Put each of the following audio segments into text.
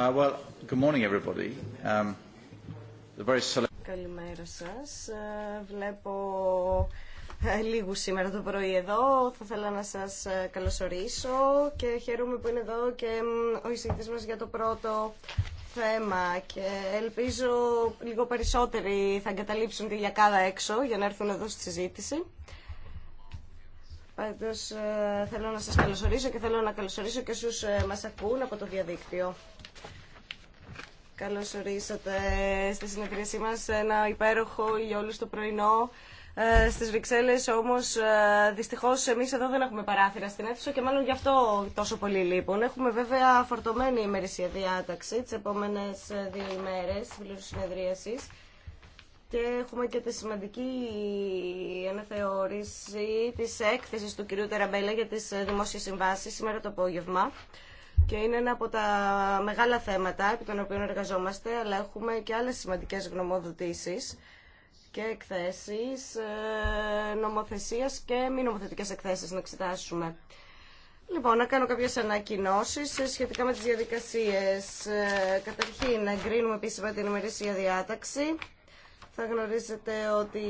Uh, um, Καλημέρα σας. Ε, βλέπω ε, λίγους σήμερα το πρωί εδώ. Θα ήθελα να σας ε, καλωσορίσω και χαίρομαι που είναι εδώ και ο εισηγητής μας για το πρώτο θέμα και ελπίζω λίγο περισσότεροι θα εγκαταλείψουν τη διακάδα έξω για να έρθουν εδώ στη συζήτηση. Πάντως θέλω να σας καλωσορίσω και θέλω να καλωσορίσω και όσους μας ακούν από το διαδίκτυο. Καλώς ορίσατε στη συνεδρίασή μας ένα υπέροχο για όλους το πρωινό ε, στις Βρυξέλλες όμως ε, δυστυχώς εμείς εδώ δεν έχουμε παράθυρα στην αίθουσα και μάλλον γι' αυτό τόσο πολύ λείπουν. Έχουμε βέβαια φορτωμένη ημερησία διάταξη τις επόμενες ε, δύο ημέρες της συνεδρίασης και έχουμε και τη σημαντική αναθεώρηση της έκθεσης του κυρίου Τεραμπέλα για τις δημόσιες συμβάσεις σήμερα το απόγευμα και είναι ένα από τα μεγάλα θέματα επί των οποίων εργαζόμαστε, αλλά έχουμε και άλλες σημαντικές γνωμοδοτήσεις και εκθέσεις ε, νομοθεσίας και μη νομοθετικές εκθέσεις να εξετάσουμε. Λοιπόν, να κάνω κάποιες ανακοινώσεις ε, σχετικά με τις διαδικασίες. Ε, καταρχήν, να εγκρίνουμε επίσημα την ημερήσια διάταξη θα γνωρίζετε ότι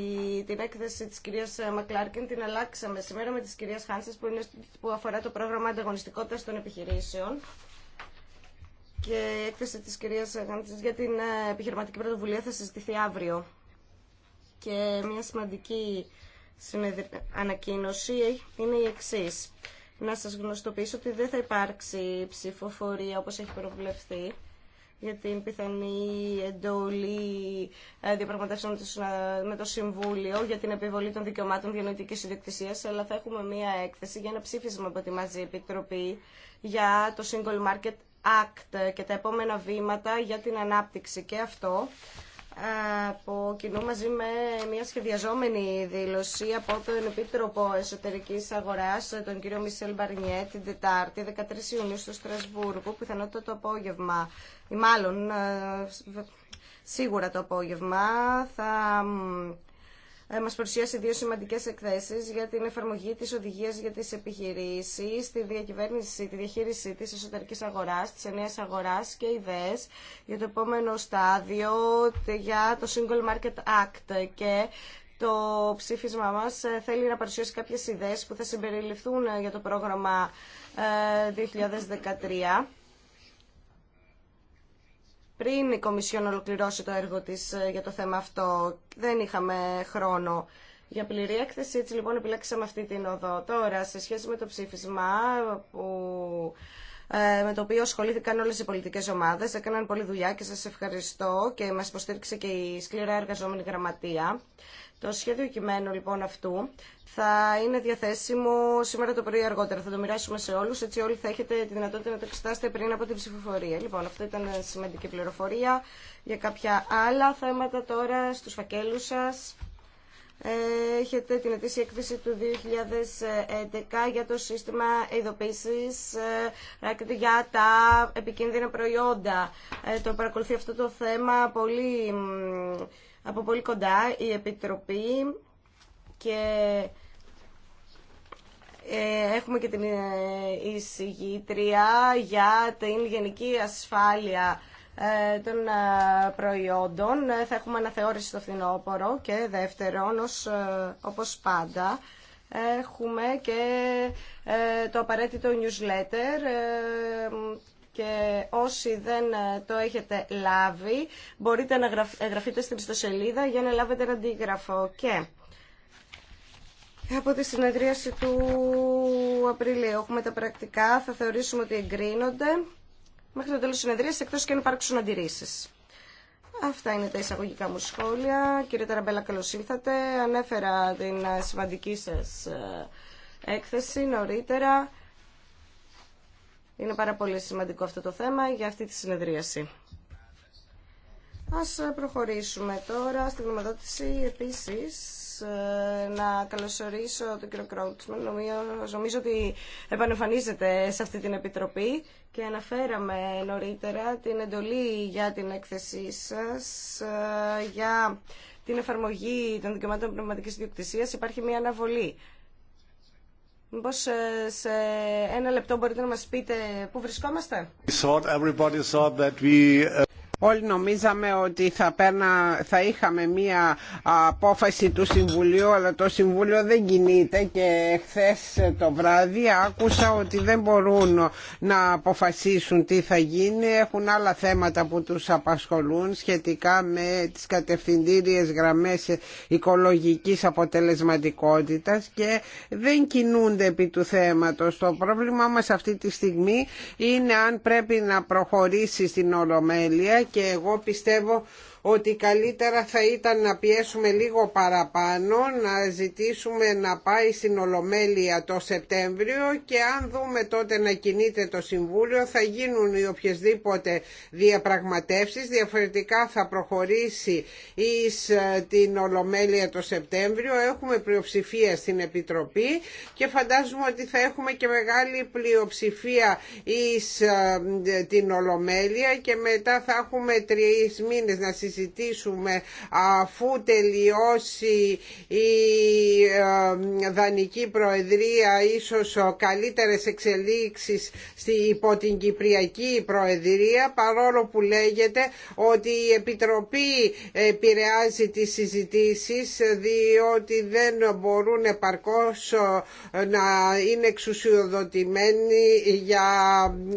την έκθεση της κυρίας Μακλάρκιν την αλλάξαμε σήμερα με της κυρίας Χάνσες που, είναι, που αφορά το πρόγραμμα ανταγωνιστικότητας των επιχειρήσεων και η έκθεση της κυρίας Χάνσες για την ε, επιχειρηματική πρωτοβουλία θα συζητηθεί αύριο. Και μια σημαντική ανακοίνωση είναι η εξή. Να σας γνωστοποιήσω ότι δεν θα υπάρξει ψηφοφορία όπως έχει προβλεφθεί για την πιθανή εντολή ε, διαπραγματεύσεων ε, με το Συμβούλιο για την επιβολή των δικαιωμάτων διανοητική ιδιοκτησία, αλλά θα έχουμε μία έκθεση για ένα ψήφισμα από τη Μαζί Επιτροπή για το Single Market Act και τα επόμενα βήματα για την ανάπτυξη. Και αυτό ε, από κοινού μαζί με μια σχεδιαζόμενη δήλωση από τον Επίτροπο Εσωτερικής Αγοράς, τον κύριο Μισελ Μπαρνιέ, την Τετάρτη, 13 Ιουνίου στο Στρασβούργο, πιθανότητα το απόγευμα ή μάλλον ε, σίγουρα το απόγευμα θα ε, μας παρουσιάσει δύο σημαντικές εκθέσεις για την εφαρμογή της οδηγίας για τις επιχειρήσεις, τη διακυβέρνηση, τη διαχείριση της εσωτερικής αγοράς, της ενέας αγοράς και ιδέες για το επόμενο στάδιο για το Single Market Act και το ψήφισμα μας ε, θέλει να παρουσιάσει κάποιες ιδέες που θα συμπεριληφθούν για το πρόγραμμα 2013 πριν η Κομισιόν ολοκληρώσει το έργο της ε, για το θέμα αυτό. Δεν είχαμε χρόνο για πληρή έκθεση, έτσι λοιπόν επιλέξαμε αυτή την οδό. Τώρα, σε σχέση με το ψήφισμα που ε, με το οποίο ασχολήθηκαν όλε οι πολιτικέ ομάδε. Έκαναν πολλή δουλειά και σα ευχαριστώ και μα υποστήριξε και η σκληρά εργαζόμενη γραμματεία. Το σχέδιο κειμένου λοιπόν αυτού θα είναι διαθέσιμο σήμερα το πρωί αργότερα. Θα το μοιράσουμε σε όλου, έτσι όλοι θα έχετε τη δυνατότητα να το εξετάσετε πριν από την ψηφοφορία. Λοιπόν, αυτό ήταν σημαντική πληροφορία για κάποια άλλα θέματα τώρα στου φακέλου σα. Έχετε την ετήσια έκθεση του 2011 για το σύστημα ειδοποίησης ε, για τα επικίνδυνα προϊόντα. Ε, το παρακολουθεί αυτό το θέμα πολύ, από πολύ κοντά η Επιτροπή και ε, έχουμε και την εισηγήτρια για την γενική ασφάλεια ε, των ε, προϊόντων. Ε, θα έχουμε αναθεώρηση στο φθινόπωρο και δεύτερον, ως, όπως πάντα, έχουμε και το απαραίτητο newsletter και όσοι δεν το έχετε λάβει μπορείτε να εγγραφείτε στην ιστοσελίδα για να λάβετε ένα αντίγραφο και από τη συνεδρίαση του Απριλίου έχουμε τα πρακτικά θα θεωρήσουμε ότι εγκρίνονται μέχρι το τέλο της συνεδρία, εκτός και αν υπάρξουν αντιρρήσεις. Αυτά είναι τα εισαγωγικά μου σχόλια. Κύριε Ταραμπέλα, καλώ ήλθατε. Ανέφερα την ε, σημαντική σα ε, έκθεση νωρίτερα. Είναι πάρα πολύ σημαντικό αυτό το θέμα για αυτή τη συνεδρίαση. Ας ε, προχωρήσουμε τώρα στην γνωμοδότηση επίσης να καλωσορίσω τον κύριο Κρότσμαν. νομίζω ότι επανεμφανίζεται σε αυτή την επιτροπή και αναφέραμε νωρίτερα την εντολή για την έκθεσή σας ε, για την εφαρμογή των δικαιωμάτων πνευματικής ιδιοκτησίας υπάρχει μια αναβολή. Μήπως ε, σε ένα λεπτό μπορείτε να μας πείτε πού βρισκόμαστε. Όλοι νομίζαμε ότι θα, πέρνα, θα είχαμε μία απόφαση του Συμβουλίου, αλλά το Συμβούλιο δεν κινείται και χθε το βράδυ άκουσα ότι δεν μπορούν να αποφασίσουν τι θα γίνει. Έχουν άλλα θέματα που τους απασχολούν σχετικά με τις κατευθυντήριες γραμμές οικολογικής αποτελεσματικότητας και δεν κινούνται επί του θέματος. Το πρόβλημά μας αυτή τη στιγμή είναι αν πρέπει να προχωρήσει στην Ολομέλεια και εγώ πιστεύω ότι καλύτερα θα ήταν να πιέσουμε λίγο παραπάνω, να ζητήσουμε να πάει στην Ολομέλεια το Σεπτέμβριο και αν δούμε τότε να κινείται το Συμβούλιο θα γίνουν οι οποιασδήποτε διαπραγματεύσεις, διαφορετικά θα προχωρήσει εις ε, την Ολομέλεια το Σεπτέμβριο, έχουμε πλειοψηφία στην Επιτροπή και φαντάζομαι ότι θα έχουμε και μεγάλη πλειοψηφία εις ε, την Ολομέλεια και μετά θα έχουμε τρεις μήνες να συζητήσουμε συζητήσουμε αφού τελειώσει η ε, Δανική Προεδρία ίσως καλύτερες εξελίξεις υπό την Κυπριακή Προεδρία παρόλο που λέγεται ότι η Επιτροπή επηρεάζει τις συζητήσεις διότι δεν μπορούν επαρκώς ε, να είναι εξουσιοδοτημένοι για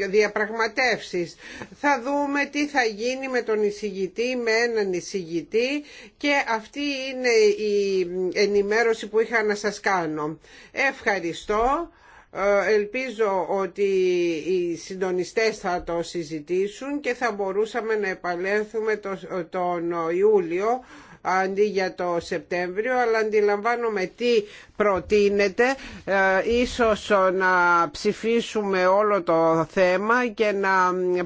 διαπραγματεύσεις. Θα δούμε τι θα γίνει με τον εισηγητή με έναν εισηγητή και αυτή είναι η ενημέρωση που είχα να σας κάνω. Ευχαριστώ. Ε, ελπίζω ότι οι συντονιστές θα το συζητήσουν και θα μπορούσαμε να επαλέθουμε τον Ιούλιο αντί για το Σεπτέμβριο αλλά αντιλαμβάνομαι τι προτείνεται ε, ίσως να ψηφίσουμε όλο το θέμα και να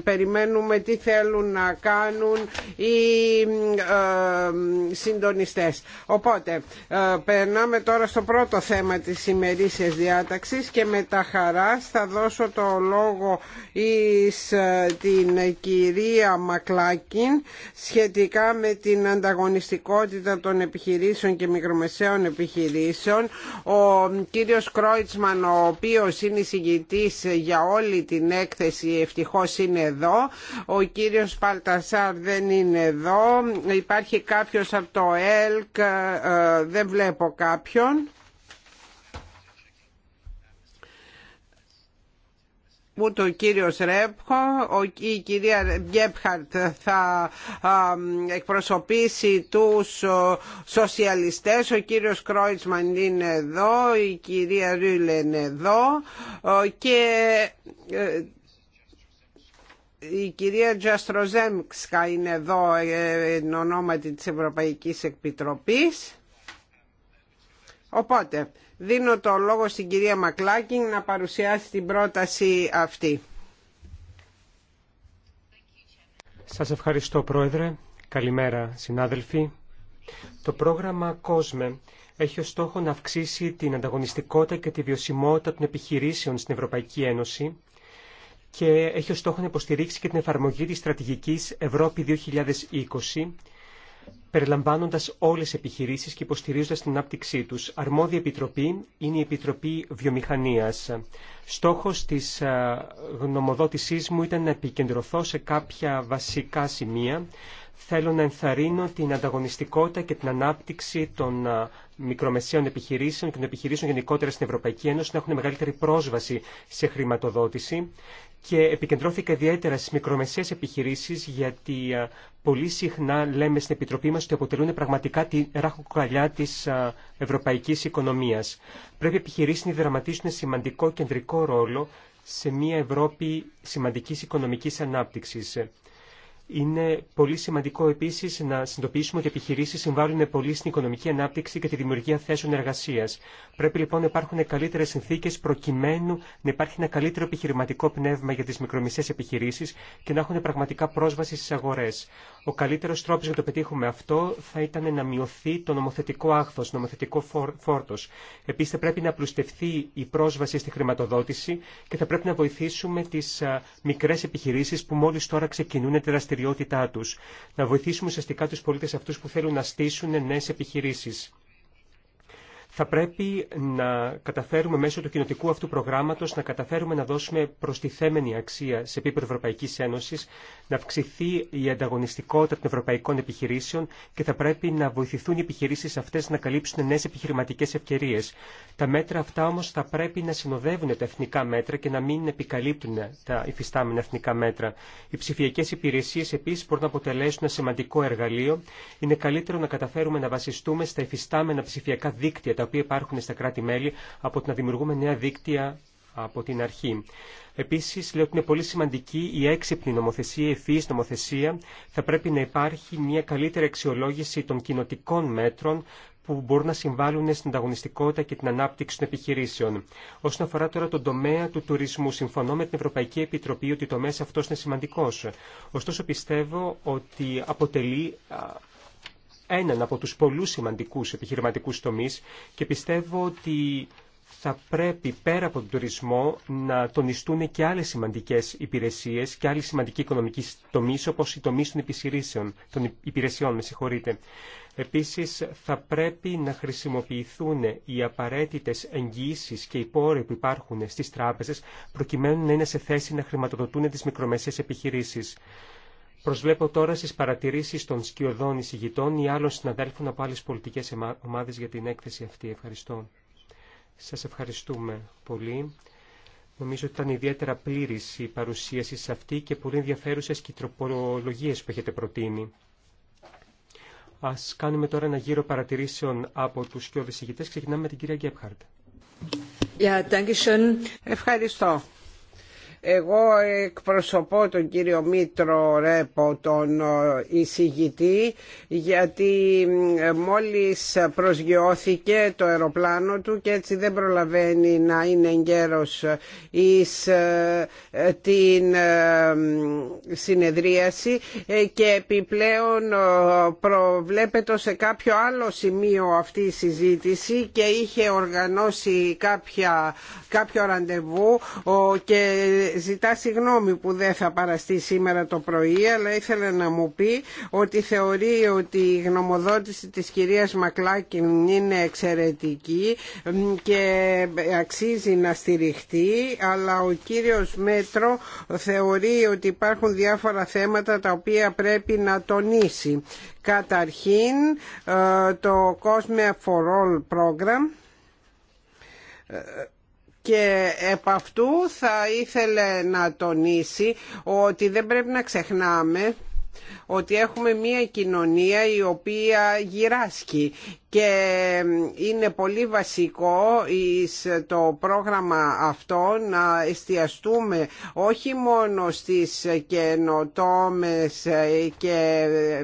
περιμένουμε τι θέλουν να κάνουν οι ε, συντονιστές. Οπότε ε, περνάμε τώρα στο πρώτο θέμα της ημερήσιας διάταξης και με τα χαράς θα δώσω το λόγο εις την κυρία Μακλάκιν σχετικά με την ανταγωνιστικότητα των επιχειρήσεων και μικρομεσαίων επιχειρήσεων. Ο κύριος Κρόιτσμαν, ο οποίος είναι εισηγητής για όλη την έκθεση, ευτυχώς είναι εδώ. Ο κύριος Παλτασάρ δεν είναι εδώ. Υπάρχει κάποιος από το ΕΛΚ, ε, δεν βλέπω κάποιον. ούτε ο κύριος Ρέπχο, η κυρία Γκέπχαρτ θα εκπροσωπήσει τους σοσιαλιστές, ο κύριος Κρόιτσμαν είναι εδώ, η κυρία Ρούλε είναι εδώ και ε, η κυρία Τζαστροζέμξκα είναι εδώ ε, εν ονόματι της Ευρωπαϊκής Επιτροπή, Οπότε, Δίνω το λόγο στην κυρία Μακλάκη να παρουσιάσει την πρόταση αυτή. Σας ευχαριστώ Πρόεδρε. Καλημέρα συνάδελφοι. Το πρόγραμμα COSME έχει ως στόχο να αυξήσει την ανταγωνιστικότητα και τη βιωσιμότητα των επιχειρήσεων στην Ευρωπαϊκή Ένωση και έχει ως στόχο να υποστηρίξει και την εφαρμογή της στρατηγικής Ευρώπη 2020 περιλαμβάνοντας όλες τις επιχειρήσεις και υποστηρίζοντας την ανάπτυξή τους. Αρμόδια επιτροπή είναι η Επιτροπή Βιομηχανίας. Στόχος της γνωμοδότησής μου ήταν να επικεντρωθώ σε κάποια βασικά σημεία. Θέλω να ενθαρρύνω την ανταγωνιστικότητα και την ανάπτυξη των μικρομεσαίων επιχειρήσεων και των επιχειρήσεων γενικότερα στην Ευρωπαϊκή Ένωση να έχουν μεγαλύτερη πρόσβαση σε χρηματοδότηση και επικεντρώθηκα ιδιαίτερα στις μικρομεσαίες επιχειρήσεις γιατί πολύ συχνά λέμε στην Επιτροπή μας ότι αποτελούν πραγματικά τη ράχοκαλιά της ευρωπαϊκής οικονομίας. Πρέπει οι επιχειρήσεις να δραματίσουν σημαντικό κεντρικό ρόλο σε μια Ευρώπη σημαντικής οικονομικής ανάπτυξης. Είναι πολύ σημαντικό επίση να συνειδητοποιήσουμε ότι οι επιχειρήσει συμβάλλουν πολύ στην οικονομική ανάπτυξη και τη δημιουργία θέσεων εργασία. Πρέπει λοιπόν να υπάρχουν καλύτερε συνθήκε προκειμένου να υπάρχει ένα καλύτερο επιχειρηματικό πνεύμα για τι μικρομεσαίε επιχειρήσει και να έχουν πραγματικά πρόσβαση στι αγορέ. Ο καλύτερος τρόπος για να το πετύχουμε αυτό θα ήταν να μειωθεί το νομοθετικό άχθος, νομοθετικό φόρτος. Επίση θα πρέπει να πλουστευτεί η πρόσβαση στη χρηματοδότηση και θα πρέπει να βοηθήσουμε τις μικρές επιχειρήσεις που μόλις τώρα ξεκινούν τη δραστηριότητά τους. Να βοηθήσουμε ουσιαστικά του πολίτες αυτού που θέλουν να στήσουν νέε επιχειρήσει θα πρέπει να καταφέρουμε μέσω του κοινοτικού αυτού προγράμματος να καταφέρουμε να δώσουμε προστιθέμενη αξία σε επίπεδο Ευρωπαϊκής Ένωσης, να αυξηθεί η ανταγωνιστικότητα των ευρωπαϊκών επιχειρήσεων και θα πρέπει να βοηθηθούν οι επιχειρήσεις αυτές να καλύψουν νέες επιχειρηματικές ευκαιρίες. Τα μέτρα αυτά όμως θα πρέπει να συνοδεύουν τα εθνικά μέτρα και να μην επικαλύπτουν τα υφιστάμενα εθνικά μέτρα. Οι ψηφιακές υπηρεσίες επίσης μπορούν να αποτελέσουν ένα σημαντικό εργαλείο. Είναι καλύτερο να καταφέρουμε να βασιστούμε στα υφιστάμενα ψηφιακά δίκτυα τα οποία υπάρχουν στα κράτη-μέλη από το να δημιουργούμε νέα δίκτυα από την αρχή. Επίση, λέω ότι είναι πολύ σημαντική η έξυπνη νομοθεσία, η ευφυή νομοθεσία. Θα πρέπει να υπάρχει μια καλύτερη αξιολόγηση των κοινοτικών μέτρων που μπορούν να συμβάλλουν στην ανταγωνιστικότητα και την ανάπτυξη των επιχειρήσεων. Όσον αφορά τώρα τον τομέα του τουρισμού, συμφωνώ με την Ευρωπαϊκή Επιτροπή ότι το μέσο αυτό είναι σημαντικό. Ωστόσο, πιστεύω ότι αποτελεί έναν από τους πολλού σημαντικούς επιχειρηματικούς τομείς και πιστεύω ότι θα πρέπει πέρα από τον τουρισμό να τονιστούν και άλλες σημαντικές υπηρεσίες και άλλοι σημαντικοί οικονομικοί τομείς όπως οι τομείς των, υπηρεσιών, των υπηρεσιών. Με συγχωρείτε. Επίσης θα πρέπει να χρησιμοποιηθούν οι απαραίτητες εγγύησεις και οι πόροι που υπάρχουν στις τράπεζες προκειμένου να είναι σε θέση να χρηματοδοτούν τις μικρομεσαίες επιχειρήσεις. Προσβλέπω τώρα στι παρατηρήσεις των σκιωδών εισηγητών ή άλλων συναδέλφων από άλλε πολιτικές ομάδες για την έκθεση αυτή. Ευχαριστώ. Σας ευχαριστούμε πολύ. Νομίζω ότι ήταν ιδιαίτερα πλήρης η παρουσίαση σε αυτή και πολύ ενδιαφέρουσε και οι τροπολογίες που έχετε προτείνει. Ας κάνουμε τώρα ένα γύρο παρατηρήσεων από τους σκιώδες Ξεκινάμε με την κυρία Γκέπχαρτ. Ευχαριστώ. Εγώ εκπροσωπώ τον κύριο Μήτρο Ρέπο, τον ε, εισηγητή, γιατί μόλις προσγειώθηκε το αεροπλάνο του και έτσι δεν προλαβαίνει να είναι εγκαίρος εις ε, την ε, συνεδρίαση και επιπλέον προβλέπεται σε κάποιο άλλο σημείο αυτή η συζήτηση και είχε οργανώσει κάποια, κάποιο ραντεβού και ζητά συγγνώμη που δεν θα παραστεί σήμερα το πρωί αλλά ήθελε να μου πει ότι θεωρεί ότι η γνωμοδότηση της κυρίας Μακλάκιν είναι εξαιρετική και αξίζει να στηριχτεί αλλά ο κύριος Μέτρο θεωρεί ότι υπάρχουν διάφορα θέματα τα οποία πρέπει να τονίσει. Καταρχήν ε, το Cosme for All Program ε, και επ' αυτού θα ήθελε να τονίσει ότι δεν πρέπει να ξεχνάμε ότι έχουμε μια κοινωνία η οποία γυράσκει και είναι πολύ βασικό το πρόγραμμα αυτό να εστιαστούμε όχι μόνο στις καινοτόμες ε, και ε,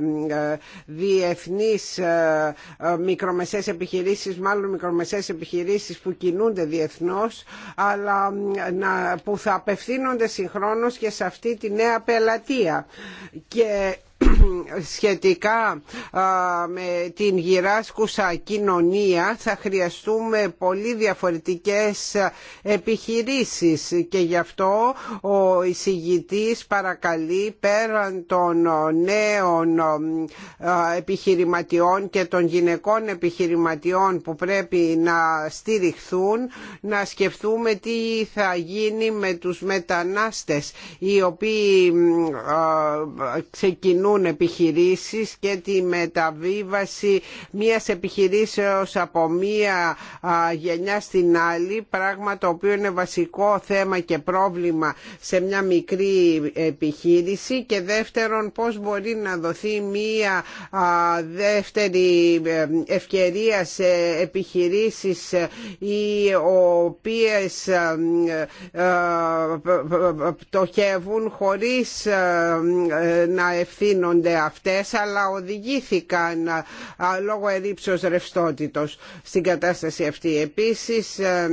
διεθνείς ε, μικρομεσαίες επιχειρήσεις, μάλλον μικρομεσαίες επιχειρήσεις που κινούνται διεθνώς, αλλά που θα απευθύνονται συγχρόνως και σε αυτή τη νέα πελατεία. Και σχετικά με την γυράσκουσα κοινωνία θα χρειαστούμε πολύ διαφορετικές επιχειρήσεις και γι' αυτό ο εισηγητής παρακαλεί πέραν των νέων επιχειρηματιών και των γυναικών επιχειρηματιών που πρέπει να στηριχθούν να σκεφτούμε τι θα γίνει με τους μετανάστες οι οποίοι ξεκινούν επιχειρήσεις και τη μεταβίβαση μιας επιχειρήσεως από μία γενιά στην άλλη πράγμα το οποίο είναι βασικό θέμα και πρόβλημα σε μια μικρή επιχείρηση και δεύτερον πώς μπορεί να δοθεί μία δεύτερη ε, ευκαιρία σε επιχειρήσεις ε, οι οποίες ε, πτωχεύουν χωρίς να ευθύνονται αυτές αλλά οδηγήθηκαν λόγω ερήψεως ρευστότητος στην κατάσταση αυτή. Επίσης ε,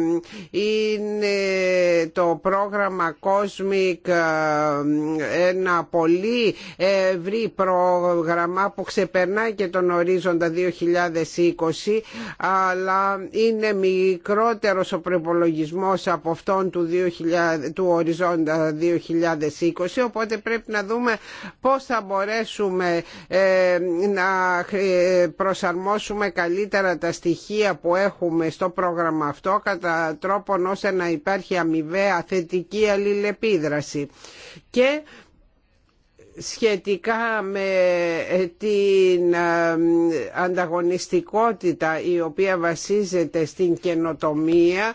είναι το πρόγραμμα COSMIC ε, ένα πολύ ευρύ πρόγραμμα που ξεπερνάει και τον ορίζοντα 2020 αλλά είναι μικρότερος ο προπολογισμός από αυτόν του, του οριζόντα 2020 οπότε πρέπει να δούμε πώς θα μπορέσουμε μπορέσουμε ε, να προσαρμόσουμε καλύτερα τα στοιχεία που έχουμε στο πρόγραμμα αυτό κατά τρόπον ώστε να υπάρχει αμοιβαία θετική αλληλεπίδραση. Και σχετικά με ε, την ε, ανταγωνιστικότητα η οποία βασίζεται στην καινοτομία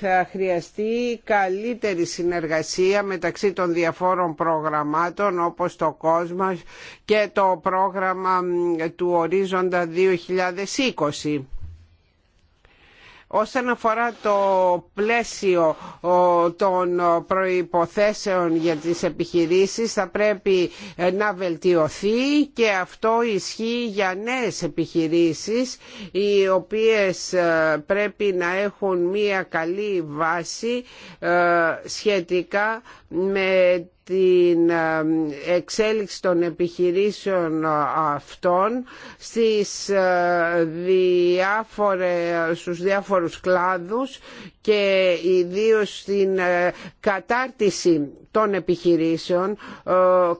θα χρειαστεί καλύτερη συνεργασία μεταξύ των διαφόρων προγραμμάτων όπως το κόσμο και το πρόγραμμα του ορίζοντα 2020 Όσον αφορά το πλαίσιο των προϋποθέσεων για τις επιχειρήσεις θα πρέπει ε, να βελτιωθεί και αυτό ισχύει για νέες επιχειρήσεις οι οποίες ε, πρέπει να έχουν μία καλή βάση ε, σχετικά με την ε, εξέλιξη των επιχειρήσεων ε, αυτών στις ε, διάφορες, στους διάφορους κλάδους και ιδίως στην κατάρτιση των επιχειρήσεων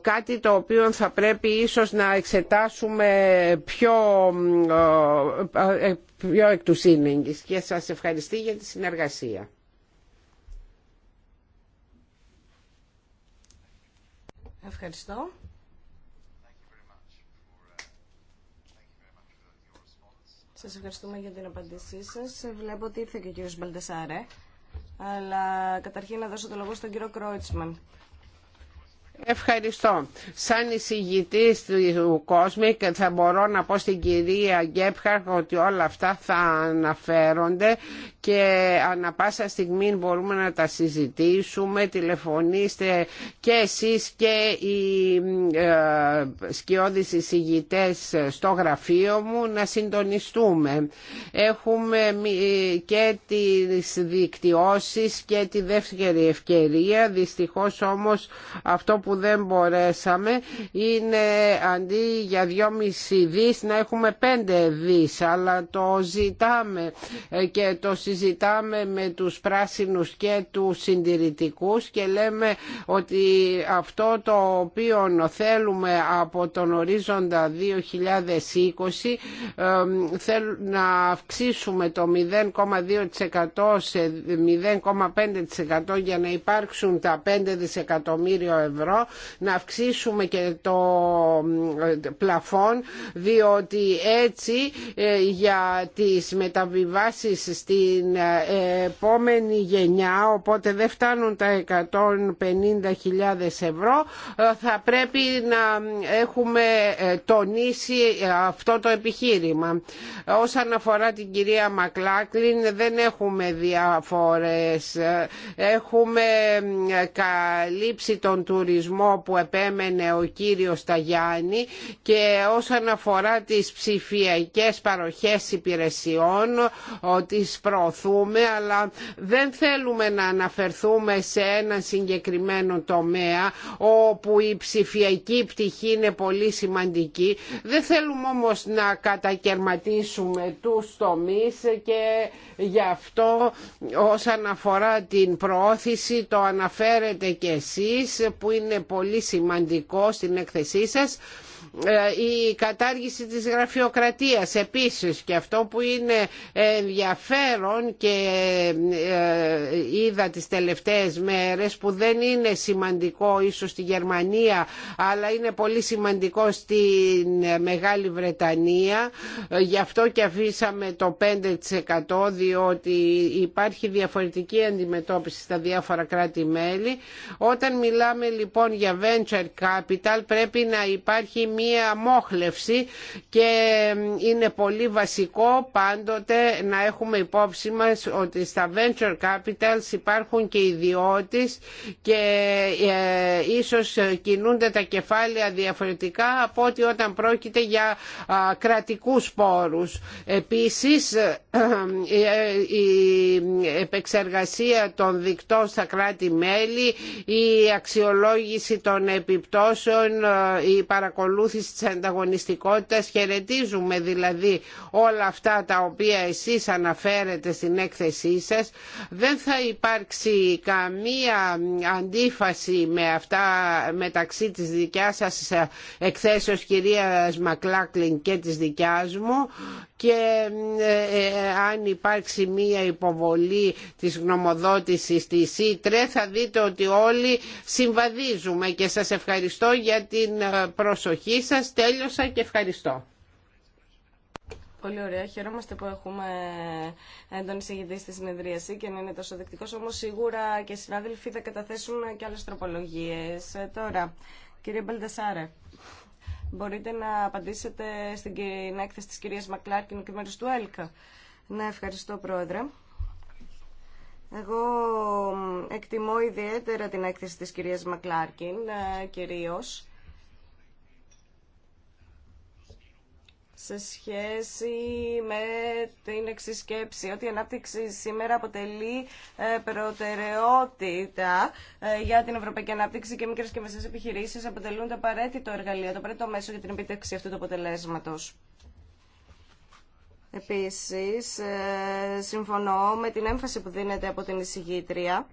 κάτι το οποίο θα πρέπει ίσως να εξετάσουμε πιο, πιο εκ του σύνεγγης. και σας ευχαριστώ για τη συνεργασία. Ευχαριστώ. Σας ευχαριστούμε για την απάντησή σας. Βλέπω ότι ήρθε και ο κύριος Μπαλτεσάρε. Αλλά καταρχήν να δώσω το λόγο στον κύριο Κρόιτσμαν. Ευχαριστώ. Σαν εισηγητή του κόσμου και θα μπορώ να πω στην κυρία Γκέπχαρ ότι όλα αυτά θα αναφέρονται και ανα πάσα στιγμή μπορούμε να τα συζητήσουμε. Τηλεφωνήστε και εσείς και οι ε, σκιώδεις στο γραφείο μου να συντονιστούμε. Έχουμε και τις δικτυώσεις και τη δεύτερη ευκαιρία. Δυστυχώς όμως αυτό που που δεν μπορέσαμε είναι αντί για 2,5 δις να έχουμε 5 δις αλλά το ζητάμε ε, και το συζητάμε με τους πράσινους και τους συντηρητικούς και λέμε ότι αυτό το οποίο θέλουμε από τον ορίζοντα 2020 θέλουμε να αυξήσουμε το 0,2% σε 0,5% για να υπάρξουν τα 5 δισεκατομμύρια ευρώ ευρώ να αυξήσουμε και το ε, πλαφόν διότι έτσι ε, για τις μεταβιβάσεις στην ε, επόμενη γενιά οπότε δεν φτάνουν τα 150.000 ευρώ θα πρέπει να έχουμε τονίσει αυτό το επιχείρημα. Όσον αφορά την κυρία Μακλάκλιν δεν έχουμε διαφορές. Έχουμε καλύψει τον τουρισμό που επέμενε ο κύριος Ταγιάννη και όσον αφορά τις ψηφιακές παροχές υπηρεσιών τις προωθούμε αλλά δεν θέλουμε να αναφερθούμε σε ένα συγκεκριμένο τομέα όπου η ψηφιακή πτυχή είναι πολύ σημαντική. Δεν θέλουμε όμως να κατακαιρματίσουμε τους τομείς και γι' αυτό όσον αφορά την προώθηση το αναφέρετε και εσείς που είναι πολύ σημαντικό στην έκθεσή σας ε, η κατάργηση της γραφειοκρατίας επίσης και αυτό που είναι ενδιαφέρον και ε, είδα τις τελευταίες μέρες που δεν είναι σημαντικό ίσως στη Γερμανία αλλά είναι πολύ σημαντικό στη Μεγάλη Βρετανία ε, γι' αυτό και αφήσαμε το 5% διότι υπάρχει διαφορετική αντιμετώπιση στα διάφορα κράτη-μέλη όταν μιλάμε λοιπόν για venture capital πρέπει να υπάρχει μία μόχλευση και είναι πολύ βασικό πάντοτε να έχουμε υπόψη μας ότι στα venture capitals υπάρχουν και ιδιώτες και ε, ίσως κινούνται τα κεφάλαια διαφορετικά από ότι όταν πρόκειται για κρατικούς πόρους. Επίσης ε, ε, η επεξεργασία των δικτών στα κράτη-μέλη, η αξιολόγηση των επιπτώσεων, η παρακολούθηση ακολούθηση της ανταγωνιστικότητας. Χαιρετίζουμε δηλαδή όλα αυτά τα οποία εσείς αναφέρετε στην έκθεσή σας. Δεν θα υπάρξει καμία αντίφαση με αυτά μεταξύ της δικιάς σας εκθέσεως κυρίας Μακλάκλιν και της δικιάς μου και ε, ε, αν υπάρξει μία υποβολή της γνωμοδότησης της ΙΤΡΕ θα δείτε ότι όλοι συμβαδίζουμε και σας ευχαριστώ για την ε, προσοχή σας. Τέλειωσα και ευχαριστώ. Πολύ ωραία. Χαιρόμαστε που έχουμε τον εισηγητή στη συνεδρίαση και να είναι τόσο δεκτικό. Όμω σίγουρα και οι συνάδελφοι θα καταθέσουν και άλλε τροπολογίε. Ε, τώρα, κύριε Μπαλτασάρε, μπορείτε να απαντήσετε στην έκθεση τη κυρία Μακλάρκιν και μέρου του ΕΛΚΑ. Ναι, ευχαριστώ, Πρόεδρε. Εγώ εκτιμώ ιδιαίτερα την έκθεση της κυρίας Μακλάρκιν, ε, κυρίω. σε σχέση με την εξισκέψη ότι η ανάπτυξη σήμερα αποτελεί ε, προτεραιότητα ε, για την ευρωπαϊκή ανάπτυξη και μικρές και μεσές επιχειρήσεις αποτελούν το απαραίτητο εργαλείο, το απαραίτητο μέσο για την επίτευξη αυτού του αποτελέσματος. Επίσης, ε, συμφωνώ με την έμφαση που δίνεται από την εισηγήτρια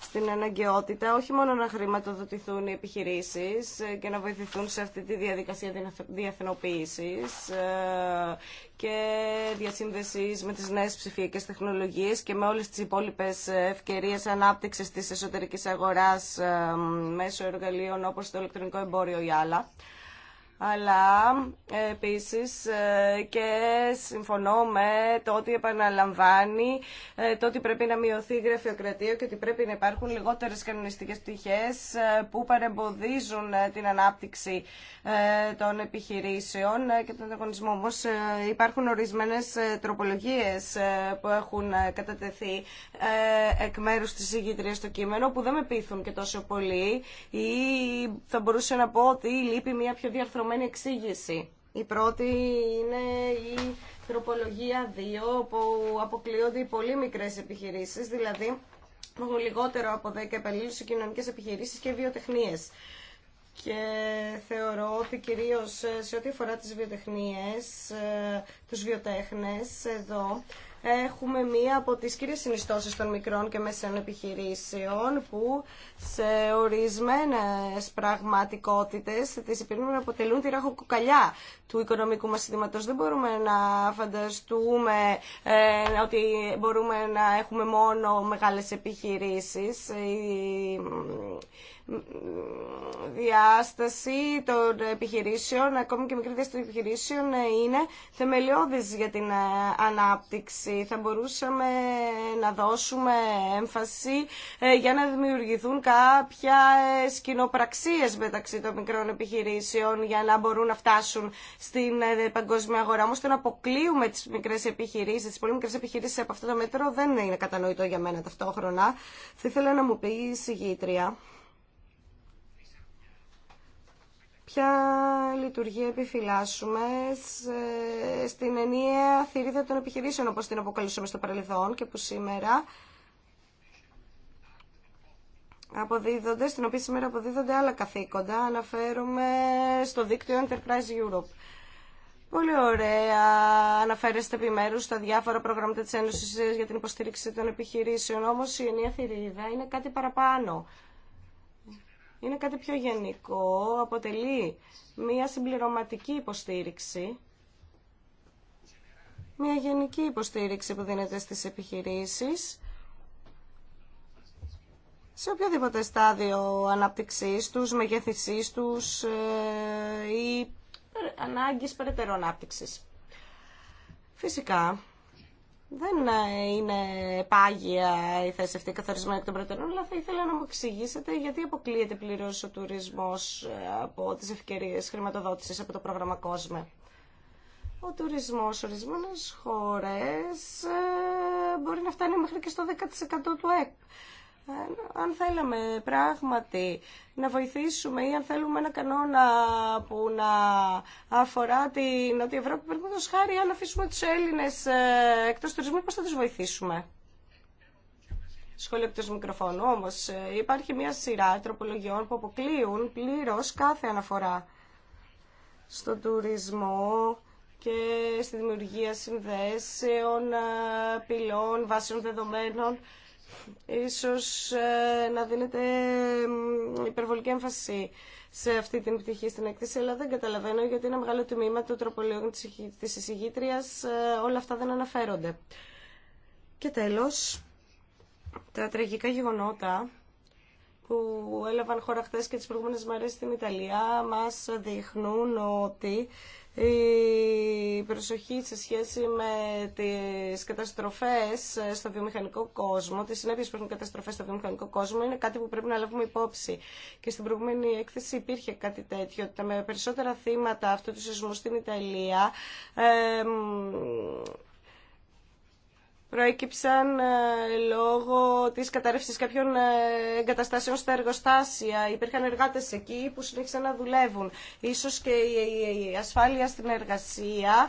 στην αναγκαιότητα όχι μόνο να χρηματοδοτηθούν οι επιχειρήσεις ε, και να βοηθηθούν σε αυτή τη διαδικασία διεθνοποίησης ε, και διασύνδεσης με τις νέες ψηφιακές τεχνολογίες και με όλες τις υπόλοιπες ευκαιρίες ανάπτυξης της εσωτερικής αγοράς ε, μέσω εργαλείων όπως το ηλεκτρονικό εμπόριο ή άλλα αλλά επίσης ε, και συμφωνώ με το ότι επαναλαμβάνει ε, το ότι πρέπει να μειωθεί η γραφειοκρατία και ότι πρέπει να υπάρχουν λιγότερες κανονιστικές πτυχές ε, που παρεμποδίζουν την ανάπτυξη των επιχειρήσεων και τον ανταγωνισμό. Όμω υπάρχουν ορισμένες τροπολογίες που έχουν κατατεθεί εκ μέρους της ηγητρίας στο κείμενο που δεν με πείθουν και τόσο πολύ ή θα μπορούσα να πω ότι λείπει μια πιο διαρθρωμένη εξήγηση. Η πρώτη είναι η τροπολογία 2 που αποκλείονται οι πολύ μικρές επιχειρήσεις, δηλαδή λιγότερο από 10 υπαλλήλους σε κοινωνικέ επιχειρήσεις και βιοτεχνίες. Και θεωρώ ότι κυρίω σε ό,τι αφορά τις βιοτεχνίες, ε, τους βιοτέχνε εδώ, έχουμε μία από τις κύριες συνιστώσεις των μικρών και μέσων επιχειρήσεων που σε ορισμένες πραγματικότητες της να αποτελούν τη ραχοκοκαλιά του οικονομικού μας συστήματος. Δεν μπορούμε να φανταστούμε ε, ότι μπορούμε να έχουμε μόνο μεγάλες επιχειρήσεις. Η διάσταση των επιχειρήσεων, ακόμη και μικρή διάσταση των επιχειρήσεων, ε, είναι θεμελιώδης για την ε, ανάπτυξη θα μπορούσαμε να δώσουμε έμφαση ε, για να δημιουργηθούν κάποια σκηνοπραξίες μεταξύ των μικρών επιχειρήσεων για να μπορούν να φτάσουν στην ε, παγκόσμια αγορά. όμω το να αποκλείουμε τις μικρές επιχειρήσει, τι πολύ μικρές επιχειρήσει από αυτό το μέτρο δεν είναι κατανοητό για μένα ταυτόχρονα. Θα ήθελα να μου πει η συγγήτρια ποια λειτουργία επιφυλάσσουμε στην ενιαία θηρίδα των επιχειρήσεων, όπως την αποκαλούσαμε στο παρελθόν και που σήμερα αποδίδονται, στην οποία σήμερα αποδίδονται άλλα καθήκοντα. Αναφέρομαι στο δίκτυο Enterprise Europe. Πολύ ωραία. Αναφέρεστε επιμέρου στα διάφορα προγράμματα τη Ένωση για την υποστήριξη των επιχειρήσεων. Όμω η ενιαία θηρίδα είναι κάτι παραπάνω είναι κάτι πιο γενικό, αποτελεί μια συμπληρωματική υποστήριξη, μια γενική υποστήριξη που δίνεται στις επιχειρήσεις, σε οποιοδήποτε στάδιο ανάπτυξής τους, μεγέθυσής τους ε, ή ανάγκης περαιτέρω ανάπτυξης. Φυσικά, δεν ε, είναι πάγια η θέση αυτή καθορισμένη εκ των αλλά θα ήθελα να μου εξηγήσετε γιατί αποκλείεται πλήρω ο τουρισμό ε, από τι ευκαιρίε χρηματοδότηση από το πρόγραμμα COSME. Ο τουρισμό σε ορισμένε χώρε ε, μπορεί να φτάνει μέχρι και στο 10% του ΕΚ αν θέλαμε πράγματι να βοηθήσουμε ή αν θέλουμε ένα κανόνα που να αφορά την Νότια Ευρώπη, παραδείγματο χάρη, αν αφήσουμε τους Έλληνες ε, εκτός τουρισμού, πώς θα τους βοηθήσουμε. Σχόλιο εκτό μικροφώνου, Όμως ε, υπάρχει μια σειρά τροπολογιών που αποκλείουν πλήρως κάθε αναφορά στον τουρισμό, και στη δημιουργία συνδέσεων, ε, πυλών, βάσεων δεδομένων ίσως ε, να δίνεται υπερβολική έμφαση σε αυτή την πτυχή στην έκθεση, αλλά δεν καταλαβαίνω γιατί είναι μεγάλο τμήμα του τροπολίου της εισηγήτριας, ε, όλα αυτά δεν αναφέρονται. Και τέλος, τα τραγικά γεγονότα που έλαβαν χώρα χτες και τις προηγούμενες μέρες στην Ιταλία μας δείχνουν ότι η προσοχή σε σχέση με τις καταστροφές στο βιομηχανικό κόσμο, τις συνέπειες που έχουν καταστροφές στο βιομηχανικό κόσμο, είναι κάτι που πρέπει να λάβουμε υπόψη. Και στην προηγούμενη έκθεση υπήρχε κάτι τέτοιο, ότι με περισσότερα θύματα αυτού του σεισμού στην Ιταλία, προέκυψαν ε, λόγω της κατάρρευσης κάποιων ε, εγκαταστάσεων στα εργοστάσια. Υπήρχαν εργάτες εκεί που συνέχισαν να δουλεύουν. Ίσως και η ασφάλεια στην εργασία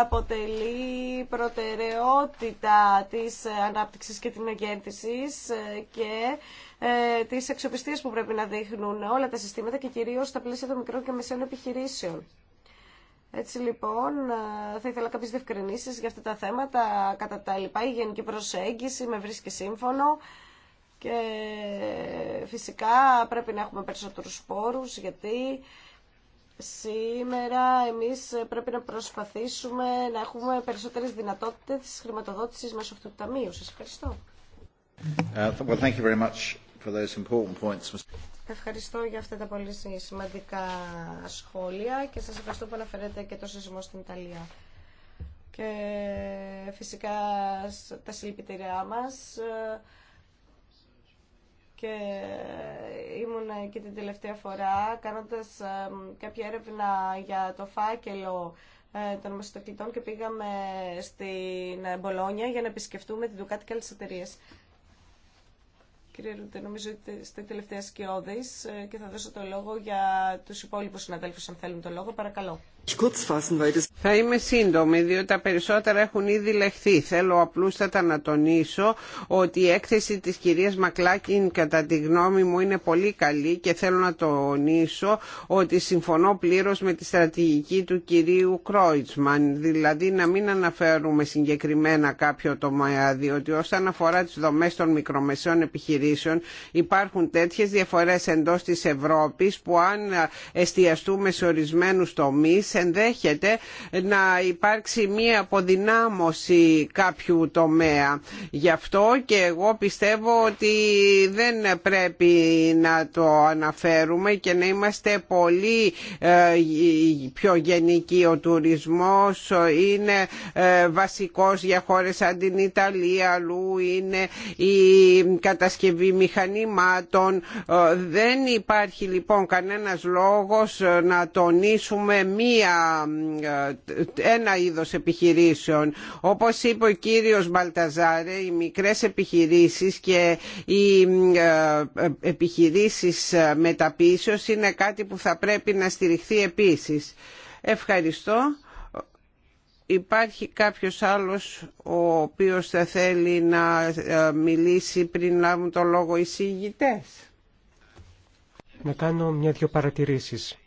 αποτελεί προτεραιότητα της ε, ανάπτυξης και την εγκέντησης και της εξοπιστίας που πρέπει να δείχνουν όλα τα συστήματα και κυρίως στα πλαίσια των μικρών και μεσαίων επιχειρήσεων. Έτσι λοιπόν, ε, θα ήθελα κάποιες διευκρινήσεις για αυτά τα θέματα. Κατά τα λοιπά, η γενική προσέγγιση με βρίσκει σύμφωνο και φυσικά πρέπει να έχουμε περισσότερους σπόρους γιατί σήμερα εμείς πρέπει να προσπαθήσουμε να έχουμε περισσότερες δυνατότητες χρηματοδότησης μέσω αυτού του ταμείου. Σας ευχαριστώ. Uh, well, Ευχαριστώ για αυτά τα πολύ σημαντικά σχόλια και σας ευχαριστώ που αναφέρετε και το σεισμό στην Ιταλία. Και φυσικά τα συλληπιτήριά μας ε, και ήμουν εκεί την τελευταία φορά κάνοντας ε, κάποια έρευνα για το φάκελο ε, των μαστοκλητών και πήγαμε στην Μπολόνια για να επισκεφτούμε την Ducati και άλλες Κύριε Ρούτε, νομίζω ότι είστε τελευταία σκιώδης ε, και θα δώσω το λόγο για τους υπόλοιπους συναδέλφους αν θέλουν το λόγο. Παρακαλώ. Θα είμαι σύντομη διότι τα περισσότερα έχουν ήδη λεχθεί. Θέλω απλούστατα να τονίσω ότι η έκθεση της κυρίας Μακλάκιν κατά τη γνώμη μου είναι πολύ καλή και θέλω να τονίσω ότι συμφωνώ πλήρως με τη στρατηγική του κυρίου Κρόιτσμαν. Δηλαδή να μην αναφέρουμε συγκεκριμένα κάποιο τομέα διότι όσον αφορά τις δομές των μικρομεσαίων επιχειρήσεων υπάρχουν τέτοιες διαφορές εντός της Ευρώπης που αν εστιαστούμε σε ορισμένους τομείς ενδέχεται να υπάρξει μία αποδυνάμωση κάποιου τομέα. Γι' αυτό και εγώ πιστεύω ότι δεν πρέπει να το αναφέρουμε και να είμαστε πολύ ε, πιο γενικοί. Ο τουρισμός είναι ε, βασικός για χώρες σαν την Ιταλία, αλλού είναι η κατασκευή μηχανημάτων. Ε, δεν υπάρχει λοιπόν κανένας λόγος να τονίσουμε μία ε, ένα είδος επιχειρήσεων. Όπως είπε ο κύριος Μπαλταζάρε, οι μικρές επιχειρήσεις και οι ε, επιχειρήσεις μεταποίησεως είναι κάτι που θα πρέπει να στηριχθεί επίσης. Ευχαριστώ. Υπάρχει κάποιος άλλος ο οποίος θα θέλει να ε, μιλήσει πριν λάβουν το λόγο οι συγητές. Να κάνω μια-δυο παρατηρήσεις.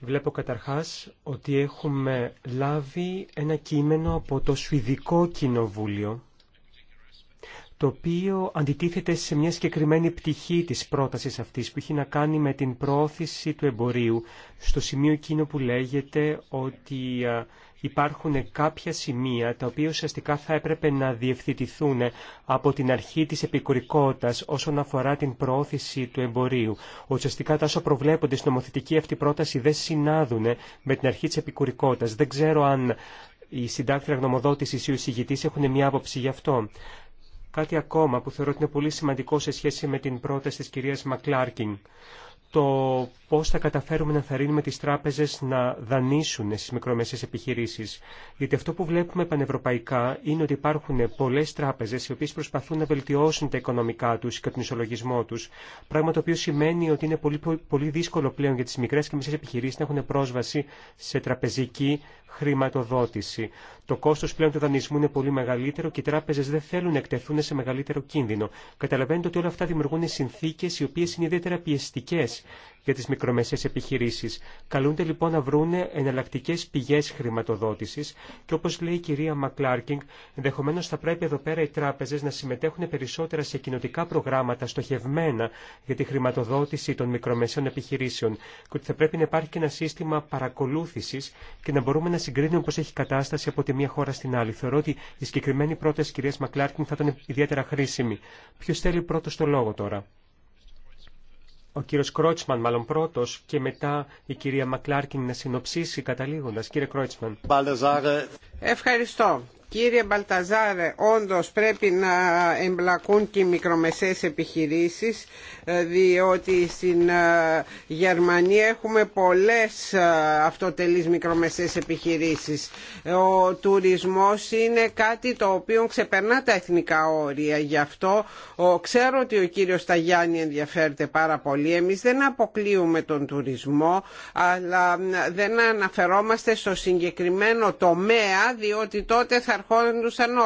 Βλέπω καταρχάς ότι έχουμε λάβει ένα κείμενο από το Σουηδικό Κοινοβούλιο, το οποίο αντιτίθεται σε μια συγκεκριμένη πτυχή της πρότασης αυτής που έχει να κάνει με την προώθηση του εμπορίου, στο σημείο εκείνο που λέγεται ότι υπάρχουν κάποια σημεία τα οποία ουσιαστικά θα έπρεπε να διευθυντηθούν από την αρχή της επικουρικότητας όσον αφορά την προώθηση του εμπορίου. Ουσιαστικά τα όσα προβλέπονται στην νομοθετική αυτή πρόταση δεν συνάδουν με την αρχή της επικουρικότητας. Δεν ξέρω αν οι συντάκτρια γνωμοδότηση ή ο συγητής έχουν μια άποψη γι' αυτό. Κάτι ακόμα που θεωρώ ότι είναι πολύ σημαντικό σε σχέση με την πρόταση της κυρίας Μακλάρκιν το πώς θα καταφέρουμε να θαρρύνουμε τις τράπεζες να δανείσουν στις μικρομεσαίες επιχειρήσεις. Γιατί αυτό που βλέπουμε πανευρωπαϊκά είναι ότι υπάρχουν πολλές τράπεζες οι οποίες προσπαθούν να βελτιώσουν τα οικονομικά τους και τον ισολογισμό τους, πράγμα το οποίο σημαίνει ότι είναι πολύ, πολύ δύσκολο πλέον για τις μικρές και μεσαίες επιχειρήσεις να έχουν πρόσβαση σε τραπεζική χρηματοδότηση. Το κόστος πλέον του δανεισμού είναι πολύ μεγαλύτερο και οι τράπεζες δεν θέλουν να εκτεθούν σε μεγαλύτερο κίνδυνο. Καταλαβαίνετε ότι όλα αυτά δημιουργούν συνθήκες οι οποίες είναι ιδιαίτερα πιεστικές για τις μικρομεσαίες επιχειρήσεις. Καλούνται λοιπόν να βρουν εναλλακτικές πηγές χρηματοδότησης και όπως λέει η κυρία Μακλάρκινγκ, ενδεχομένω θα πρέπει εδώ πέρα οι τράπεζες να συμμετέχουν περισσότερα σε κοινοτικά προγράμματα στοχευμένα για τη χρηματοδότηση των μικρομεσαίων επιχειρήσεων και ότι θα πρέπει να υπάρχει και ένα σύστημα παρακολούθησης και να μπορούμε να συγκρίνουμε πώ έχει κατάσταση από τη μία χώρα στην άλλη. Θεωρώ ότι η συγκεκριμένη πρόταση κυρία Μακλάρκιν θα ήταν ιδιαίτερα χρήσιμη. Ποιο θέλει πρώτο το λόγο τώρα. Ο κύριος Κρότσμαν μάλλον πρώτος και μετά η κυρία Μακλάρκιν να συνοψίσει καταλήγοντας. Κύριε Κρότσμαν. Ευχαριστώ. Κύριε Μπαλταζάρε, όντως πρέπει να εμπλακούν και οι μικρομεσαίες επιχειρήσεις ε, διότι στην ε, Γερμανία έχουμε πολλές ε, αυτοτελείς μικρομεσαίες επιχειρήσεις. Ο τουρισμός είναι κάτι το οποίο ξεπερνά τα εθνικά όρια. Γι' αυτό ξέρω ότι ο κύριος Σταγιάννη ενδιαφέρεται πάρα πολύ. Εμείς δεν αποκλείουμε τον τουρισμό αλλά δεν αναφερόμαστε στο συγκεκριμένο τομέα διότι τότε θα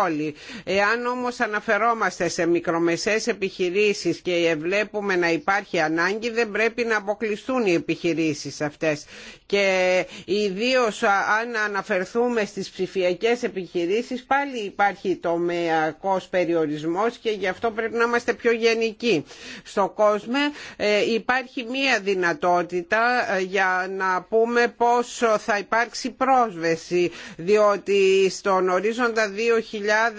όλοι. Εάν όμως αναφερόμαστε σε μικρομεσαίες επιχειρήσεις και βλέπουμε να υπάρχει ανάγκη δεν πρέπει να αποκλειστούν οι επιχειρήσεις αυτές. Και ιδίω αν αναφερθούμε στις ψηφιακές επιχειρήσεις πάλι υπάρχει τομεακός περιορισμός και γι' αυτό πρέπει να είμαστε πιο γενικοί. Στο κόσμο ε, υπάρχει μία δυνατότητα ε, για να πούμε πώς θα υπάρξει πρόσβεση διότι στον ορίζοντα ορίζοντα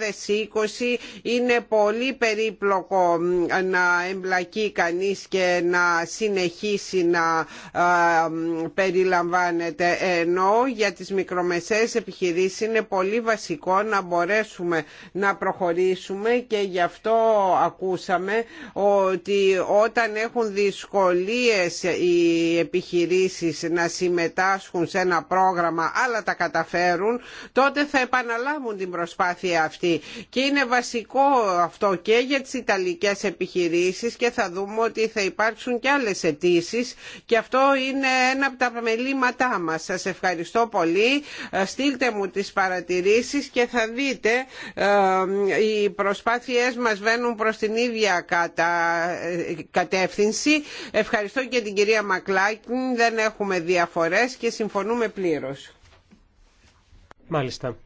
2020 είναι πολύ περίπλοκο να εμπλακεί κανείς και να συνεχίσει να περιλαμβάνεται ενώ για τις μικρομεσαίες επιχειρήσεις είναι πολύ βασικό να μπορέσουμε να προχωρήσουμε και γι' αυτό ακούσαμε ότι όταν έχουν δυσκολίες οι επιχειρήσεις να συμμετάσχουν σε ένα πρόγραμμα αλλά τα καταφέρουν τότε θα επαναλάβουν την προσπάθεια αυτή και είναι βασικό αυτό και για τις Ιταλικές επιχειρήσεις και θα δούμε ότι θα υπάρξουν και άλλες αιτήσει και αυτό είναι ένα από τα μελήματά μας. Σας ευχαριστώ πολύ. Ε, στείλτε μου τις παρατηρήσεις και θα δείτε ε, οι προσπάθειές μας βαίνουν προς την ίδια ε, κατεύθυνση. Ευχαριστώ και την κυρία Μακλάκη. Δεν έχουμε διαφορές και συμφωνούμε πλήρως. Μάλιστα.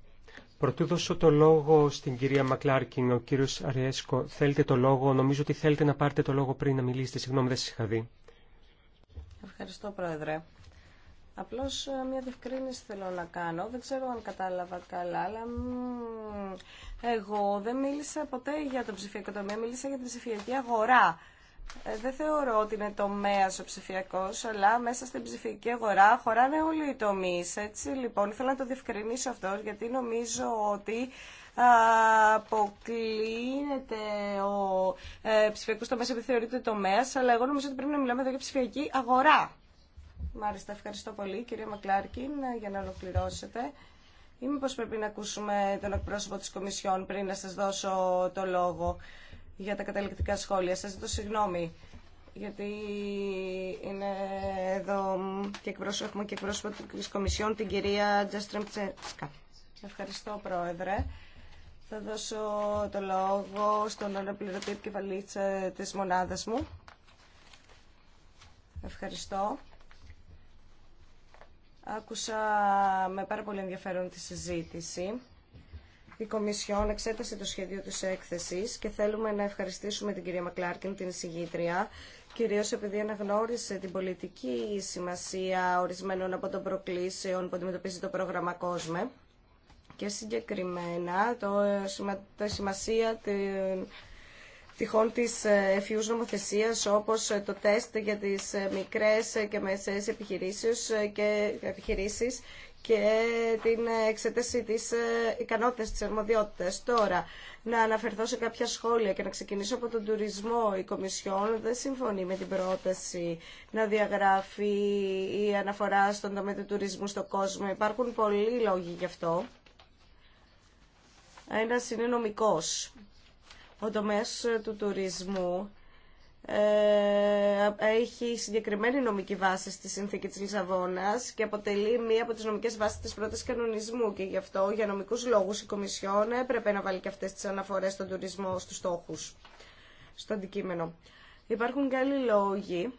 Πρωτού δώσω το λόγο στην κυρία Μακλάρκιν, ο κύριος Αριέσκο, θέλετε το λόγο, νομίζω ότι θέλετε να πάρετε το λόγο πριν να μιλήσετε, συγγνώμη δεν σας είχα δει. Ευχαριστώ Πρόεδρε. Απλώς ε, μια διευκρίνηση θέλω να κάνω. Δεν ξέρω αν κατάλαβα καλά, αλλά εγώ δεν μίλησα ποτέ για το ψηφιακό τομέα, μίλησα για την ψηφιακή αγορά. Ε, δεν θεωρώ ότι είναι τομέα ο ψηφιακό, αλλά μέσα στην ψηφιακή αγορά χωράνε όλοι οι τομεί. Έτσι λοιπόν, ήθελα να το διευκρινίσω αυτό, γιατί νομίζω ότι αποκλίνεται ο ε, ψηφιακό τομέα επειδή θεωρείται τομέα, αλλά εγώ νομίζω ότι πρέπει να μιλάμε εδώ για ψηφιακή αγορά. Μάλιστα, ευχαριστώ πολύ κυρία Μακλάρκιν για να ολοκληρώσετε. Ή μήπως πρέπει να ακούσουμε τον εκπρόσωπο της Κομισιόν πριν να σας δώσω το λόγο για τα καταληκτικά σχόλια. Σας ζητώ συγγνώμη, γιατί είναι εδώ και εκπρόσωπο, έχουμε και εκπρόσωπο της Κομισιόν, την κυρία Τζέστρεμ Τσέσκα. Ευχαριστώ, Πρόεδρε. Θα δώσω το λόγο στον αναπληρωτή επικεφαλή ε, της μονάδας μου. Ευχαριστώ. Άκουσα με πάρα πολύ ενδιαφέρον τη συζήτηση η Κομισιόν εξέτασε το σχέδιο της έκθεσης και θέλουμε να ευχαριστήσουμε την κυρία Μακλάρκιν, την εισηγήτρια, κυρίως επειδή αναγνώρισε την πολιτική σημασία ορισμένων από των προκλήσεων που αντιμετωπίζει το πρόγραμμα COSME και συγκεκριμένα το, ε, σημασία την τυχόν της ε, εφιούς νομοθεσίας όπως ε, το τεστ για τις μικρές και μεσαίες επιχειρήσεις και, επιχειρήσεις και την εξέταση της ε, ικανότητας της αρμοδιότητας. Τώρα, να αναφερθώ σε κάποια σχόλια και να ξεκινήσω από τον τουρισμό. Η Κομισιόν δεν συμφωνεί με την πρόταση να διαγράφει η αναφορά στον τομέα του τουρισμού στον κόσμο. Υπάρχουν πολλοί λόγοι γι' αυτό. Ένας είναι νομικός. Ο τομέας του τουρισμού ε, έχει συγκεκριμένη νομική βάση στη Σύνθηκη της Λισαβόνας και αποτελεί μία από τις νομικές βάσεις της πρώτης κανονισμού και γι' αυτό για νομικούς λόγους η Κομισιόν έπρεπε να βάλει και αυτές τις αναφορές στον τουρισμό στους στόχους, στο αντικείμενο. Υπάρχουν και άλλοι λόγοι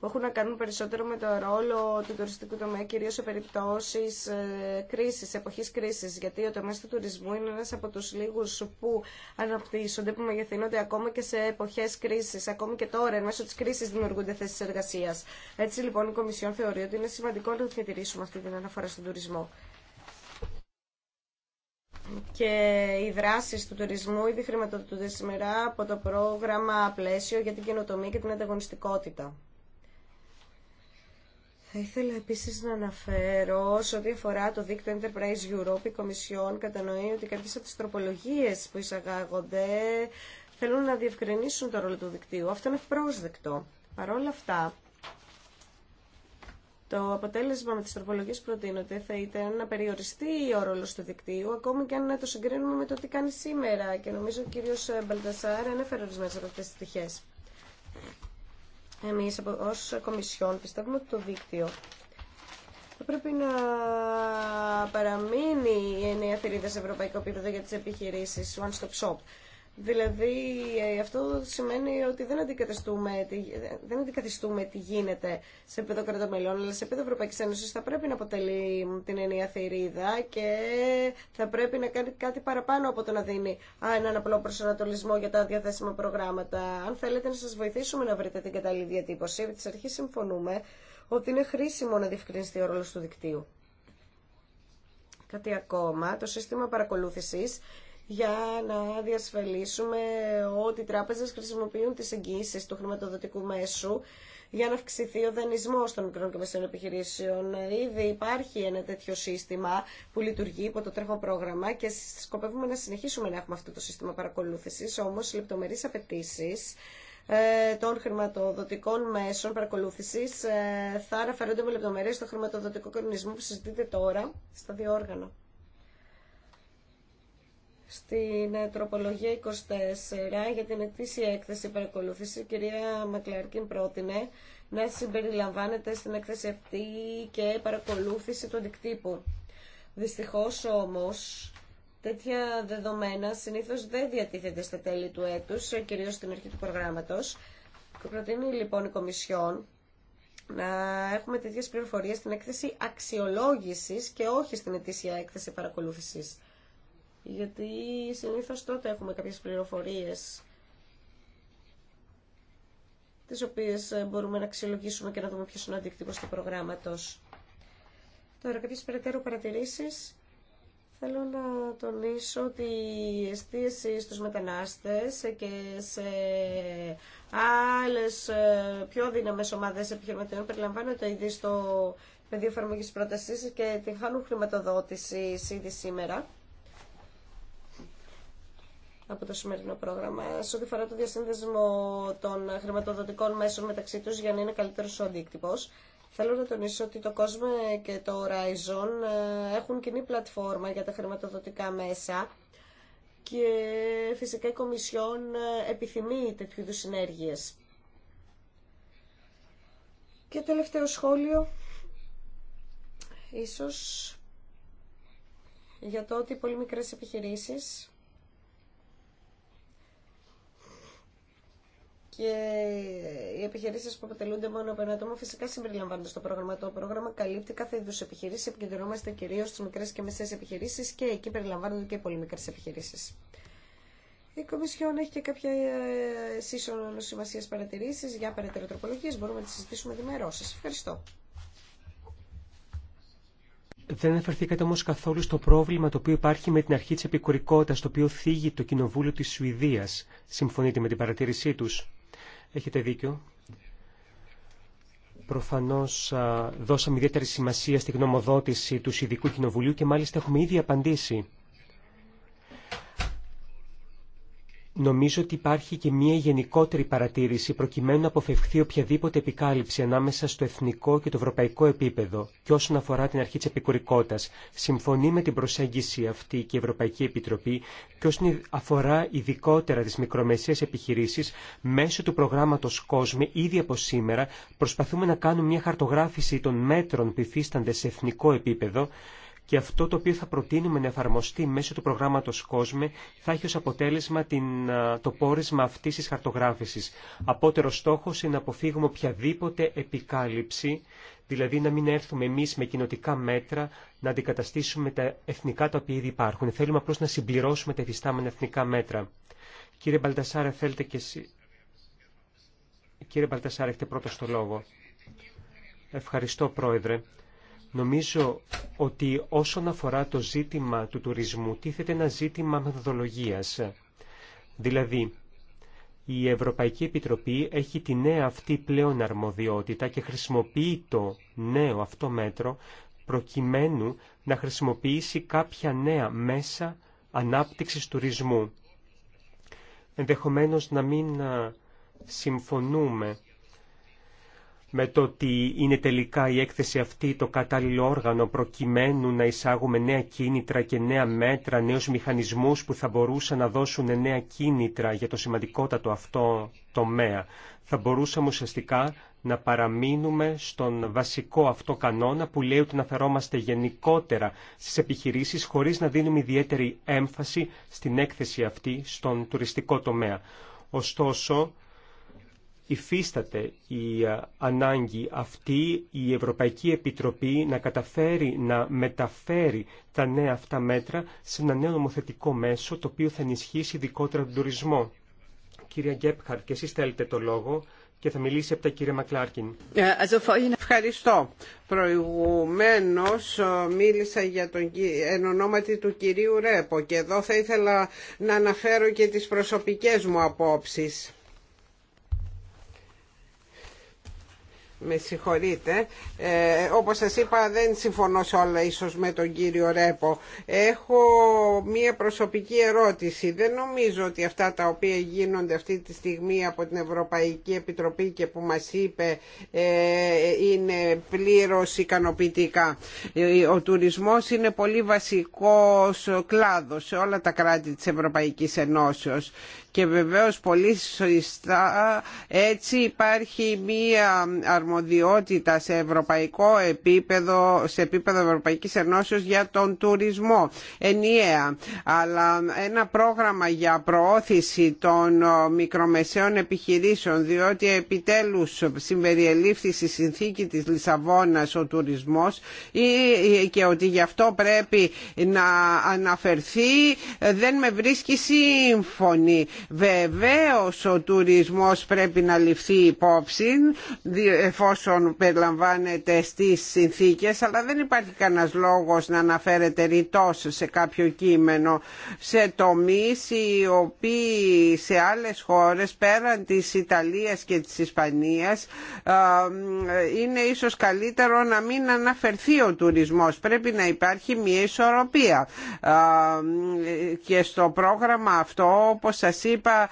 που έχουν να κάνουν περισσότερο με το ρόλο του τουριστικού τομέα, κυρίω σε περιπτώσει ε, κρίση, εποχή κρίση. Γιατί ο τομέα του τουρισμού είναι ένα από του λίγου που αναπτύσσονται, που μεγεθύνονται ακόμα και σε εποχέ κρίση. Ακόμη και τώρα, εν μέσω τη κρίση, δημιουργούνται θέσει εργασία. Έτσι λοιπόν, η Κομισιόν θεωρεί ότι είναι σημαντικό να διατηρήσουμε αυτή την αναφορά στον τουρισμό και οι δράσει του τουρισμού ήδη χρηματοδοτούνται σήμερα από το πρόγραμμα Πλαίσιο για την καινοτομία και την ανταγωνιστικότητα. Θα ήθελα επίσης να αναφέρω σε ό,τι αφορά το δίκτυο Enterprise Europe, η Κομισιόν κατανοεί ότι κάποιες από τις τροπολογίες που εισαγάγονται θέλουν να διευκρινίσουν το ρόλο του δικτύου. Αυτό είναι πρόσδεκτο. Παρ' όλα αυτά, το αποτέλεσμα με τις τροπολογίες που προτείνονται θα ήταν να περιοριστεί ο ρόλος του δικτύου, ακόμη και αν να το συγκρίνουμε με το τι κάνει σήμερα. Και νομίζω ο κύριος Μπαλτασάρ ανέφερε ορισμένες από αυτές τις στοιχές. Εμείς ως Κομισιόν πιστεύουμε ότι το δίκτυο θα πρέπει να παραμείνει η νέα θηρίδα σε ευρωπαϊκό επίπεδο για τις επιχειρήσεις One Stop Shop. Δηλαδή ε, αυτό σημαίνει ότι δεν αντικαθιστούμε, δεν αντικαθιστούμε τι γίνεται σε επίπεδο κρατομελών, αλλά σε επίπεδο Ευρωπαϊκή Ένωση θα πρέπει να αποτελεί την ενιαία θηρίδα και θα πρέπει να κάνει κάτι παραπάνω από το να δίνει έναν απλό προσανατολισμό για τα διαθέσιμα προγράμματα. Αν θέλετε να σα βοηθήσουμε να βρείτε την κατάλληλη διατύπωση, επί της συμφωνούμε ότι είναι χρήσιμο να διευκρινιστεί ο ρόλο του δικτύου. Κάτι ακόμα, το σύστημα παρακολούθηση για να διασφαλίσουμε ότι οι τράπεζες χρησιμοποιούν τις εγγύησεις του χρηματοδοτικού μέσου για να αυξηθεί ο δανεισμό των μικρών και μεσαίων επιχειρήσεων. Ήδη υπάρχει ένα τέτοιο σύστημα που λειτουργεί υπό το τρέχον πρόγραμμα και σκοπεύουμε να συνεχίσουμε να έχουμε αυτό το σύστημα παρακολούθηση, όμω λεπτομερεί απαιτήσει ε, των χρηματοδοτικών μέσων παρακολούθηση ε, θα αναφέρονται με λεπτομέρειε στο χρηματοδοτικό κανονισμό που συζητείτε τώρα στα δύο όργανα στην ε, τροπολογία 24 για την ετήσια έκθεση παρακολούθηση. Η κυρία Μακλάρκιν πρότεινε να συμπεριλαμβάνεται στην έκθεση αυτή και παρακολούθηση του αντικτύπου. Δυστυχώς όμως τέτοια δεδομένα συνήθως δεν διατίθεται στα τέλη του έτους, ε, κυρίως στην αρχή του προγράμματος. Προτείνει λοιπόν η Κομισιόν να έχουμε τέτοιες πληροφορίες στην έκθεση αξιολόγησης και όχι στην ετήσια έκθεση παρακολούθησης γιατί συνήθως τότε έχουμε κάποιες πληροφορίες τις οποίες μπορούμε να αξιολογήσουμε και να δούμε ποιος είναι ο αντίκτυπος του προγράμματος. Τώρα κάποιες περαιτέρω παρατηρήσεις. Θέλω να τονίσω ότι η εστίαση στους μετανάστες και σε άλλες ε, πιο δύναμες ομάδες επιχειρηματιών περιλαμβάνονται ήδη στο πεδίο εφαρμογής πρότασης και τη χάνουν χρηματοδότηση ήδη σήμερα από το σημερινό πρόγραμμα σε ό,τι αφορά το διασύνδεσμο των χρηματοδοτικών μέσων μεταξύ τους για να είναι καλύτερο ο αντίκτυπο, Θέλω να τονίσω ότι το COSME και το Horizon ε, έχουν κοινή πλατφόρμα για τα χρηματοδοτικά μέσα και φυσικά η Κομισιόν ε, επιθυμεί τέτοιου είδου συνέργειε. Και τελευταίο σχόλιο, ίσως για το ότι πολύ μικρές επιχειρήσεις και οι επιχειρήσει που αποτελούνται μόνο από ένα άτομο φυσικά συμπεριλαμβάνονται στο πρόγραμμα. Το πρόγραμμα καλύπτει κάθε είδου επιχειρήσει. επικεντρώνομαστε κυρίω στι μικρέ και μεσαίε επιχειρήσει και εκεί περιλαμβάνονται και πολύ μικρέ επιχειρήσει. Η Κομισιόν έχει και κάποια ε, σύσσωνο σημασία παρατηρήσει για περαιτέρω τροπολογίε. Μπορούμε να τι συζητήσουμε διμερώ. Σα ευχαριστώ. Δεν αναφερθήκατε όμω καθόλου στο πρόβλημα το οποίο υπάρχει με την αρχή τη επικουρικότητα, το οποίο θίγει το Κοινοβούλιο τη Σουηδία. Συμφωνείτε με την παρατήρησή του. Έχετε δίκιο. Προφανώς δώσαμε ιδιαίτερη σημασία στη γνωμοδότηση του Συνδικού Κοινοβουλίου και μάλιστα έχουμε ήδη απαντήσει Νομίζω ότι υπάρχει και μια γενικότερη παρατήρηση προκειμένου να αποφευχθεί οποιαδήποτε επικάλυψη ανάμεσα στο εθνικό και το ευρωπαϊκό επίπεδο και όσον αφορά την αρχή τη επικουρικότητα. Συμφωνεί με την προσέγγιση αυτή και η Ευρωπαϊκή Επιτροπή και όσον αφορά ειδικότερα τι μικρομεσαίες επιχειρήσει, μέσω του προγράμματο COSME ήδη από σήμερα προσπαθούμε να κάνουμε μια χαρτογράφηση των μέτρων που υφίστανται σε εθνικό επίπεδο και αυτό το οποίο θα προτείνουμε να εφαρμοστεί μέσω του προγράμματος COSME θα έχει ως αποτέλεσμα την, το πόρισμα αυτής της χαρτογράφησης. Απότερο στόχος είναι να αποφύγουμε οποιαδήποτε επικάλυψη, δηλαδή να μην έρθουμε εμείς με κοινοτικά μέτρα να αντικαταστήσουμε τα εθνικά τα οποία ήδη υπάρχουν. Θέλουμε απλώς να συμπληρώσουμε τα εφιστάμενα εθνικά μέτρα. Κύριε Μπαλτασάρε, θέλετε και εσύ... Κύριε Μπαλτασάρε, έχετε πρώτο στο λόγο. Ευχαριστώ, Πρόεδρε. Νομίζω ότι όσον αφορά το ζήτημα του τουρισμού τίθεται ένα ζήτημα μεθοδολογίας. Δηλαδή, η Ευρωπαϊκή Επιτροπή έχει τη νέα αυτή πλέον αρμοδιότητα και χρησιμοποιεί το νέο αυτό μέτρο προκειμένου να χρησιμοποιήσει κάποια νέα μέσα ανάπτυξης τουρισμού. Ενδεχομένως να μην συμφωνούμε με το ότι είναι τελικά η έκθεση αυτή το κατάλληλο όργανο προκειμένου να εισάγουμε νέα κίνητρα και νέα μέτρα, νέους μηχανισμούς που θα μπορούσαν να δώσουν νέα κίνητρα για το σημαντικότατο αυτό τομέα. Θα μπορούσαμε ουσιαστικά να παραμείνουμε στον βασικό αυτό κανόνα που λέει ότι να φερόμαστε γενικότερα στις επιχειρήσεις χωρίς να δίνουμε ιδιαίτερη έμφαση στην έκθεση αυτή στον τουριστικό τομέα. Ωστόσο, υφίσταται η ε, ανάγκη αυτή η Ευρωπαϊκή Επιτροπή να καταφέρει να μεταφέρει τα νέα αυτά μέτρα σε ένα νέο νομοθετικό μέσο το οποίο θα ενισχύσει ειδικότερα τον τουρισμό. Κύριε Γκέπχαρτ, και εσείς θέλετε το λόγο και θα μιλήσει από τα κύριε Μακλάρκιν. Ε, ευχαριστώ. Προηγουμένως ε, μίλησα για τον, εν ονόματι του κυρίου Ρέπο και εδώ θα ήθελα να αναφέρω και τις προσωπικές μου απόψεις με συγχωρείτε. Ε, όπως σας είπα δεν συμφωνώ σε όλα ίσως με τον κύριο Ρέπο. Έχω μία προσωπική ερώτηση. Δεν νομίζω ότι αυτά τα οποία γίνονται αυτή τη στιγμή από την Ευρωπαϊκή Επιτροπή και που μας είπε ε, είναι πλήρως ικανοποιητικά. Ε, ο τουρισμός είναι πολύ βασικός κλάδος σε όλα τα κράτη της Ευρωπαϊκής Ενώσεως και βεβαίως πολύ σωστά έτσι υπάρχει μία αρμοδιότητα σε ευρωπαϊκό επίπεδο, σε επίπεδο Ευρωπαϊκής Ενώσεω για τον τουρισμό ενιαία. Αλλά ένα πρόγραμμα για προώθηση των μικρομεσαίων επιχειρήσεων, διότι επιτέλους συμπεριελήφθη στη συνθήκη της Λισαβόνας ο τουρισμό και ότι γι' αυτό πρέπει να αναφερθεί, δεν με βρίσκει σύμφωνη. Βεβαίως ο τουρισμός πρέπει να ληφθεί υπόψη εφόσον περιλαμβάνεται στις συνθήκες αλλά δεν υπάρχει κανένας λόγος να αναφέρεται ρητός σε κάποιο κείμενο σε τομείς οι οποίοι σε άλλες χώρες πέραν της Ιταλίας και της Ισπανίας είναι ίσως καλύτερο να μην αναφερθεί ο τουρισμός. Πρέπει να υπάρχει μια ισορροπία και στο πρόγραμμα αυτό όπως σας είπα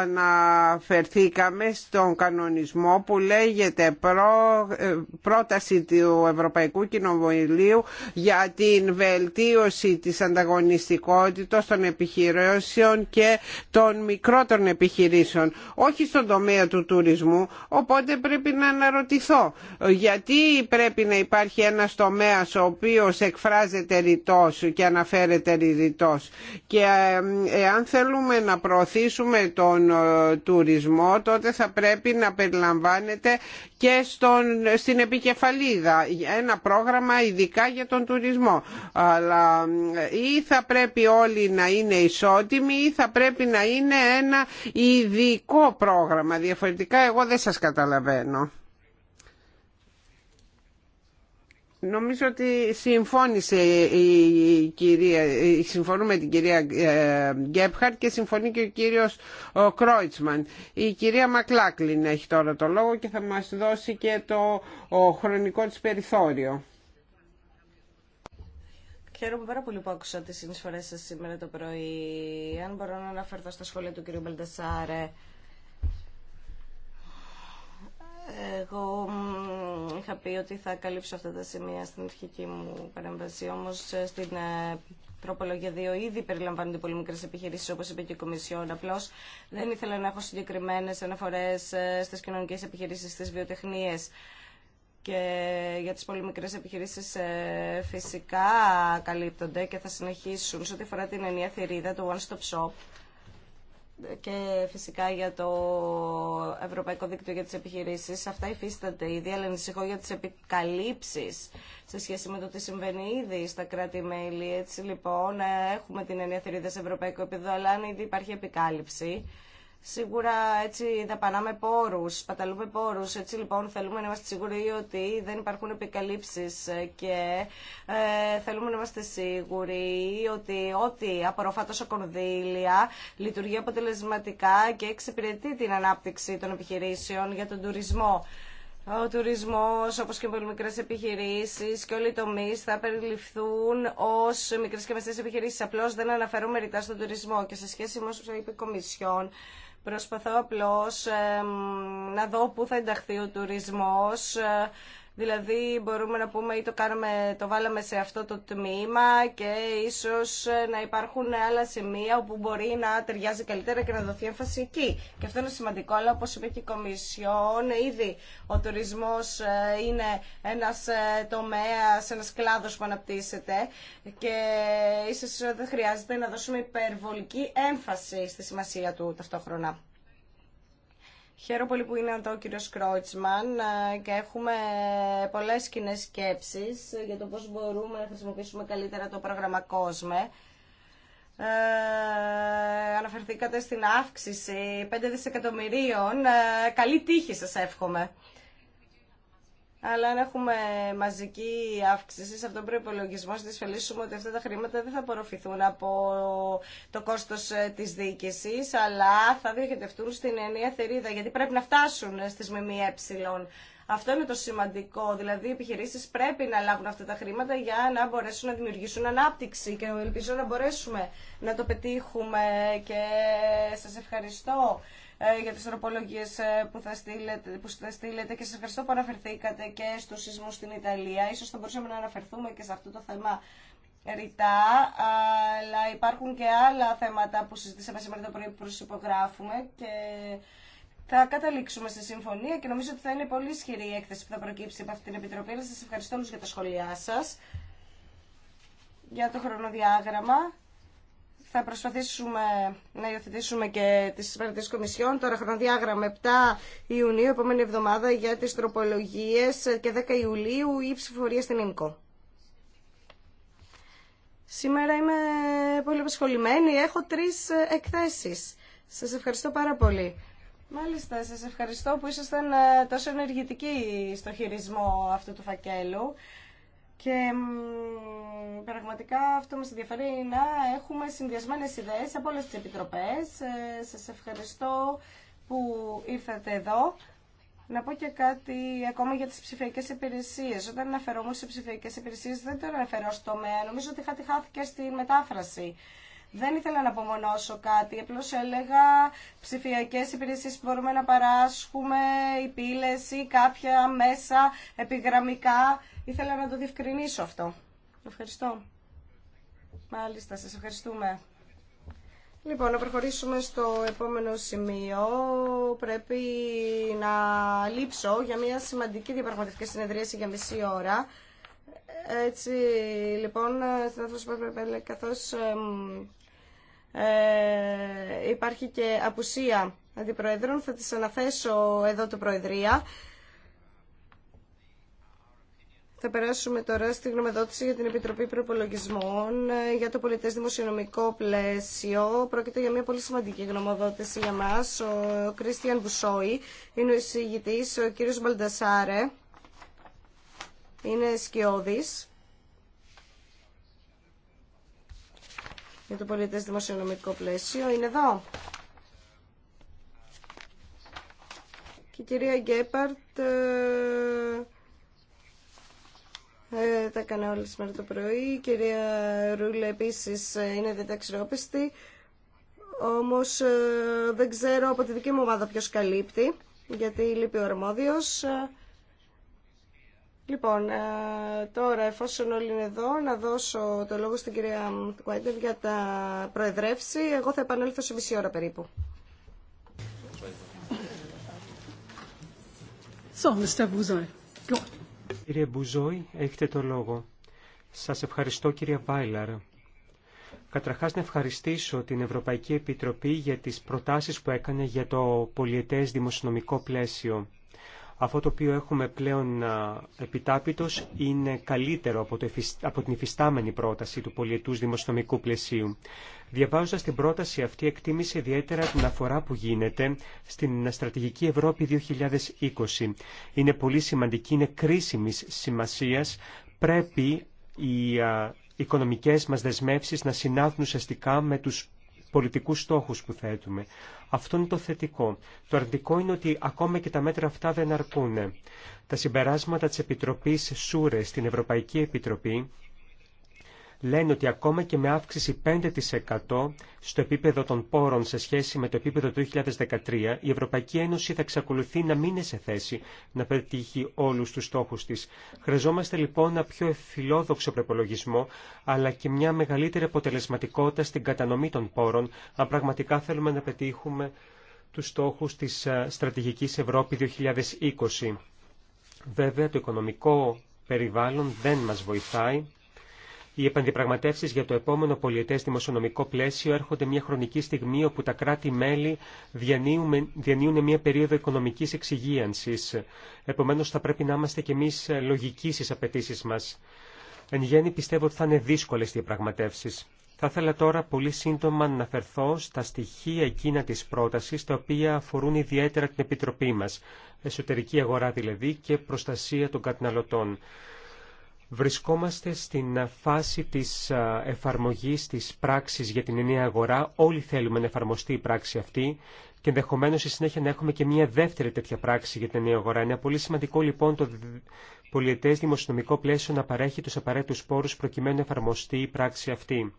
αναφερθήκαμε στον κανονισμό που λέγεται πρό, ε, πρόταση του Ευρωπαϊκού Κοινοβουλίου για την βελτίωση της ανταγωνιστικότητας των επιχειρήσεων και των μικρότερων επιχειρήσεων, όχι στον τομέα του τουρισμού, οπότε πρέπει να αναρωτηθώ γιατί πρέπει να υπάρχει ένας τομέας ο οποίος εκφράζεται ρητός και αναφέρεται ρητός και ε, εάν θέλουμε να προωθήσουμε τον ε, τουρισμό τότε θα πρέπει να περιλαμβάνεται και στον, στην επικεφαλίδα ένα πρόγραμμα ειδικά για τον τουρισμό αλλά ε, ή θα πρέπει όλοι να είναι ισότιμοι ή θα πρέπει να είναι ένα ειδικό πρόγραμμα διαφορετικά εγώ δεν σας καταλαβαίνω Νομίζω ότι συμφώνησε η κυρία, συμφωνούμε την κυρία ε, Γκέπχαρτ και συμφωνεί και ο κύριος Κρόιτσμαν. Η κυρία Μακλάκλιν έχει τώρα το λόγο και θα μας δώσει και το χρονικό της περιθώριο. Χαίρομαι πάρα πολύ που άκουσα τις συνεισφορές σας σήμερα το πρωί. Αν μπορώ να αναφερθώ στα σχόλια του κύριου Μπαλτασάρε, εγώ είχα πει ότι θα καλύψω αυτά τα σημεία στην αρχική μου παρέμβαση, όμω ε, στην ε, τροπολογία 2 ήδη περιλαμβάνονται πολύ μικρέ επιχειρήσει, όπω είπε και η Κομισιόν. Απλώ δεν ήθελα να έχω συγκεκριμένε αναφορέ ε, στι κοινωνικέ επιχειρήσει, στι βιοτεχνίε. Και για τις πολύ μικρές επιχειρήσεις φυσικά καλύπτονται και θα συνεχίσουν σε ό,τι αφορά την ενιαία θηρίδα, το One Stop Shop και φυσικά για το Ευρωπαϊκό Δίκτυο για τις Επιχειρήσεις. Αυτά υφίστανται ήδη, αλλά ανησυχώ για τις επικαλύψεις σε σχέση με το τι συμβαίνει ήδη στα κράτη-μέλη. Έτσι λοιπόν έχουμε την ενέθερη σε ευρωπαϊκό επίπεδο, αλλά αν ήδη υπάρχει επικάλυψη, Σίγουρα έτσι δαπανάμε πόρου, παταλούμε πόρου. Έτσι λοιπόν θέλουμε να είμαστε σίγουροι ότι δεν υπάρχουν επικαλύψει και ε, θέλουμε να είμαστε σίγουροι ότι ό,τι απορροφά τόσο κονδύλια λειτουργεί αποτελεσματικά και εξυπηρετεί την ανάπτυξη των επιχειρήσεων για τον τουρισμό. Ο τουρισμό όπω και πολύ μικρές επιχειρήσεις και όλοι οι τομείς θα περιληφθούν ω μικρέ και μεσαίε επιχειρήσει. Απλώ δεν αναφέρουμε ρητά στον τουρισμό και σε σχέση με όσο είπε η Κομισιόν. Προσπαθώ απλώς να δω πού θα ενταχθεί ο τουρισμός Δηλαδή μπορούμε να πούμε ή το, κάναμε, το βάλαμε σε αυτό το τμήμα και ίσως ε, να υπάρχουν άλλα σημεία όπου μπορεί να ταιριάζει καλύτερα και να δοθεί έμφαση εκεί. Και αυτό είναι σημαντικό, αλλά όπως είπε και η Κομισιόν, ήδη ο τουρισμός ε, είναι ένας ε, τομέας, ένας κλάδος που αναπτύσσεται και ίσως δεν χρειάζεται να δώσουμε υπερβολική έμφαση στη σημασία του ταυτόχρονα. Χαίρομαι πολύ που είναι εδώ ο κύριος Κρότσμαν ε, και έχουμε πολλές κοινέ σκέψεις για το πώς μπορούμε να χρησιμοποιήσουμε καλύτερα το πρόγραμμα COSME. Ε, αναφερθήκατε στην αύξηση 5 δισεκατομμυρίων. Ε, καλή τύχη σας εύχομαι. Αλλά αν έχουμε μαζική αύξηση σε αυτόν τον προπολογισμό, θα ασφαλίσουμε ότι αυτά τα χρήματα δεν θα απορροφηθούν από το κόστο ε, τη διοίκηση, αλλά θα διοικητευτούν στην ενιαία θερίδα, γιατί πρέπει να φτάσουν στι ΜΜΕ. Αυτό είναι το σημαντικό. Δηλαδή, οι επιχειρήσει πρέπει να λάβουν αυτά τα χρήματα για να μπορέσουν να δημιουργήσουν ανάπτυξη και ελπίζω να μπορέσουμε να το πετύχουμε. Και σα ευχαριστώ ε, για τις τροπολογίες ε, που θα στείλετε, που θα στείλετε και σας ευχαριστώ που αναφερθήκατε και στους σεισμούς στην Ιταλία. Ίσως θα μπορούσαμε να αναφερθούμε και σε αυτό το θέμα ρητά, αλλά υπάρχουν και άλλα θέματα που συζητήσαμε σήμερα το πρωί που προσυπογράφουμε και θα καταλήξουμε στη συμφωνία και νομίζω ότι θα είναι πολύ ισχυρή η έκθεση που θα προκύψει από αυτή την Επιτροπή. Σας ευχαριστώ όλους για τα σχόλιά σας, για το χρονοδιάγραμμα θα προσπαθήσουμε να υιοθετήσουμε και τις παρατηρήσεις κομισιών. Τώρα χρονοδιάγραμμα 7 Ιουνίου, επόμενη εβδομάδα για τις τροπολογίες και 10 Ιουλίου η ψηφορία στην ΕΜΚΟ. Σήμερα είμαι πολύ απασχολημένη. Έχω τρεις εκθέσεις. Σας ευχαριστώ πάρα πολύ. Μάλιστα, σας ευχαριστώ που ήσασταν ε, τόσο ενεργητικοί στο χειρισμό αυτού του φακέλου. Και πραγματικά αυτό μας ενδιαφέρει να έχουμε συνδυασμένες ιδέες από όλες τις επιτροπές. Ε, σας ευχαριστώ που ήρθατε εδώ. Να πω και κάτι ακόμα για τις ψηφιακές υπηρεσίες. Όταν αναφερόμαι σε ψηφιακές υπηρεσίες δεν το αναφέρω στο μέα. Νομίζω ότι είχατε χάθηκε στη μετάφραση. Δεν ήθελα να απομονώσω κάτι, Απλώ έλεγα ψηφιακές υπηρεσίες που μπορούμε να παράσχουμε, οι κάποια μέσα επιγραμμικά. Ήθελα να το διευκρινίσω αυτό. Ευχαριστώ. Μάλιστα, σας ευχαριστούμε. Λοιπόν, να προχωρήσουμε στο επόμενο σημείο. Πρέπει να λείψω για μια σημαντική διαπραγματευτική συνεδρίαση για μισή ώρα. Έτσι, λοιπόν, στην πω καθώς ε, υπάρχει και απουσία αντιπροεδρών, θα τις αναθέσω εδώ το Προεδρία. Θα περάσουμε τώρα στη γνωμοδότηση για την Επιτροπή Προπολογισμών για το πολιτές δημοσιονομικό πλαίσιο. Πρόκειται για μια πολύ σημαντική γνωμοδότηση για μας. Ο Κρίστιαν Μπουσόη είναι ο εισηγητής, ο κύριος Μπαλντασάρε είναι σκιώδης για το πολιτές δημοσιονομικό πλαίσιο. Είναι εδώ. Και η κυρία Γκέπαρτ ε, ε τα έκανε όλη σήμερα το πρωί. Η κυρία Ρούλε επίσης ε, είναι διδαξιρόπιστη. Όμως ε, δεν ξέρω από τη δική μου ομάδα ποιος καλύπτει, γιατί λείπει ο αρμόδιος. Λοιπόν, ε, τώρα εφόσον όλοι είναι εδώ, να δώσω το λόγο στην κυρία Κουάιντερ για τα προεδρεύσει. Εγώ θα επανέλθω σε μισή ώρα περίπου. Κύριε Μπουζόη, έχετε το λόγο. Σας ευχαριστώ κυρία Βάιλαρ. Καταρχάς να ευχαριστήσω την Ευρωπαϊκή Επιτροπή για τις προτάσεις που έκανε για το πολιετές δημοσιονομικό πλαίσιο. Αυτό το οποίο έχουμε πλέον επιτάπητος είναι καλύτερο από, το, από την υφιστάμενη πρόταση του πολιετούς δημοσιονομικού πλαισίου. Διαβάζοντας την πρόταση αυτή εκτίμησε ιδιαίτερα την αφορά που γίνεται στην Στρατηγική Ευρώπη 2020. Είναι πολύ σημαντική, είναι κρίσιμης σημασίας. Πρέπει οι οικονομικές μας δεσμεύσεις να συνάθουν ουσιαστικά με τους πολιτικούς στόχους που θέτουμε. Αυτό είναι το θετικό. Το αρνητικό είναι ότι ακόμα και τα μέτρα αυτά δεν αρκούν. Τα συμπεράσματα της Επιτροπής ΣΟΥΡΕ στην Ευρωπαϊκή Επιτροπή λένε ότι ακόμα και με αύξηση 5% στο επίπεδο των πόρων σε σχέση με το επίπεδο του 2013, η Ευρωπαϊκή Ένωση θα εξακολουθεί να μην είναι σε θέση να πετύχει όλους τους στόχους της. Χρειαζόμαστε λοιπόν ένα πιο φιλόδοξο προπολογισμό, αλλά και μια μεγαλύτερη αποτελεσματικότητα στην κατανομή των πόρων, αν πραγματικά θέλουμε να πετύχουμε τους στόχους της ε, Στρατηγικής Ευρώπη 2020. Βέβαια, το οικονομικό περιβάλλον δεν μας βοηθάει οι επανδιαπραγματεύσει για το επόμενο πολιετέ δημοσιονομικό πλαίσιο έρχονται μια χρονική στιγμή όπου τα κράτη-μέλη διανύουν μια περίοδο οικονομική εξυγίανση. Επομένω, θα πρέπει να είμαστε κι εμεί λογικοί στι απαιτήσει μα. Εν γέννη, πιστεύω ότι θα είναι δύσκολε οι διαπραγματεύσει. Θα ήθελα τώρα πολύ σύντομα να αναφερθώ στα στοιχεία εκείνα τη πρόταση, τα οποία αφορούν ιδιαίτερα την Επιτροπή μα, εσωτερική αγορά δηλαδή και προστασία των καταναλωτών. Βρισκόμαστε στην φάση της εφαρμογής της πράξης για την ενιαία αγορά. Όλοι θέλουμε να εφαρμοστεί η πράξη αυτή και ενδεχομένω στη συνέχεια να έχουμε και μια δεύτερη τέτοια πράξη για την ενιαία αγορά. Είναι πολύ σημαντικό λοιπόν το πολιετές δημοσιονομικό πλαίσιο να παρέχει τους απαραίτητους πόρους προκειμένου να εφαρμοστεί η πράξη αυτή.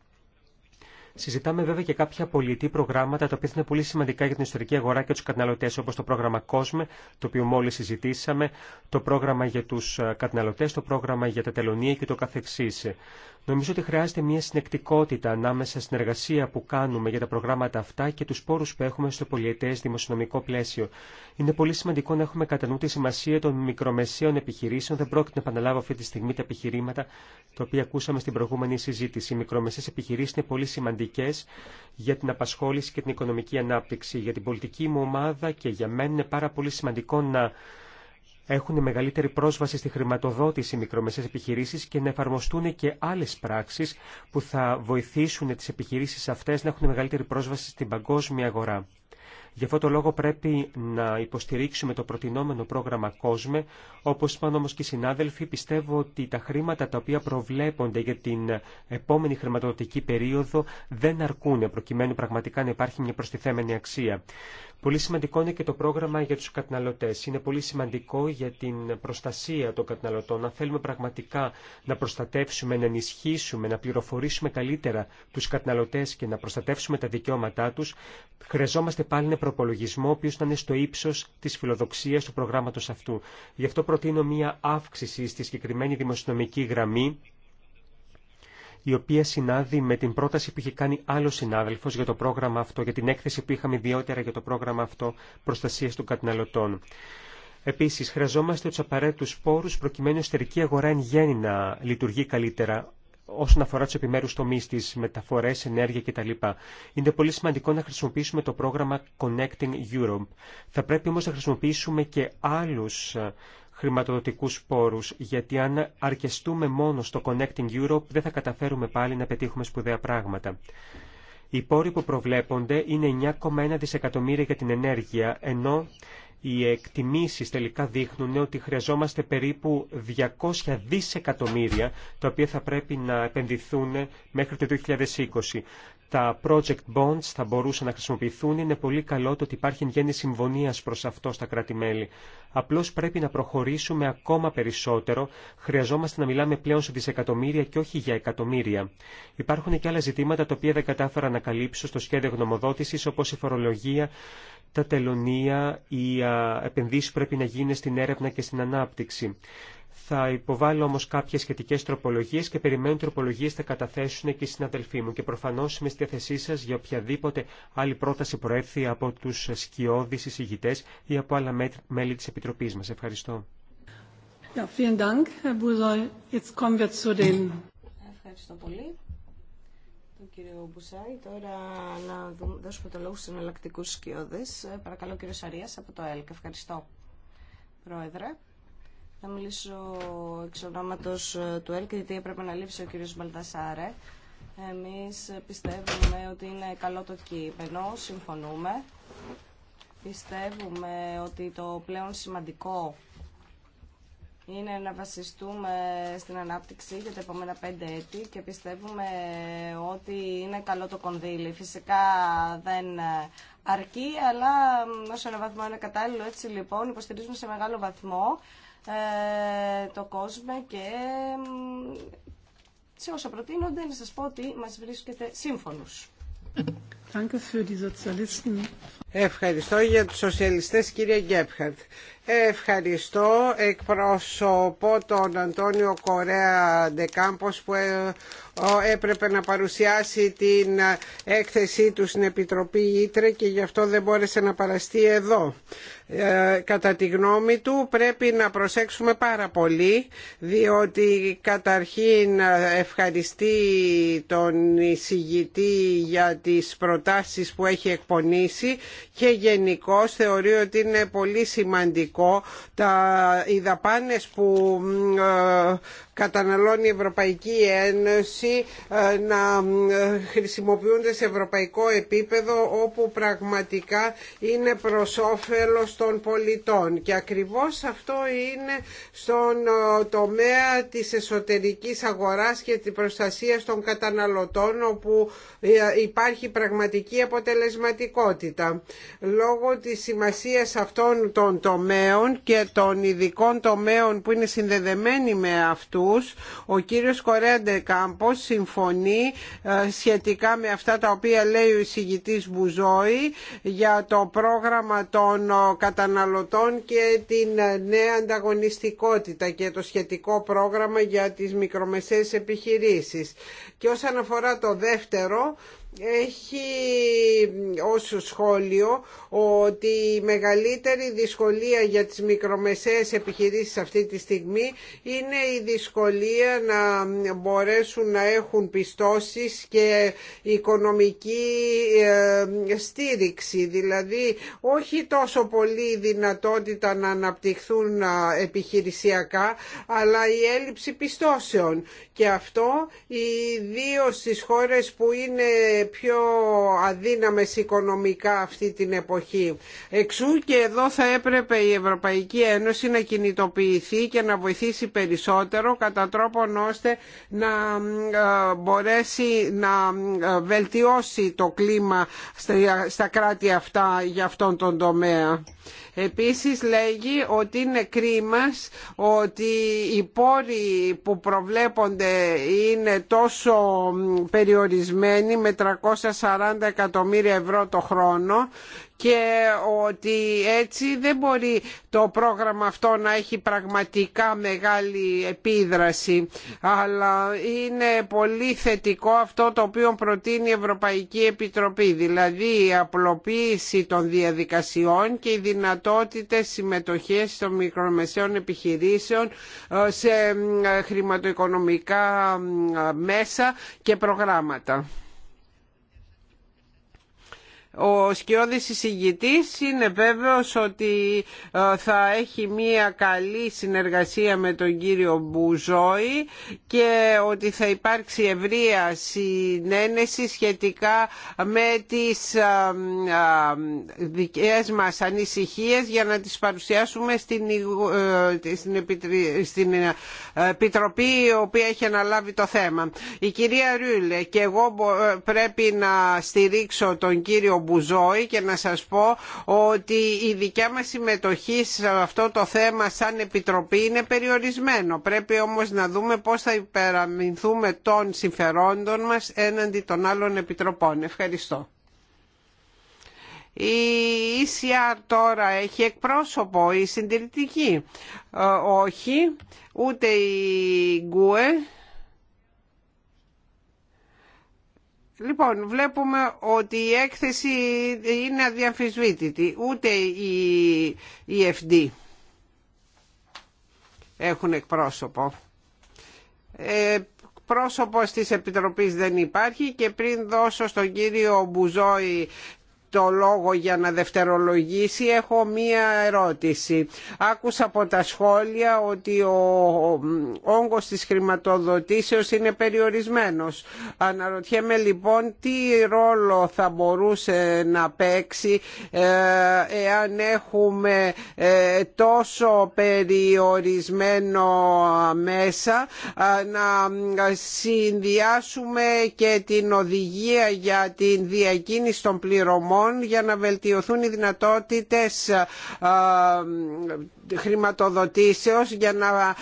Συζητάμε βέβαια και κάποια πολιτή προγράμματα τα οποία είναι πολύ σημαντικά για την ιστορική αγορά και του καταναλωτέ, όπω το πρόγραμμα COSME, το οποίο μόλι συζητήσαμε, το πρόγραμμα για του ε, καταναλωτέ, το πρόγραμμα για τα τελωνία και το καθεξή. Νομίζω ότι χρειάζεται μια συνεκτικότητα ανάμεσα στην εργασία που κάνουμε για τα προγράμματα αυτά και του πόρου που έχουμε στο πολιετέ δημοσιονομικό πλαίσιο. Είναι πολύ σημαντικό να έχουμε κατά νου τη σημασία των μικρομεσαίων επιχειρήσεων. Δεν πρόκειται να επαναλάβω αυτή τη στιγμή τα επιχειρήματα τα οποία ακούσαμε στην προηγούμενη συζήτηση. Οι μικρομεσαίε επιχειρήσει είναι πολύ σημαντικέ για την απασχόληση και την οικονομική ανάπτυξη. Για την πολιτική μου ομάδα και για μένα είναι πάρα πολύ σημαντικό να έχουν μεγαλύτερη πρόσβαση στη χρηματοδότηση μικρομεσαίες επιχειρήσεις και να εφαρμοστούν και άλλες πράξεις που θα βοηθήσουν τις επιχειρήσεις αυτές να έχουν μεγαλύτερη πρόσβαση στην παγκόσμια αγορά. Γι' αυτό το λόγο πρέπει να υποστηρίξουμε το προτινόμενο πρόγραμμα COSME. Όπως είπαν όμως και οι συνάδελφοι, πιστεύω ότι τα χρήματα τα οποία προβλέπονται για την επόμενη χρηματοδοτική περίοδο δεν αρκούν προκειμένου πραγματικά να υπάρχει μια προστιθέμενη αξία. Πολύ σημαντικό είναι και το πρόγραμμα για τους καταναλωτές. Είναι πολύ σημαντικό για την προστασία των καταναλωτών. Αν θέλουμε πραγματικά να προστατεύσουμε, να ενισχύσουμε, να πληροφορήσουμε καλύτερα τους καταναλωτές και να προστατεύσουμε τα δικαιώματά τους, χρειαζόμαστε πάλι ένα προπολογισμό ο οποίος να είναι στο ύψος της φιλοδοξίας του προγράμματος αυτού. Γι' αυτό προτείνω μία αύξηση στη συγκεκριμένη δημοσιονομική γραμμή η οποία συνάδει με την πρόταση που είχε κάνει άλλο συνάδελφος για το πρόγραμμα αυτό, για την έκθεση που είχαμε ιδιότερα για το πρόγραμμα αυτό προστασία των καταναλωτών. Επίση, χρειαζόμαστε του απαραίτητου πόρου προκειμένου η εσωτερική αγορά εν γέννη να λειτουργεί καλύτερα όσον αφορά του επιμέρου τομεί τη, μεταφορέ, ενέργεια κτλ. Είναι πολύ σημαντικό να χρησιμοποιήσουμε το πρόγραμμα Connecting Europe. Θα πρέπει όμω να χρησιμοποιήσουμε και άλλου χρηματοδοτικούς πόρους, γιατί αν αρκεστούμε μόνο στο Connecting Europe δεν θα καταφέρουμε πάλι να πετύχουμε σπουδαία πράγματα. Οι πόροι που προβλέπονται είναι 9,1 δισεκατομμύρια για την ενέργεια, ενώ οι εκτιμήσεις τελικά δείχνουν ότι χρειαζόμαστε περίπου 200 δισεκατομμύρια, τα οποία θα πρέπει να επενδυθούν μέχρι το 2020 τα project bonds θα μπορούσαν να χρησιμοποιηθούν. Είναι πολύ καλό το ότι υπάρχει εν γέννη συμφωνία προ αυτό στα κράτη-μέλη. Απλώ πρέπει να προχωρήσουμε ακόμα περισσότερο. Χρειαζόμαστε να μιλάμε πλέον σε δισεκατομμύρια και όχι για εκατομμύρια. Υπάρχουν και άλλα ζητήματα τα οποία δεν κατάφερα να καλύψω στο σχέδιο γνωμοδότηση, όπω η φορολογία, τα τελωνία, οι επενδύσει που πρέπει να γίνουν στην έρευνα και στην ανάπτυξη. Θα υποβάλω όμως κάποιε σχετικέ τροπολογίε και περιμένω τροπολογίε θα καταθέσουν και οι συναδελφοί μου και προφανώς είμαι στη θέσή σα για οποιαδήποτε άλλη πρόταση προέρθει από τους σκιώδη εισηγητές ή από άλλα μέλη της Επιτροπής μα. Ευχαριστώ. Ευχαριστώ πολύ. Τον κύριο Μπουσάη, τώρα να δώσουμε το λόγο στους εναλλακτικούς ε, Παρακαλώ κύριο Σαρίας από το ΕΛΚ. Ευχαριστώ. Πρόεδρε. Θα μιλήσω εξ ονόματος ε, του ΕΛΚ, γιατί έπρεπε να λείψει ο κύριος Μπαλτασάρε. Εμείς πιστεύουμε ότι είναι καλό το κείμενο, συμφωνούμε. Πιστεύουμε ότι το πλέον σημαντικό είναι να βασιστούμε στην ανάπτυξη για τα επόμενα πέντε έτη και πιστεύουμε ότι είναι καλό το κονδύλι. Φυσικά δεν αρκεί, αλλά ως ένα βαθμό είναι κατάλληλο. Έτσι λοιπόν υποστηρίζουμε σε μεγάλο βαθμό ε, το κόσμο και σε όσα προτείνονται να σας πω ότι μας βρίσκεται σύμφωνους. Ευχαριστώ για τους σοσιαλιστές κύριε Γκέπχαρτ. Ευχαριστώ. Εκπροσωπώ τον Αντώνιο Κορέα Ντεκάμπος που ε, έπρεπε να παρουσιάσει την έκθεσή του στην Επιτροπή Ήτρε και γι' αυτό δεν μπόρεσε να παραστεί εδώ. Ε, κατά τη γνώμη του πρέπει να προσέξουμε πάρα πολύ διότι καταρχήν ευχαριστεί τον εισηγητή για τις προτάσεις που έχει εκπονήσει και γενικώ θεωρεί ότι είναι πολύ σημαντικό τα, οι δαπάνες που ε, καταναλώνει η Ευρωπαϊκή Ένωση ε, να ε, χρησιμοποιούνται σε ευρωπαϊκό επίπεδο όπου πραγματικά είναι προς όφελος των πολιτών. Και ακριβώς αυτό είναι στον ε, τομέα της εσωτερικής αγοράς και της προστασίας των καταναλωτών όπου υπάρχει πραγματική αποτελεσματικότητα. Λόγω της σημασίας αυτών των τομέων και των ειδικών τομέων που είναι συνδεδεμένοι με αυτού ο κύριος Κορέντε Κάμπος συμφωνεί ε, σχετικά με αυτά τα οποία λέει ο εισηγητής Μπουζόη για το πρόγραμμα των ε, καταναλωτών και την ε, νέα ανταγωνιστικότητα και το σχετικό πρόγραμμα για τις μικρομεσαίες επιχειρήσεις. Και όσον αφορά το δεύτερο, έχει ως σχόλιο ότι η μεγαλύτερη δυσκολία για τις μικρομεσαίες επιχειρήσεις αυτή τη στιγμή είναι η δυσκολία να μπορέσουν να έχουν πιστώσεις και οικονομική ε, στήριξη δηλαδή όχι τόσο πολύ η δυνατότητα να αναπτυχθούν ε, επιχειρησιακά αλλά η έλλειψη πιστώσεων και αυτό δύο στις χώρες που είναι πιο αδύναμες οικονομικά αυτή την εποχή. Εξού και εδώ θα έπρεπε η Ευρωπαϊκή Ένωση να κινητοποιηθεί και να βοηθήσει περισσότερο κατά τρόπον ώστε να ε, μπορέσει να ε, βελτιώσει το κλίμα στα κράτη αυτά για αυτόν τον τομέα. Επίσης λέγει ότι είναι κρίμα ότι οι πόροι που προβλέπονται είναι τόσο περιορισμένοι με 340 εκατομμύρια ευρώ το χρόνο και ότι έτσι δεν μπορεί το πρόγραμμα αυτό να έχει πραγματικά μεγάλη επίδραση αλλά είναι πολύ θετικό αυτό το οποίο προτείνει η Ευρωπαϊκή Επιτροπή δηλαδή η απλοποίηση των διαδικασιών και οι δυνατότητες συμμετοχής των μικρομεσαίων επιχειρήσεων ε, σε ε, χρηματοοικονομικά ε, μέσα και προγράμματα. Ο σκιώδης εισηγητής είναι βέβαιος ότι ε, θα έχει μία καλή συνεργασία με τον κύριο Μπουζόη και ότι θα υπάρξει ευρεία συνένεση σχετικά με τις ε, ε, δικές μας ανησυχίες για να τις παρουσιάσουμε στην, στην, επιτροπή η οποία έχει αναλάβει το θέμα. Η κυρία Ρούλε και εγώ ε, πρέπει να στηρίξω τον κύριο Μπουζόη και να σας πω ότι η δικιά μας συμμετοχή σε αυτό το θέμα σαν επιτροπή είναι περιορισμένο. Πρέπει όμως να δούμε πώς θα υπεραμεινθούμε των συμφερόντων μας έναντι των άλλων επιτροπών. Ευχαριστώ. Η ECR τώρα έχει εκπρόσωπο, η συντηρητική. Ε, όχι, ούτε η Γκουε. Λοιπόν, βλέπουμε ότι η έκθεση είναι αδιαμφισβήτητη, ούτε η, η έχουν εκπρόσωπο. Ε, πρόσωπος της Επιτροπής δεν υπάρχει και πριν δώσω στον κύριο Μπουζόη το λόγο για να δευτερολογήσει έχω μία ερώτηση. Άκουσα από τα σχόλια ότι ο όγκος της χρηματοδοτήσεως είναι περιορισμένος. Αναρωτιέμαι λοιπόν τι ρόλο θα μπορούσε να παίξει ε, εάν έχουμε ε, τόσο περιορισμένο μέσα να συνδυάσουμε και την οδηγία για την διακίνηση των πληρωμών Λοιπόν για να βελτιωθούν οι δυνατότητες χρηματοδοτήσεως για να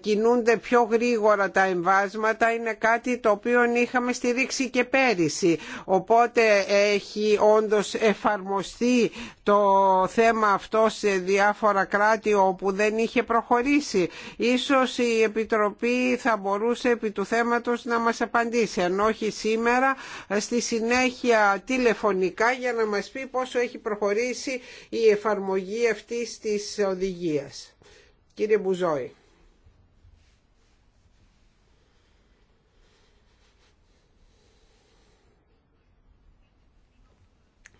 κινούνται πιο γρήγορα τα εμβάσματα είναι κάτι το οποίο είχαμε στηρίξει και πέρυσι. Οπότε έχει όντως εφαρμοστεί το θέμα αυτό σε διάφορα κράτη όπου δεν είχε προχωρήσει. Ίσως η Επιτροπή θα μπορούσε επί του θέματος να μας απαντήσει, αν όχι σήμερα, στη συνέχεια τηλεφωνικά για να μας πει πόσο έχει προχωρήσει η εφαρμογή αυτή της οδηγίας Κύριε Μπουζόη.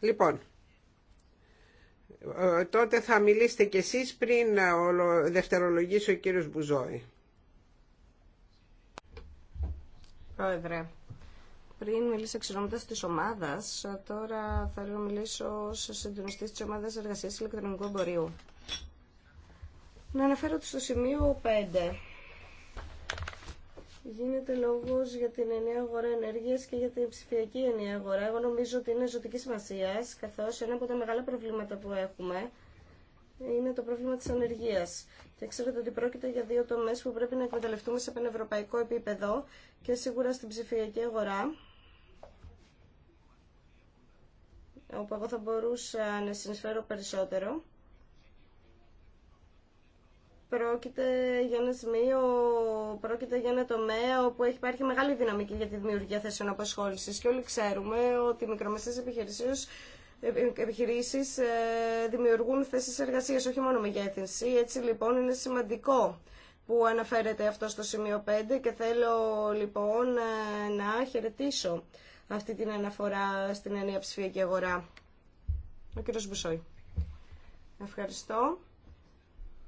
Λοιπόν, ε, τότε θα μιλήσετε κι εσείς πριν ε, δευτερολογήσει ο κύριος Μπουζόη. Πρόεδρε, πριν μιλήσω εξονόματος τη ομάδα, ε, τώρα θα να μιλήσω ω συντονιστή της ομάδας εργασίας ηλεκτρονικού εμπορίου. Να αναφέρω στο σημείο 5. Γίνεται λόγο για την ενιαία αγορά ενέργεια και για την ψηφιακή ενιαία αγορά. Εγώ νομίζω ότι είναι ζωτική σημασία, καθώ ένα από τα μεγάλα προβλήματα που έχουμε είναι το πρόβλημα της ανεργία. Και ξέρετε ότι πρόκειται για δύο τομές που πρέπει να εκμεταλλευτούμε σε πανευρωπαϊκό επίπεδο και σίγουρα στην ψηφιακή αγορά. Όπου εγώ θα μπορούσα να συνεισφέρω περισσότερο. Πρόκειται για ένα σημείο, πρόκειται για ένα τομέα όπου έχει υπάρχει μεγάλη δυναμική για τη δημιουργία θέσεων απασχόληση. Και όλοι ξέρουμε ότι οι μικρομεσαίε επιχειρήσει ε, δημιουργούν θέσει εργασία, όχι μόνο μεγέθυνση. Έτσι λοιπόν είναι σημαντικό που αναφέρεται αυτό στο σημείο 5 και θέλω λοιπόν ε, να χαιρετήσω αυτή την αναφορά στην ενιαία ψηφιακή αγορά. Ο κύριος Μπουσόη. Ευχαριστώ.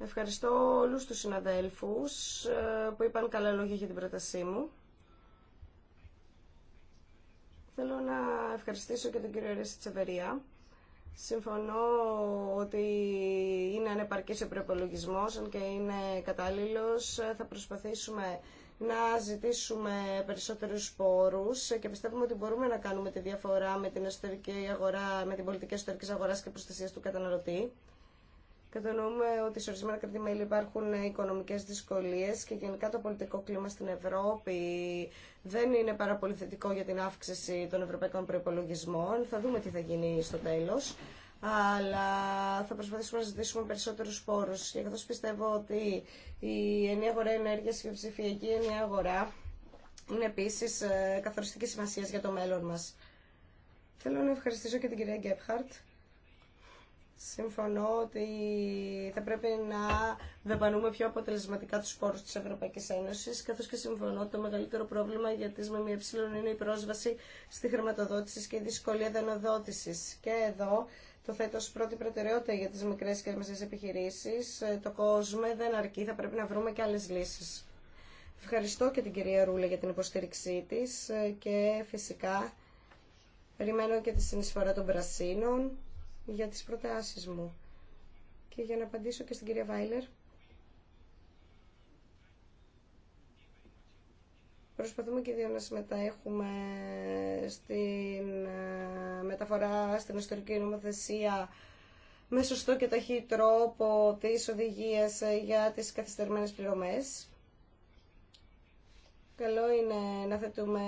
Ευχαριστώ όλους τους συναδέλφους ε, που είπαν καλά λόγια για την πρότασή μου. Θέλω να ευχαριστήσω και τον κύριο Ρέση Τσεβερία. Συμφωνώ ότι είναι ανεπαρκής ο προπολογισμό, αν και είναι κατάλληλος. Θα προσπαθήσουμε να ζητήσουμε περισσότερους πόρους και πιστεύουμε ότι μπορούμε να κάνουμε τη διαφορά με την, εσωτερική αγορά, με την πολιτική εσωτερικής αγοράς και προστασίας του καταναλωτή. Κατανοούμε ότι σε ορισμένα κρατημέλη υπάρχουν οικονομικέ δυσκολίε και γενικά το πολιτικό κλίμα στην Ευρώπη δεν είναι πάρα πολύ θετικό για την αύξηση των ευρωπαϊκών προπολογισμών. Θα δούμε τι θα γίνει στο τέλο, Αλλά θα προσπαθήσουμε να ζητήσουμε περισσότερου πόρου. Και καθώ πιστεύω ότι η ενιαία αγορά ενέργεια και η ψηφιακή ενιαία αγορά είναι επίση ε, καθοριστική σημασία για το μέλλον μα. Θέλω να ευχαριστήσω και την κυρία Γκέπχαρτ Συμφωνώ ότι θα πρέπει να δαπανούμε πιο αποτελεσματικά τους πόρους της Ευρωπαϊκής Ένωσης, καθώς και συμφωνώ ότι το μεγαλύτερο πρόβλημα για τις ΜΜΕ είναι η πρόσβαση στη χρηματοδότηση και η δυσκολία δανοδότησης. Και εδώ το θέτω ως πρώτη προτεραιότητα για τις μικρές και μεσές επιχειρήσεις. Το κόσμο δεν αρκεί, θα πρέπει να βρούμε και άλλες λύσεις. Ευχαριστώ και την κυρία Ρούλα για την υποστήριξή της και φυσικά περιμένω και τη συνεισφορά των πρασίνων για τις προτάσεις μου. Και για να απαντήσω και στην κυρία Βάιλερ, προσπαθούμε και δύο να συμμετέχουμε στην ε, μεταφορά στην ιστορική νομοθεσία με σωστό και ταχύ τρόπο της οδηγίας για τις καθυστερημένες πληρωμές. Καλό είναι να, θέτουμε,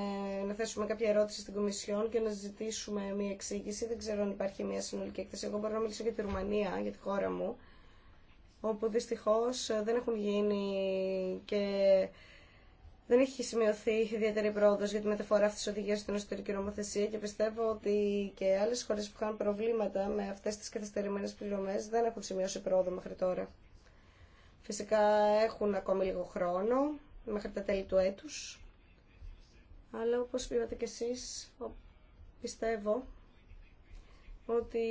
να θέσουμε κάποια ερώτηση στην Κομισιόν και να ζητήσουμε μια εξήγηση. Δεν ξέρω αν υπάρχει μια συνολική έκθεση. Εγώ μπορώ να μιλήσω για τη Ρουμανία, για τη χώρα μου, όπου δυστυχώς ε, δεν έχουν γίνει και δεν έχει σημειωθεί ιδιαίτερη πρόοδο για τη μεταφορά αυτή τη οδηγία στην εσωτερική νομοθεσία και πιστεύω ότι και άλλε χώρε που είχαν προβλήματα με αυτέ τι καθυστερημένε πληρωμέ δεν έχουν σημειώσει πρόοδο μέχρι τώρα. Φυσικά έχουν ακόμη λίγο χρόνο μέχρι τα τέλη του έτους. Αλλά όπως είπατε και εσείς, πιστεύω ότι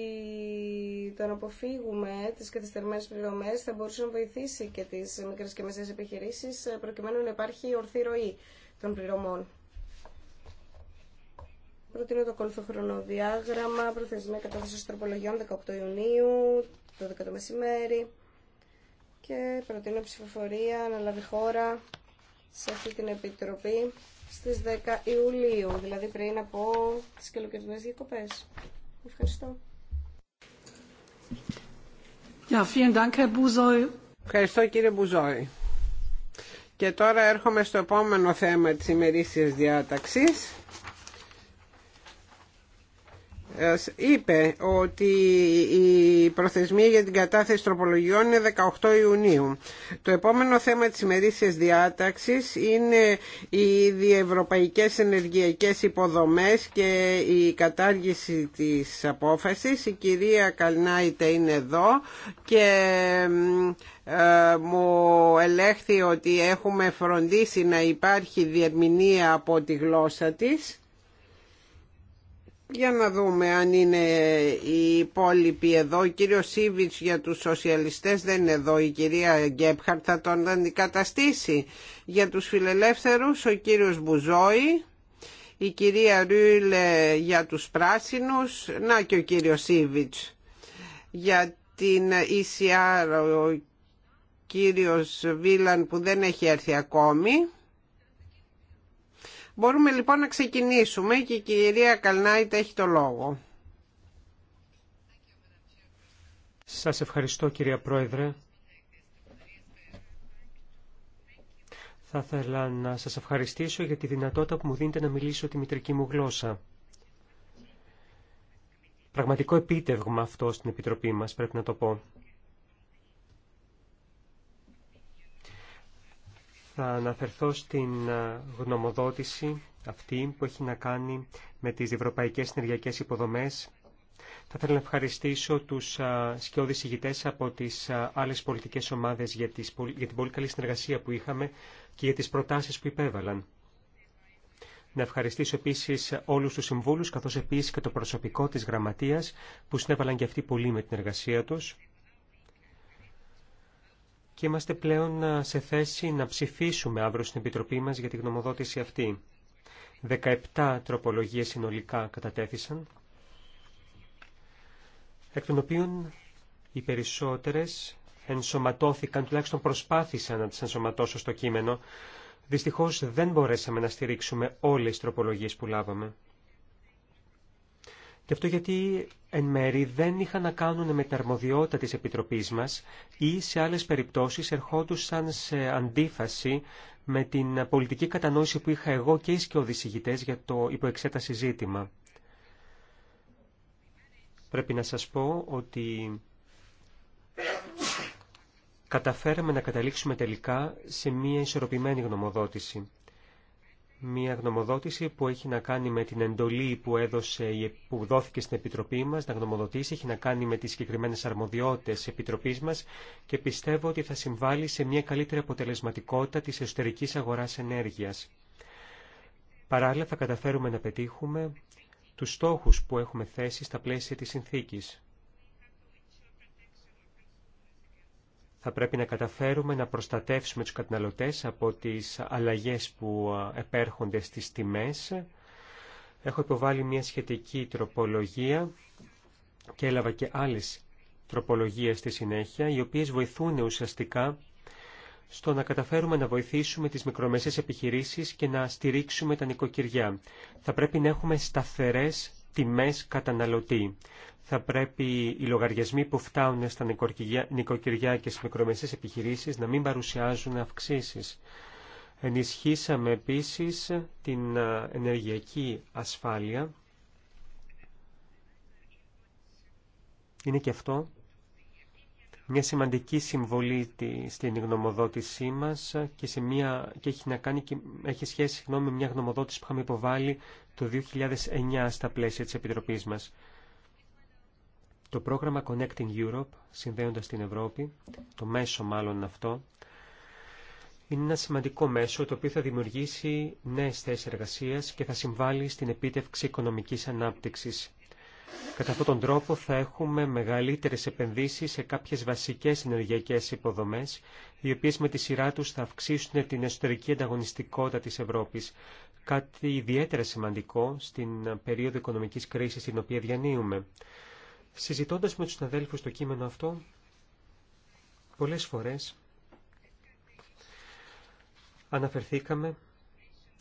το να αποφύγουμε τις καθυστερημένες πληρωμές θα μπορούσε να βοηθήσει και τις μικρές και μεσαίες επιχειρήσεις ε, προκειμένου να υπάρχει ορθή ροή των πληρωμών. Προτείνω το ακόλουθο χρονοδιάγραμμα, προθεσμία κατάθεση τροπολογιών 18 Ιουνίου, το 12 μεσημέρι και προτείνω ψηφοφορία να λάβει χώρα σε αυτή την Επιτροπή στις 10 Ιουλίου, δηλαδή πριν από τις καλοκαιρινές διακοπές. Ευχαριστώ. Ja, vielen Dank, Herr Ευχαριστώ κύριε Μπουζόη. Και τώρα έρχομαι στο επόμενο θέμα της ημερήσιας διάταξης είπε ότι η προθεσμία για την κατάθεση τροπολογιών είναι 18 Ιουνίου. Το επόμενο θέμα της ημερήσιας διάταξης είναι οι διευρωπαϊκές ενεργειακές υποδομές και η κατάργηση της απόφασης. Η κυρία Καλνάιτε είναι εδώ και ε, μου ελέγχθη ότι έχουμε φροντίσει να υπάρχει διερμηνία από τη γλώσσα της για να δούμε αν είναι οι υπόλοιποι εδώ. Ο κύριος Σίβιτς για τους σοσιαλιστές δεν είναι εδώ. Η κυρία Γκέπχαρτ θα τον αντικαταστήσει. Για τους φιλελεύθερους ο κύριος Μπουζόη. Η κυρία Ρούλε για τους πράσινους. Να και ο κύριος Σίβιτς. Για την ECR ο κύριος Βίλαν που δεν έχει έρθει ακόμη. Μπορούμε λοιπόν να ξεκινήσουμε και η κυρία Καλνάιτ έχει το λόγο. Σας ευχαριστώ κυρία Πρόεδρε. Θα ήθελα να σας ευχαριστήσω για τη δυνατότητα που μου δίνετε να μιλήσω τη μητρική μου γλώσσα. Πραγματικό επίτευγμα αυτό στην Επιτροπή μας, πρέπει να το πω. θα αναφερθώ στην ε, γνωμοδότηση αυτή που έχει να κάνει με τις ευρωπαϊκές συνεργειακές υποδομές. Θα ήθελα να ευχαριστήσω τους ε, σκιώδης ηγητές από τις ε, άλλες πολιτικές ομάδες για την πολύ καλή συνεργασία που είχαμε και για τις προτάσεις που υπέβαλαν. Να ευχαριστήσω επίσης όλους τους συμβούλους καθώς επίσης και το προσωπικό της γραμματείας που συνέβαλαν και αυτοί πολύ με την εργασία τους και είμαστε πλέον ε, σε θέση να ψηφίσουμε αύριο στην Επιτροπή μας για την γνωμοδότηση αυτή. 17 τροπολογίες συνολικά κατατέθησαν, εκ των οποίων οι περισσότερες ενσωματώθηκαν, τουλάχιστον προσπάθησαν να τις ενσωματώσω στο κείμενο. Δυστυχώς δεν μπορέσαμε να στηρίξουμε όλες τις τροπολογίες που λάβαμε. Και αυτό γιατί εν μέρη δεν είχαν να κάνουν με την αρμοδιότητα της Επιτροπής μας ή σε άλλες περιπτώσεις ερχόντουσαν σε αντίφαση με την πολιτική κατανόηση που είχα εγώ και οι δισυγιτές για το υποεξέταση ζήτημα. Πρέπει να σας πω ότι καταφέραμε να καταλήξουμε τελικά σε μια ισορροπημένη γνωμοδότηση μια γνωμοδότηση που έχει να κάνει με την εντολή που, έδωσε, που δόθηκε στην Επιτροπή μας να γνωμοδοτήσει, έχει να κάνει με τις συγκεκριμένες αρμοδιότητες Επιτροπής μας και πιστεύω ότι θα συμβάλλει σε μια καλύτερη αποτελεσματικότητα της εσωτερικής αγοράς ενέργειας. Παράλληλα θα καταφέρουμε να πετύχουμε τους στόχους που έχουμε θέσει στα πλαίσια της συνθήκης. θα πρέπει να καταφέρουμε να προστατεύσουμε τους καταναλωτές από τις αλλαγές που επέρχονται στις τιμές. Έχω υποβάλει μια σχετική τροπολογία και έλαβα και άλλες τροπολογίες στη συνέχεια, οι οποίες βοηθούν ουσιαστικά στο να καταφέρουμε να βοηθήσουμε τις μικρομεσαίες επιχειρήσεις και να στηρίξουμε τα νοικοκυριά. Θα πρέπει να έχουμε σταθερές τιμές καταναλωτή θα πρέπει οι λογαριασμοί που φτάνουν στα νοικοκυριά και στις μικρομεσαίες επιχειρήσεις να μην παρουσιάζουν αυξήσεις. Ενισχύσαμε επίσης την ενεργειακή ασφάλεια. Είναι και αυτό μια σημαντική συμβολή στην γνωμοδότησή μας και, σε μια, και έχει, να κάνει, έχει σχέση με μια γνωμοδότηση που είχαμε υποβάλει το 2009 στα πλαίσια της Επιτροπής μας. Το πρόγραμμα Connecting Europe, συνδέοντας την Ευρώπη, το μέσο μάλλον αυτό, είναι ένα σημαντικό μέσο το οποίο θα δημιουργήσει νέες θέσεις εργασίας και θα συμβάλλει στην επίτευξη οικονομικής ανάπτυξης. Κατά αυτόν τον τρόπο θα έχουμε μεγαλύτερες επενδύσεις σε κάποιες βασικές ενεργειακές υποδομές, οι οποίες με τη σειρά τους θα αυξήσουν την εσωτερική ανταγωνιστικότητα της Ευρώπης. Κάτι ιδιαίτερα σημαντικό στην περίοδο οικονομικής κρίσης την οποία διανύουμε. Συζητώντας με τους συναδέλφους το κείμενο αυτό, πολλές φορές αναφερθήκαμε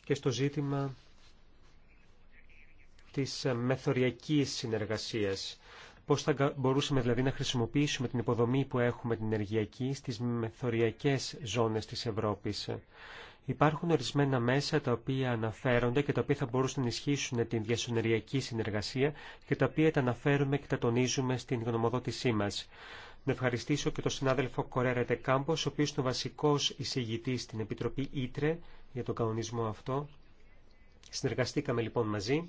και στο ζήτημα της μεθοριακής συνεργασίας. Πώς θα μπορούσαμε δηλαδή να χρησιμοποιήσουμε την υποδομή που έχουμε την ενεργειακή στις μεθοριακές ζώνες της Ευρώπης. Υπάρχουν ορισμένα μέσα τα οποία αναφέρονται και τα οποία θα μπορούσαν να ισχύσουν την διασυνεριακή συνεργασία και τα οποία τα αναφέρουμε και τα τονίζουμε στην γνωμοδότησή μας. Να ευχαριστήσω και τον συνάδελφο Κορέρα Τεκάμπος, ο οποίος είναι ο βασικός εισηγητής στην Επιτροπή Ήτρε για τον κανονισμό αυτό. Συνεργαστήκαμε λοιπόν μαζί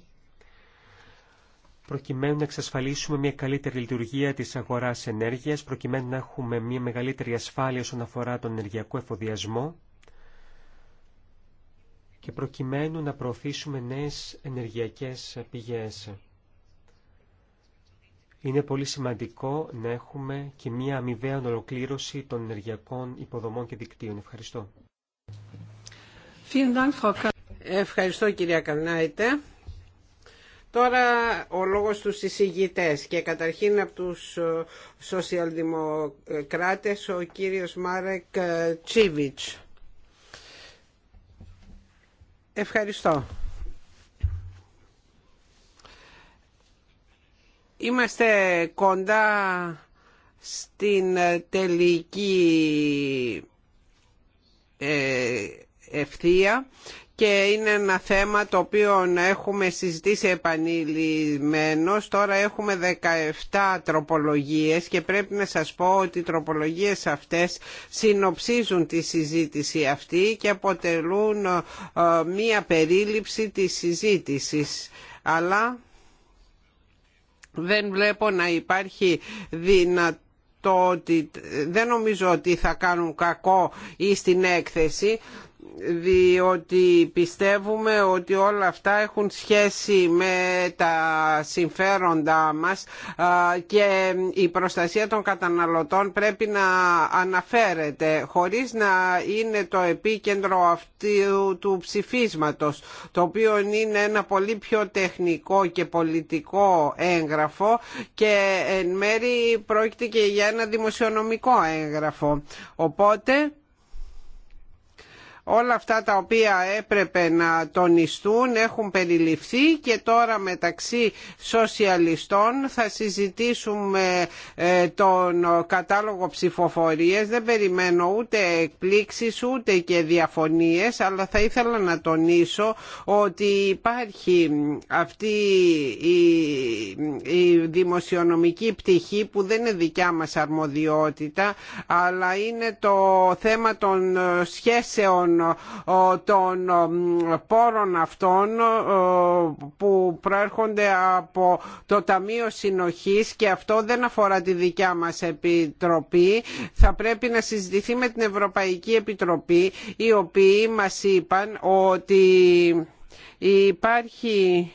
προκειμένου να εξασφαλίσουμε μια καλύτερη λειτουργία της αγοράς ενέργειας, προκειμένου να έχουμε μια μεγαλύτερη ασφάλεια όσον αφορά τον ενεργειακό εφοδιασμό και προκειμένου να προωθήσουμε νέες ενεργειακές πηγές. Είναι πολύ σημαντικό να έχουμε και μία αμοιβαία ολοκλήρωση των ενεργειακών υποδομών και δικτύων. Ευχαριστώ. Ευχαριστώ κυρία Καρνάιτε. Τώρα ο λόγος στους εισηγητές και καταρχήν από τους ε, σοσιαλδημοκράτες ο κύριος Μάρεκ ε, Τσίβιτς. Ευχαριστώ. Είμαστε κοντά στην τελική ε, ευθεία και είναι ένα θέμα το οποίο έχουμε συζητήσει επανειλημμένως. Τώρα έχουμε 17 τροπολογίες και πρέπει να σας πω ότι οι τροπολογίες αυτές συνοψίζουν τη συζήτηση αυτή και αποτελούν ε, μία περίληψη της συζήτησης. Αλλά δεν βλέπω να υπάρχει δυνατότητα δεν νομίζω ότι θα κάνουν κακό ή στην έκθεση διότι πιστεύουμε ότι όλα αυτά έχουν σχέση με τα συμφέροντά μας και η προστασία των καταναλωτών πρέπει να αναφέρεται χωρίς να είναι το επίκεντρο αυτού του ψηφίσματος το οποίο είναι ένα πολύ πιο τεχνικό και πολιτικό έγγραφο και εν μέρη πρόκειται και για ένα δημοσιονομικό έγγραφο. Οπότε όλα αυτά τα οποία έπρεπε να τονιστούν έχουν περιληφθεί και τώρα μεταξύ σοσιαλιστών θα συζητήσουμε ε, τον κατάλογο ψηφοφορίες. Δεν περιμένω ούτε εκπλήξεις ούτε και διαφωνίες αλλά θα ήθελα να τονίσω ότι υπάρχει αυτή η δημοσιονομική πτυχή που δεν είναι δικιά μας αρμοδιότητα αλλά είναι το θέμα των ε, σχέσεων των πόρων αυτών που προέρχονται από το Ταμείο Συνοχής και αυτό δεν αφορά τη δικιά μας Επιτροπή. Θα πρέπει να συζητηθεί με την Ευρωπαϊκή Επιτροπή οι οποίοι μας είπαν ότι υπάρχει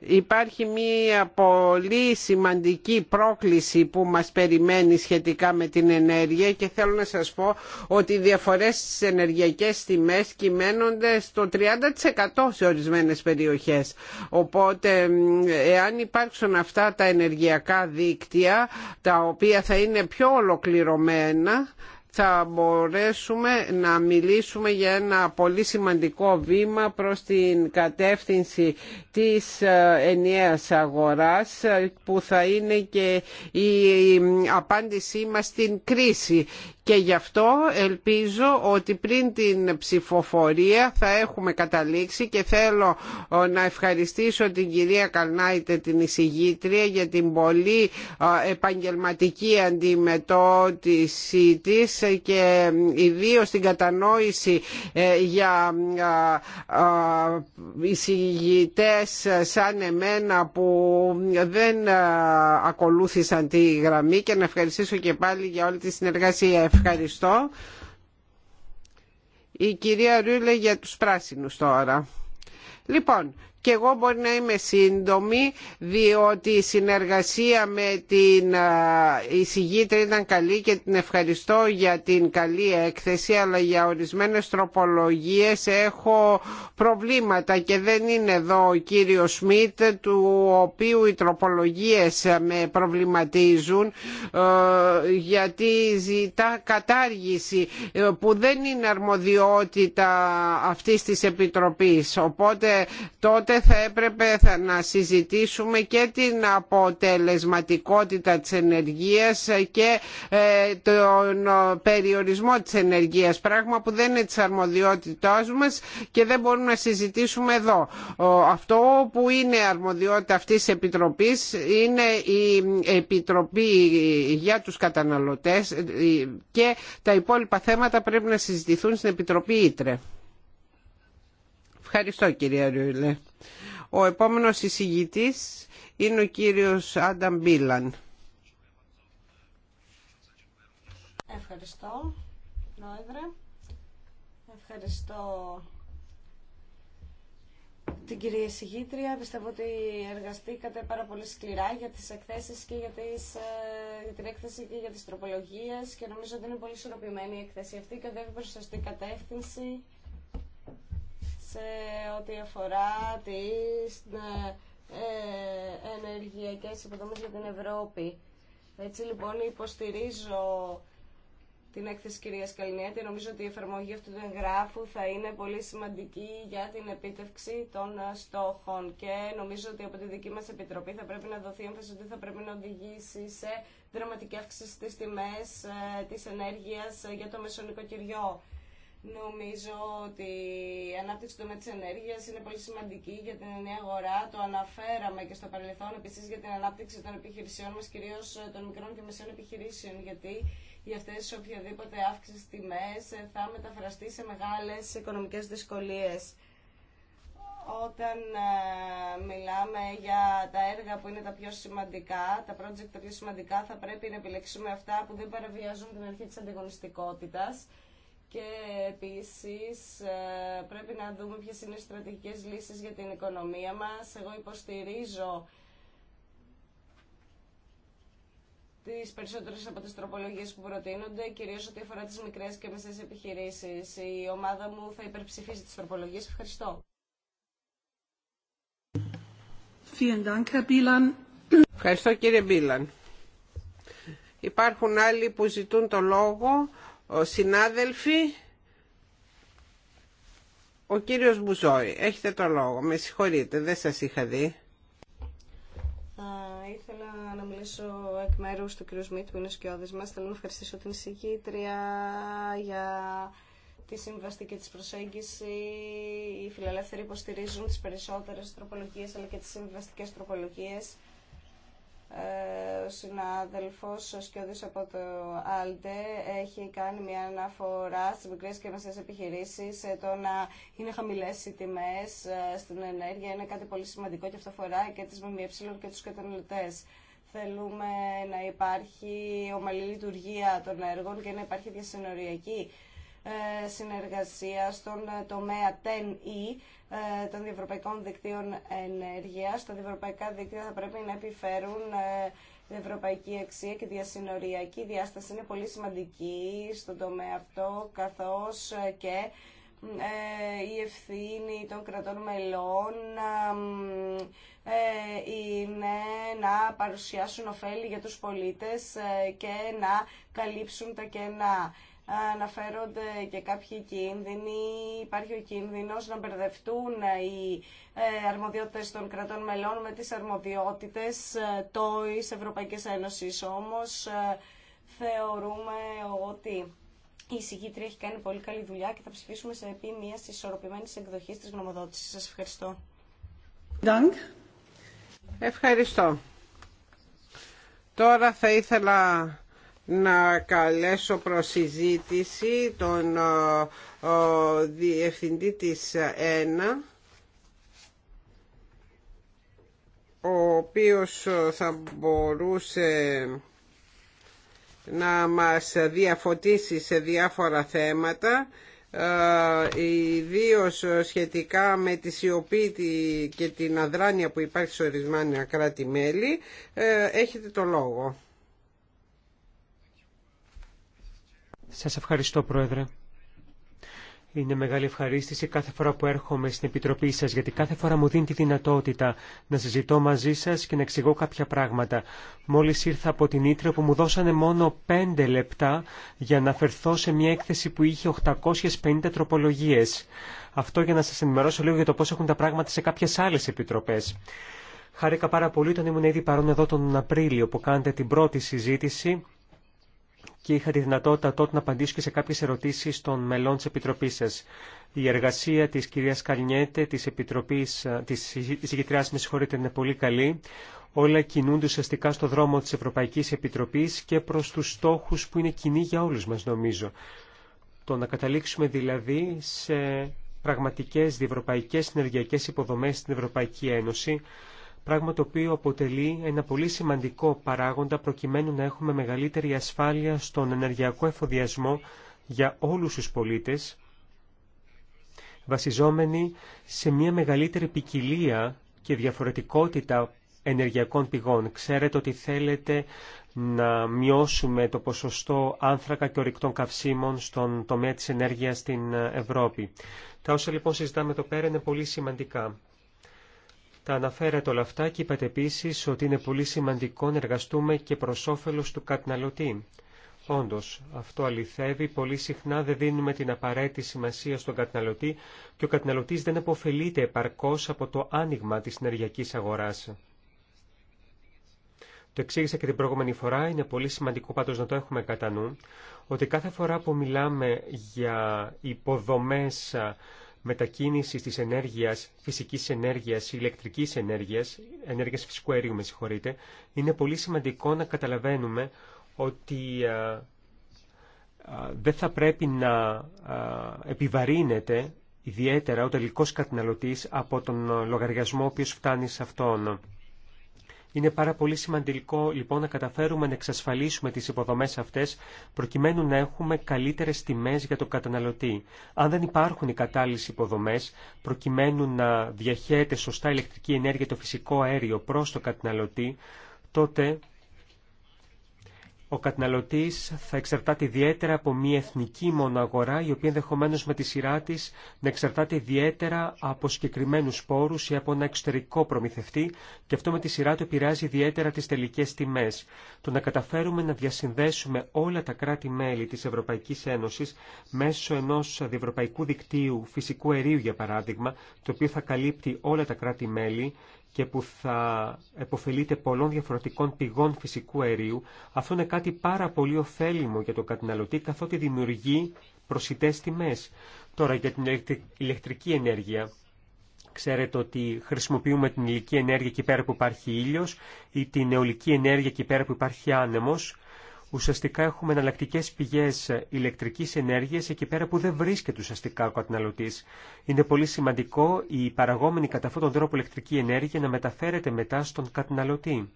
Υπάρχει μία πολύ σημαντική πρόκληση που μας περιμένει σχετικά με την ενέργεια και θέλω να σας πω ότι οι διαφορές στις ενεργειακές τιμές κυμαίνονται στο 30% σε ορισμένες περιοχές. Οπότε εάν υπάρξουν αυτά τα ενεργειακά δίκτυα τα οποία θα είναι πιο ολοκληρωμένα θα μπορέσουμε να μιλήσουμε για ένα πολύ σημαντικό βήμα προς την κατεύθυνση της ε, ενιαίας αγοράς ε, που θα είναι και η απάντησή μας στην κρίση και γι' αυτό ελπίζω ότι πριν την ψηφοφορία θα έχουμε καταλήξει και θέλω ε, να ευχαριστήσω την κυρία Καλνάιτε την εισηγήτρια για την πολύ ε, επαγγελματική αντιμετώπιση της και ε, ιδίω την κατανόηση για εισηγητές σαν εμένα που δεν ακολούθησαν τη γραμμή και να ευχαριστήσω και πάλι για όλη τη συνεργασία Ευχαριστώ. Η κυρία Ρούλε για τους πράσινους τώρα. Λοιπόν, και εγώ μπορεί να είμαι σύντομη διότι η συνεργασία με την εισηγήτρια ήταν καλή και την ευχαριστώ για την καλή έκθεση αλλά για ορισμένες τροπολογίες έχω προβλήματα και δεν είναι εδώ ο κύριος Σμιτ του οποίου οι τροπολογίες με προβληματίζουν ε, γιατί ζητά κατάργηση ε, που δεν είναι αρμοδιότητα αυτής της Επιτροπής οπότε τότε Οπότε θα έπρεπε να συζητήσουμε και την αποτελεσματικότητα της ενεργείας και ε, τον ε, περιορισμό της ενεργείας. Πράγμα που δεν είναι της αρμοδιότητάς μας και δεν μπορούμε να συζητήσουμε εδώ. Αυτό που είναι αρμοδιότητα αυτής της Επιτροπής είναι η Επιτροπή για τους καταναλωτές ε, και τα υπόλοιπα θέματα πρέπει να συζητηθούν στην Επιτροπή Ήτρε. Ευχαριστώ κυρία Ρούλε. Ο επόμενος εισηγητής είναι ο κύριος Άνταμ Μπίλαν. Ευχαριστώ, Πρόεδρε. Ευχαριστώ την κυρία εισηγήτρια. Πιστεύω ότι εργαστήκατε πάρα πολύ σκληρά για τις εκθέσεις και για, τις, ε, για την έκθεση και για τις τροπολογίες και νομίζω ότι είναι πολύ ισορροπημένη η εκθέση αυτή και δεν προς σωστή κατεύθυνση σε ό,τι αφορά τις ε, ε, ενεργειακές υποδομές για την Ευρώπη. Έτσι λοιπόν υποστηρίζω την έκθεση κυρία Καλινέτη. Νομίζω ότι η εφαρμογή αυτού του εγγράφου θα είναι πολύ σημαντική για την επίτευξη των ε, στόχων και νομίζω ότι από τη δική μας Επιτροπή θα πρέπει να δοθεί έμφαση ότι θα πρέπει να οδηγήσει σε δραματική αύξηση στις τιμές της ενέργειας για το μεσονικό κυριό. Νομίζω ότι η ανάπτυξη του τομέα τη ενέργεια είναι πολύ σημαντική για την ενιαία αγορά. Το αναφέραμε και στο παρελθόν επίση για την ανάπτυξη των επιχειρησιών μα, κυρίω ε, των μικρών και μεσαίων επιχειρήσεων. Γιατί για αυτέ οποιαδήποτε αύξηση τιμέ ε, θα μεταφραστεί σε μεγάλε οικονομικέ δυσκολίε. Όταν ε, μιλάμε για τα έργα που είναι τα πιο σημαντικά, τα project τα πιο σημαντικά, θα πρέπει να επιλέξουμε αυτά που δεν παραβιάζουν την αρχή τη ανταγωνιστικότητα και επίσης ε, πρέπει να δούμε ποιες είναι οι στρατηγικές λύσεις για την οικονομία μας. Εγώ υποστηρίζω τις περισσότερες από τις τροπολογίες που προτείνονται, κυρίως ό,τι αφορά τις μικρές και μεσές επιχειρήσεις. Η ομάδα μου θα υπερψηφίσει τις τροπολογίες. Ευχαριστώ. Ευχαριστώ κύριε Μπίλαν. Υπάρχουν άλλοι που ζητούν το λόγο. Ο συνάδελφοι, ο κύριος Μπουζόη, έχετε το λόγο, με συγχωρείτε, δεν σας είχα δει. Θα ήθελα να μιλήσω εκ μέρους του κύριου Σμίτ που είναι σκιώδης μας. Θέλω να ευχαριστήσω την εισηγήτρια για τη συμβαστική της προσέγγιση. Οι φιλελεύθεροι υποστηρίζουν τις περισσότερες τροπολογίες αλλά και τις συμβαστικές τροπολογίες. Ε, ο συνάδελφος ο Σκιώδης από το ΑΛΤΕ έχει κάνει μια αναφορά στις μικρές και μεσαίες επιχειρήσεις ε, το να είναι χαμηλές οι τιμές ε, στην ενέργεια είναι κάτι πολύ σημαντικό και αυτό αφορά και τις ΜΜΕ και τους καταναλωτές. Θέλουμε να υπάρχει ομαλή λειτουργία των έργων και να υπάρχει διασυνοριακή ε, συνεργασία στον τομέα TEN-E ε, των διευρωπαϊκών δικτύων ενέργειας. Τα διευρωπαϊκά δίκτυα θα πρέπει να επιφέρουν την ε, ευρωπαϊκή αξία και διασυνοριακή διάσταση είναι πολύ σημαντική στον τομέα αυτό, καθώς και η ευθύνη των κρατών μελών είναι να παρουσιάσουν ωφέλη για τους πολίτες και να καλύψουν τα κενά αναφέρονται και κάποιοι κίνδυνοι. Υπάρχει ο κίνδυνος να μπερδευτούν οι ε, αρμοδιότητες των κρατών μελών με τις αρμοδιότητες ε, της Ευρωπαϊκής Ένωσης. Όμως ε, θεωρούμε ότι η συγκήτρια έχει κάνει πολύ καλή δουλειά και θα ψηφίσουμε σε επί μια ισορροπημένη εκδοχή της γνωμοδότησης. Σας ευχαριστώ. Ευχαριστώ. Τώρα θα ήθελα να καλέσω προσυζήτηση τον ο, ε, ο, διευθυντή της ΕΝΑ ο οποίος θα μπορούσε να μας διαφωτίσει σε διάφορα θέματα ε, ιδίω σχετικά με τη σιωπή και την αδράνεια που υπάρχει σε ορισμένα κράτη-μέλη ε, έχετε το λόγο. Σας ευχαριστώ, Πρόεδρε. Είναι μεγάλη ευχαρίστηση κάθε φορά που έρχομαι στην Επιτροπή σας, γιατί κάθε φορά μου δίνει τη δυνατότητα να συζητώ μαζί σας και να εξηγώ κάποια πράγματα. Μόλις ήρθα από την Ήτρε που μου δώσανε μόνο πέντε λεπτά για να αφαιρθώ σε μια έκθεση που είχε 850 τροπολογίες. Αυτό για να σας ενημερώσω λίγο για το πώς έχουν τα πράγματα σε κάποιες άλλες επιτροπές. Χάρηκα πάρα πολύ όταν ήμουν ήδη παρόν εδώ τον Απρίλιο που κάνετε την πρώτη συζήτηση και είχα τη δυνατότητα τότε να απαντήσω και σε κάποιες ερωτήσεις των μελών της Επιτροπής σας. Η εργασία της κυρίας Καλνιέτε, της Επιτροπής, της Συγκεκριάς, με συγχωρείτε, είναι πολύ καλή. Όλα κινούνται ουσιαστικά στο δρόμο της Ευρωπαϊκής Επιτροπής και προς τους στόχους που είναι κοινοί για όλους μας, νομίζω. Το να καταλήξουμε δηλαδή σε πραγματικές διευρωπαϊκές συνεργειακές υποδομές στην Ευρωπαϊκή Ένωση πράγμα το οποίο αποτελεί ένα πολύ σημαντικό παράγοντα προκειμένου να έχουμε μεγαλύτερη ασφάλεια στον ενεργειακό εφοδιασμό για όλους τους πολίτες, βασιζόμενοι σε μια μεγαλύτερη ποικιλία και διαφορετικότητα ενεργειακών πηγών. Ξέρετε ότι θέλετε να μειώσουμε το ποσοστό άνθρακα και ορυκτών καυσίμων στον τομέα της ενέργειας στην Ευρώπη. Τα όσα λοιπόν συζητάμε εδώ πέρα είναι πολύ σημαντικά. Τα αναφέρατε όλα αυτά και είπατε επίση ότι είναι πολύ σημαντικό να εργαστούμε και προ όφελο του καταναλωτή. Όντω, αυτό αληθεύει. Πολύ συχνά δεν δίνουμε την απαραίτητη σημασία στον καταναλωτή και ο καταναλωτή δεν αποφελείται επαρκώ από το άνοιγμα τη ενεργειακή αγορά. Το εξήγησα και την προηγούμενη φορά, είναι πολύ σημαντικό πάντω να το έχουμε κατά νου, ότι κάθε φορά που μιλάμε για υποδομές μετακίνησης της ενέργειας, φυσικής ενέργειας, ηλεκτρικής ενέργειας, ενέργειας φυσικού αερίου, με συγχωρείτε, είναι πολύ σημαντικό να καταλαβαίνουμε ότι ε, ε, δεν θα πρέπει να α, ε, επιβαρύνεται ιδιαίτερα ο τελικός καταναλωτής από τον λογαριασμό ο οποίος φτάνει σε αυτόν. Είναι πάρα πολύ σημαντικό λοιπόν να καταφέρουμε να εξασφαλίσουμε τις υποδομές αυτές προκειμένου να έχουμε καλύτερες τιμές για τον καταναλωτή. Αν δεν υπάρχουν οι κατάλληλες υποδομές προκειμένου να διαχέεται σωστά ηλεκτρική ενέργεια το φυσικό αέριο προς τον καταναλωτή, τότε ο καταναλωτής θα εξαρτάται ιδιαίτερα από μια εθνική αγορά, η οποία ενδεχομένω με τη σειρά τη να εξαρτάται ιδιαίτερα από συγκεκριμένου πόρου ή από ένα εξωτερικό προμηθευτή, και αυτό με τη σειρά του επηρεάζει ιδιαίτερα τι τελικέ τιμέ. Το να καταφέρουμε να διασυνδέσουμε όλα τα κράτη-μέλη τη Ευρωπαϊκή Ένωση μέσω ενό διευρωπαϊκού δικτύου φυσικού αερίου, για παράδειγμα, το οποίο θα καλύπτει όλα τα κράτη-μέλη, και που θα επωφελείται πολλών διαφορετικών πηγών φυσικού αερίου, αυτό είναι κάτι πάρα πολύ ωφέλιμο για τον καταναλωτή, καθότι δημιουργεί προσιτές τιμές. Τώρα για την ηλεκτρική ενέργεια. Ξέρετε ότι χρησιμοποιούμε την ηλική ενέργεια εκεί πέρα που υπάρχει ήλιος ή την νεολική ενέργεια εκεί πέρα που υπάρχει άνεμος ουσιαστικά έχουμε εναλλακτικέ πηγέ ηλεκτρική ενέργεια εκεί πέρα που δεν βρίσκεται ουσιαστικά ο καταναλωτή. Είναι πολύ σημαντικό η παραγόμενη κατά αυτόν τον τρόπο ηλεκτρική ενέργεια να μεταφέρεται μετά στον καταναλωτή.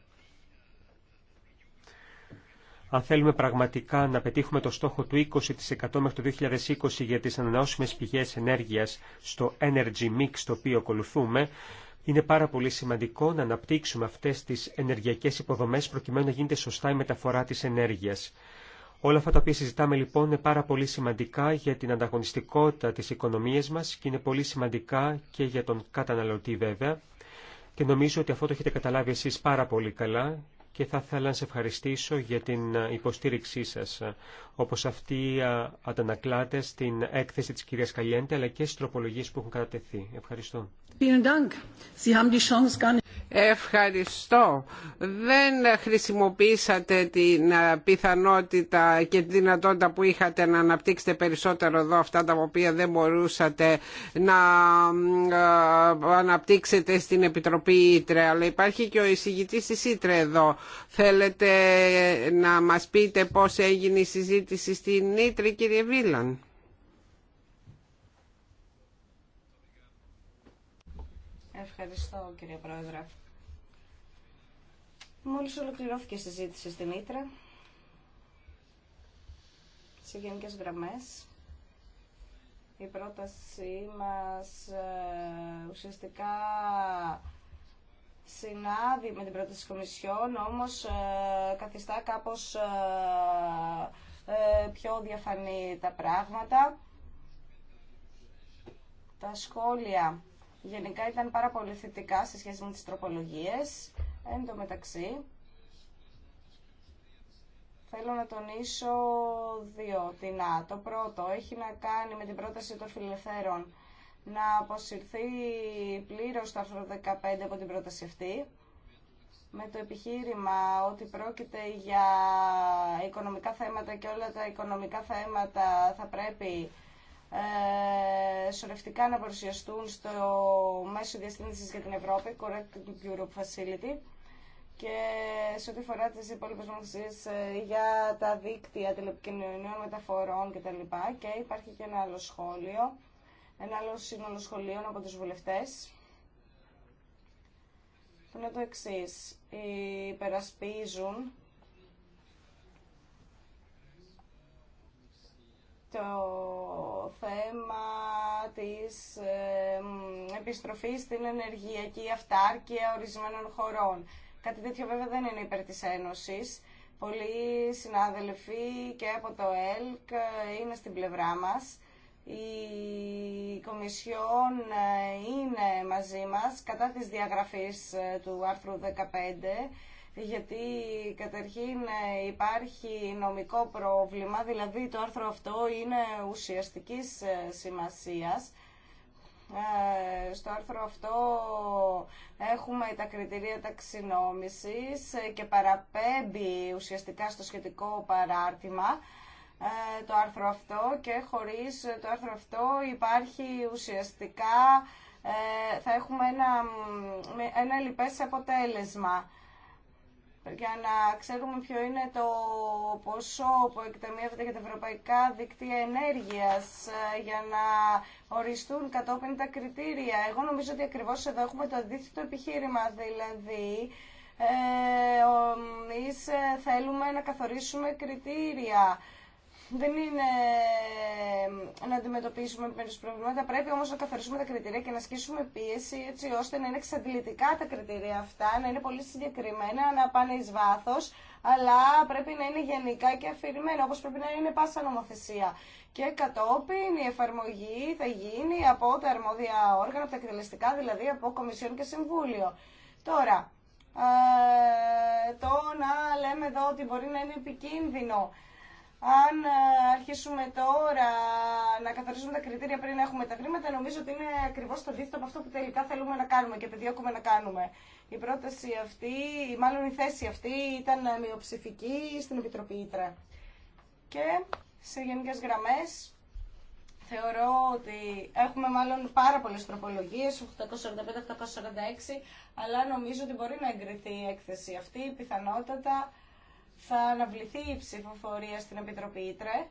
Αν θέλουμε πραγματικά να πετύχουμε το στόχο του 20% μέχρι το 2020 για τις ανανεώσιμες πηγές ενέργειας στο energy mix το οποίο ακολουθούμε, είναι πάρα πολύ σημαντικό να αναπτύξουμε αυτές τις ενεργειακές υποδομές προκειμένου να γίνεται σωστά η μεταφορά της ενέργειας. Όλα αυτά τα οποία συζητάμε λοιπόν είναι πάρα πολύ σημαντικά για την ανταγωνιστικότητα της οικονομίας μας και είναι πολύ σημαντικά και για τον καταναλωτή βέβαια. Και νομίζω ότι αυτό το έχετε καταλάβει εσείς πάρα πολύ καλά και θα ήθελα να σε ευχαριστήσω για την ε, υποστήριξή σας, ε, όπως αυτή ε, αντανακλάται στην έκθεση της κυρίας Καλιέντε, αλλά και στις τροπολογίες που έχουν κατατεθεί. Ευχαριστώ. Ευχαριστώ. Δεν χρησιμοποίησατε την ε, πιθανότητα και τη δυνατότητα που είχατε να αναπτύξετε περισσότερο εδώ αυτά τα οποία δεν μπορούσατε να ε, αναπτύξετε στην Επιτροπή Ήτρε. Αλλά υπάρχει και ο εισηγητής της Ήτρε εδώ. Θέλετε να μας πείτε πώς έγινε η συζήτηση στην Ήτρε κύριε Βίλαν. Ευχαριστώ κύριε Πρόεδρε. Μόλις ολοκληρώθηκε η συζήτηση στην Ήτρα, σε γενικέ γραμμές, η πρότασή μας ε, ουσιαστικά συνάδει με την πρόταση της Κομισιόν, όμως ε, καθιστά κάπως ε, πιο διαφανή τα πράγματα. Τα σχόλια γενικά ήταν πάρα πολύ θετικά σε σχέση με τις τροπολογίες. Εν τω μεταξύ, θέλω να τονίσω δύο τεινά. Το πρώτο έχει να κάνει με την πρόταση των φιλελευθέρων να αποσυρθεί πλήρως το άρθρο 15 από την πρόταση αυτή με το επιχείρημα ότι πρόκειται για οικονομικά θέματα και όλα τα οικονομικά θέματα θα πρέπει ε, σωρευτικά να παρουσιαστούν στο μέσο διαστήμησης για την Ευρώπη, Correct Europe Facility, και σε ό,τι αφορά τις υπόλοιπες νομοθεσίες ε, για τα δίκτυα τηλεπικοινωνιών μεταφορών κτλ. Και, και υπάρχει και ένα άλλο σχόλιο, ένα άλλο σύνολο σχολείων από τους βουλευτές που είναι το εξή. Υπερασπίζουν το θέμα της επιστροφής στην ενεργειακή αυτάρκεια ορισμένων χωρών. Κάτι τέτοιο βέβαια δεν είναι υπέρ της Ένωσης. Πολλοί συνάδελφοι και από το ΕΛΚ ε, είναι στην πλευρά μας. Η Κομισιόν ε, είναι μαζί μας κατά της διαγραφής ε, του άρθρου 15 γιατί καταρχήν ε, υπάρχει νομικό πρόβλημα, δηλαδή το άρθρο αυτό είναι ουσιαστικής ε, σημασίας. Ε, στο άρθρο αυτό έχουμε τα κριτηρία ταξινόμησης και παραπέμπει ουσιαστικά στο σχετικό παράρτημα το άρθρο αυτό και χωρίς το άρθρο αυτό υπάρχει ουσιαστικά θα έχουμε ένα, ένα λιπές αποτέλεσμα για να ξέρουμε ποιο είναι το ποσό που εκτεμιεύεται για τα ευρωπαϊκά δίκτυα ενέργειας, ε, για να οριστούν κατόπιν τα κριτήρια. Εγώ νομίζω ότι ακριβώς εδώ έχουμε το αντίθετο επιχείρημα, δηλαδή ε, εμείς ε, θέλουμε να καθορίσουμε κριτήρια δεν είναι ε, να αντιμετωπίσουμε επιμέρους προβλήματα, πρέπει όμως να καθαρίσουμε τα κριτήρια και να ασκήσουμε πίεση έτσι ώστε να είναι εξαντλητικά τα κριτήρια αυτά, να είναι πολύ συγκεκριμένα, να πάνε εις βάθος, αλλά πρέπει να είναι γενικά και αφηρημένα, όπως πρέπει να είναι πάσα νομοθεσία. Και κατόπιν η εφαρμογή θα γίνει από τα αρμόδια όργανα, από τα εκτελεστικά, δηλαδή από Κομισιόν και Συμβούλιο. Τώρα, ε, το να λέμε εδώ ότι μπορεί να είναι επικίνδυνο αν ε, αρχίσουμε τώρα να καθορίζουμε τα κριτήρια πριν έχουμε τα χρήματα, νομίζω ότι είναι ακριβώ το αντίθετο από αυτό που τελικά θέλουμε να κάνουμε και επιδιώκουμε να κάνουμε. Η πρόταση αυτή, μάλλον η θέση αυτή, ήταν μειοψηφική στην Επιτροπή Ήτρα. Και σε γενικέ γραμμέ, θεωρώ ότι έχουμε μάλλον πάρα πολλέ τροπολογίε, 845-846, αλλά νομίζω ότι μπορεί να εγκριθεί η έκθεση αυτή, πιθανότατα θα αναβληθεί η ψηφοφορία στην Επιτροπή Ήτρε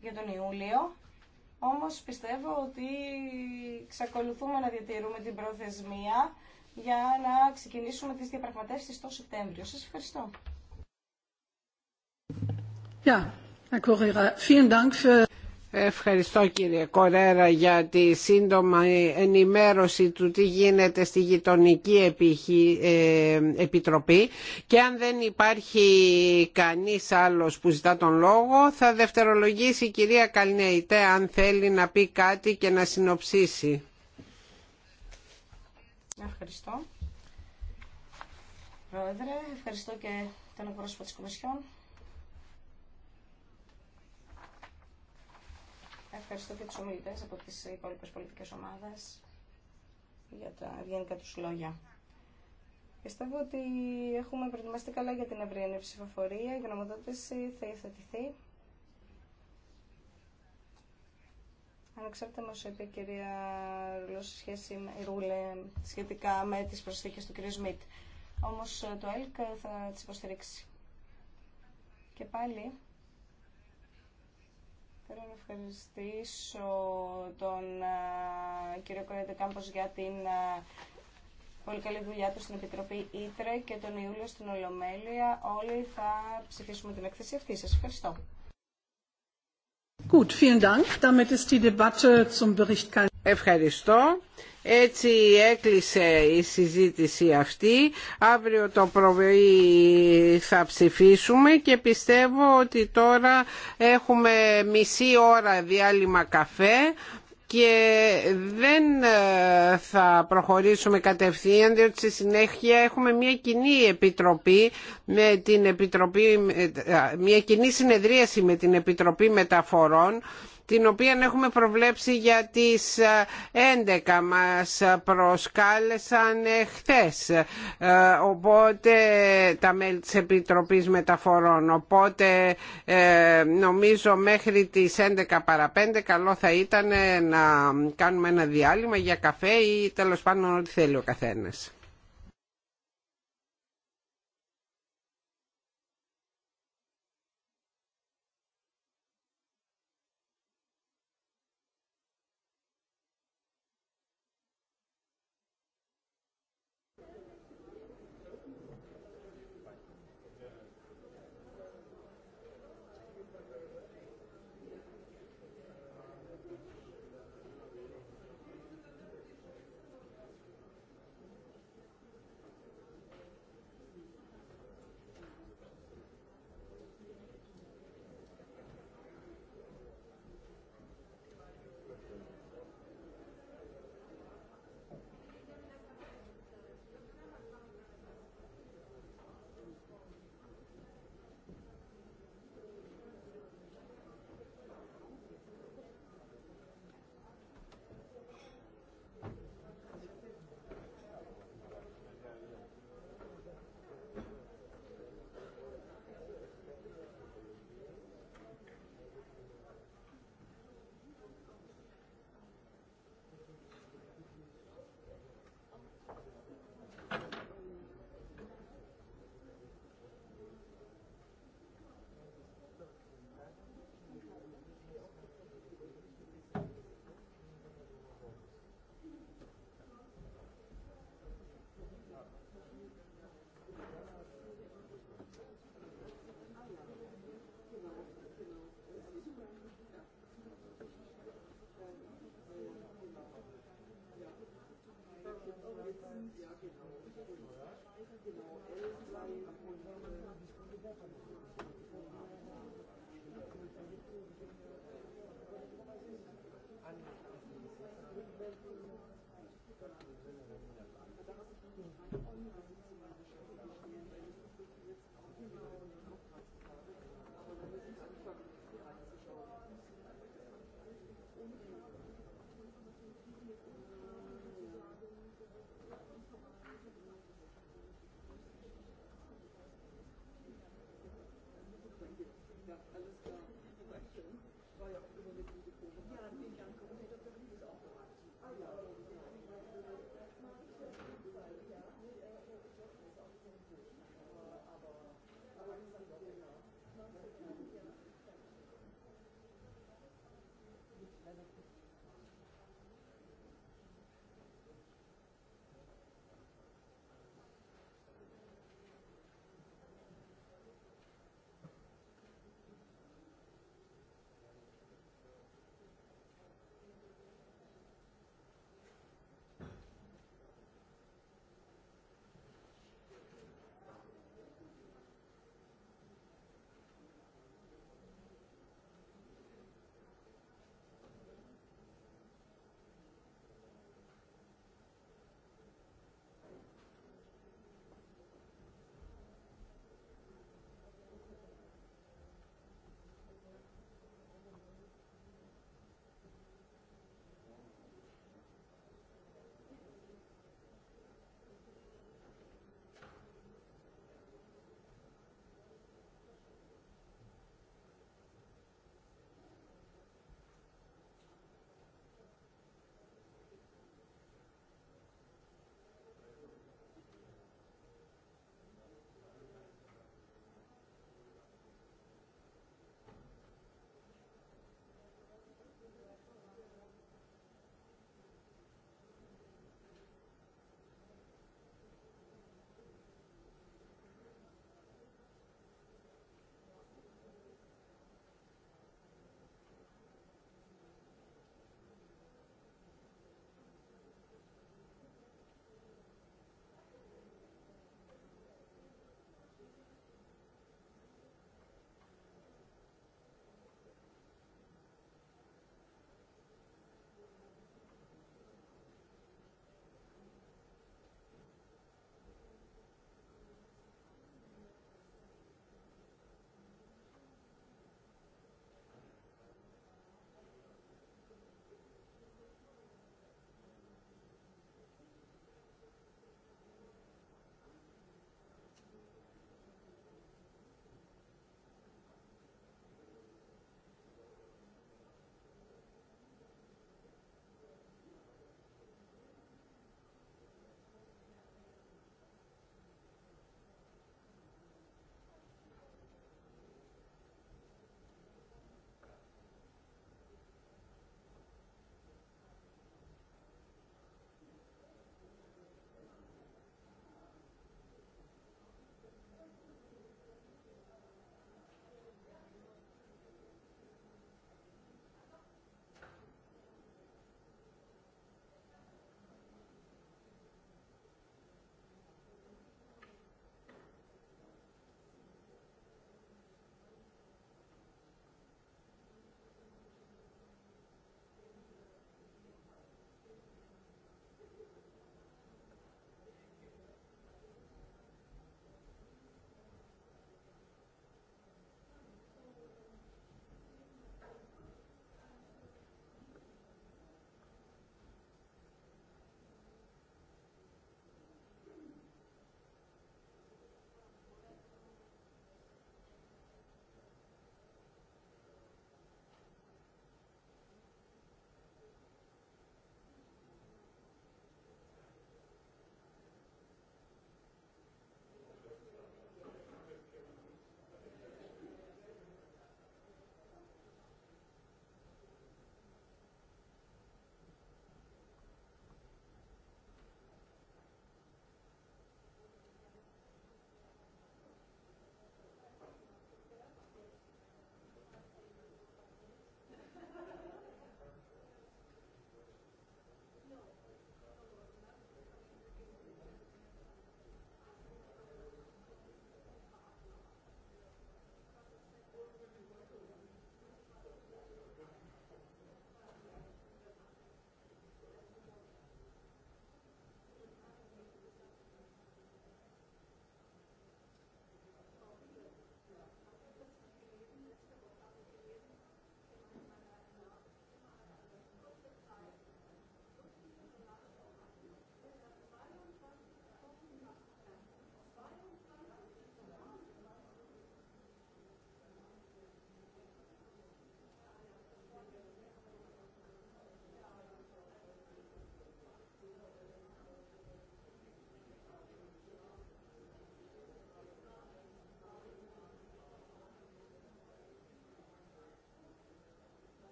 για τον Ιούλιο. Όμως πιστεύω ότι ξεκολουθούμε να διατηρούμε την προθεσμία για να ξεκινήσουμε τις διαπραγματεύσεις το Σεπτέμβριο. Σας ευχαριστώ. Ευχαριστώ κύριε Κορέρα για τη σύντομα ενημέρωση του τι γίνεται στη γειτονική ε, επιτροπή και αν δεν υπάρχει κανείς άλλος που ζητά τον λόγο θα δευτερολογήσει η κυρία Καλνέιτε αν θέλει να πει κάτι και να συνοψίσει. Ευχαριστώ. Πρόεδρε, ευχαριστώ και τον εκπρόσωπο της Κομισιόν Ευχαριστώ και τους ομιλητές από τις υπόλοιπε πολιτικές ομάδες για τα ευγενικά τους λόγια. Πιστεύω ότι έχουμε προετοιμαστεί καλά για την ευρύνη ψηφοφορία. Η γνωμοδότηση θα υιοθετηθεί. ξέρετε, μας είπε η κυρία Ρουλό σχέση Ρούλε, σχετικά με τις προσθήκες του κυρίου Σμιτ. Όμως ε, το ΕΛΚ θα τις υποστηρίξει. Και πάλι Θέλω να ευχαριστήσω τον κύριο Κορέντε Κάμπος για την πολύ καλή δουλειά του στην Επιτροπή Ήτρε και τον Ιούλιο στην Ολομέλεια. Όλοι θα ψηφίσουμε την εκθέση αυτή. Σας ευχαριστώ. Gut, vielen Dank. Damit ist die Debatte zum Bericht Ευχαριστώ. Έτσι έκλεισε η συζήτηση αυτή. Αύριο το πρωί θα ψηφίσουμε και πιστεύω ότι τώρα έχουμε μισή ώρα διάλειμμα καφέ και δεν ε, θα προχωρήσουμε κατευθείαν διότι στη συνέχεια έχουμε μια κοινή επιτροπή με την επιτροπή ε, ε, μια κοινή συνεδρίαση με την επιτροπή μεταφορών την οποία έχουμε προβλέψει για τις 11 ε, μας προσκάλεσαν ε, χθες ε, οπότε τα μέλη της Επιτροπής Μεταφορών οπότε νομίζω μέχρι τις 11 παρα 5 καλό θα ήταν να κάνουμε ένα διάλειμμα για καφέ ή τέλος πάντων ό,τι θέλει ο καθένας. Genau, 11,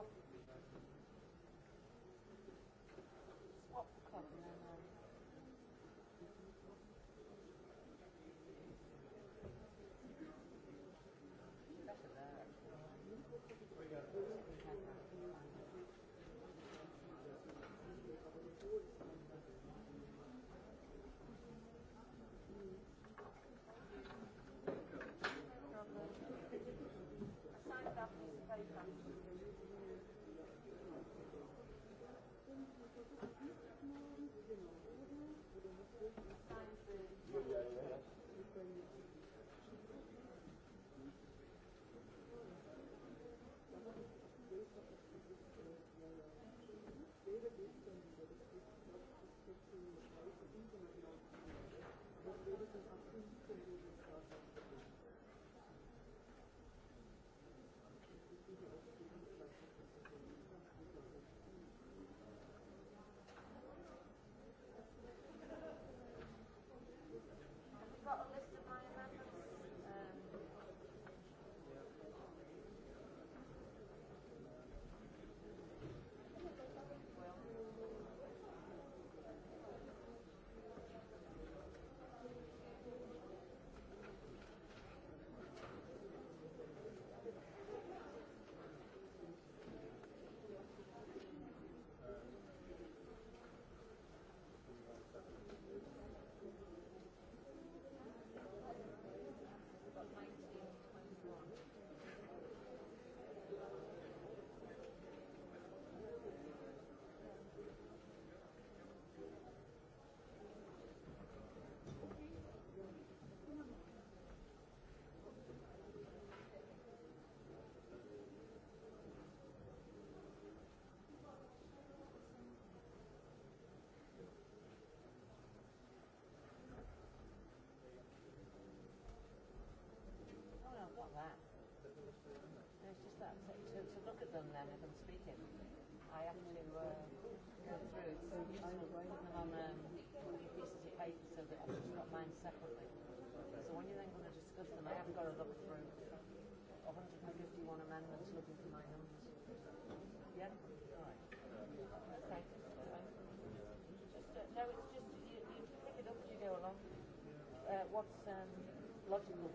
Thank you. them then as I'm speaking. I have to uh, go through. I'm going to put them on um, pieces of paper so that I've just got mine separately. So when you're then going to discuss them, I haven't got to look through 151 amendments looking for my numbers. Yeah? All right. Okay. Just, uh, no, it's just you, you pick it up as you go along. Uh, what's um, logical?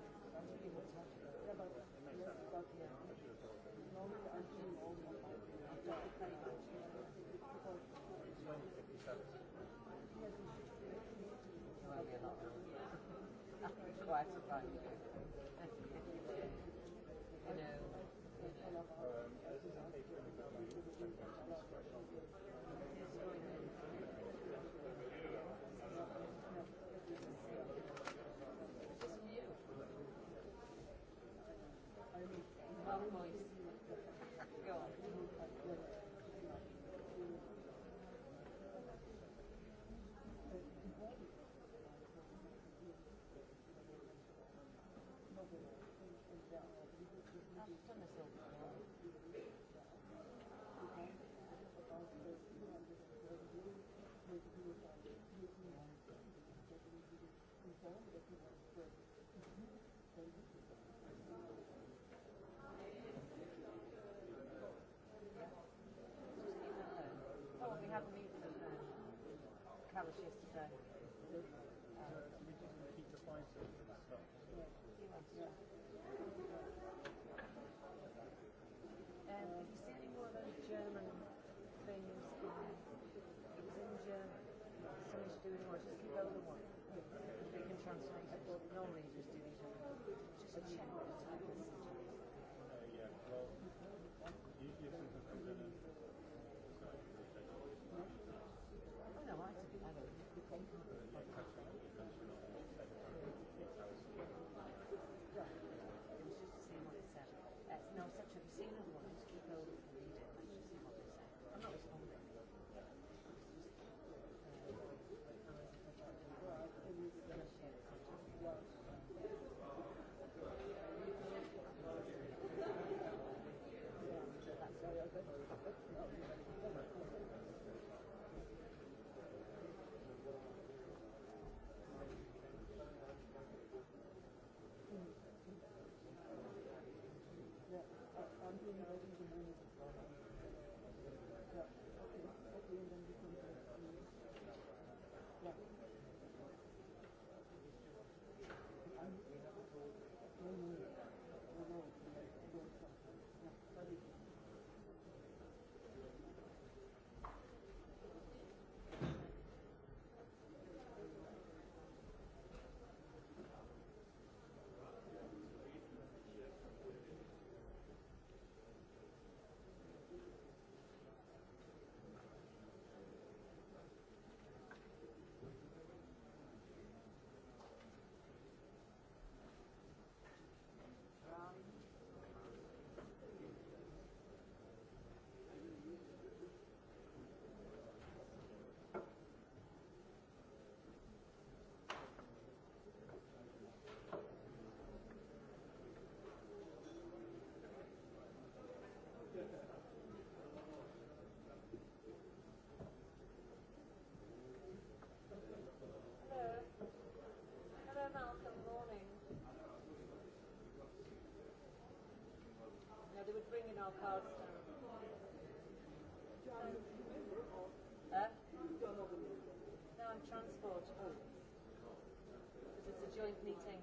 transport? it's a joint meeting.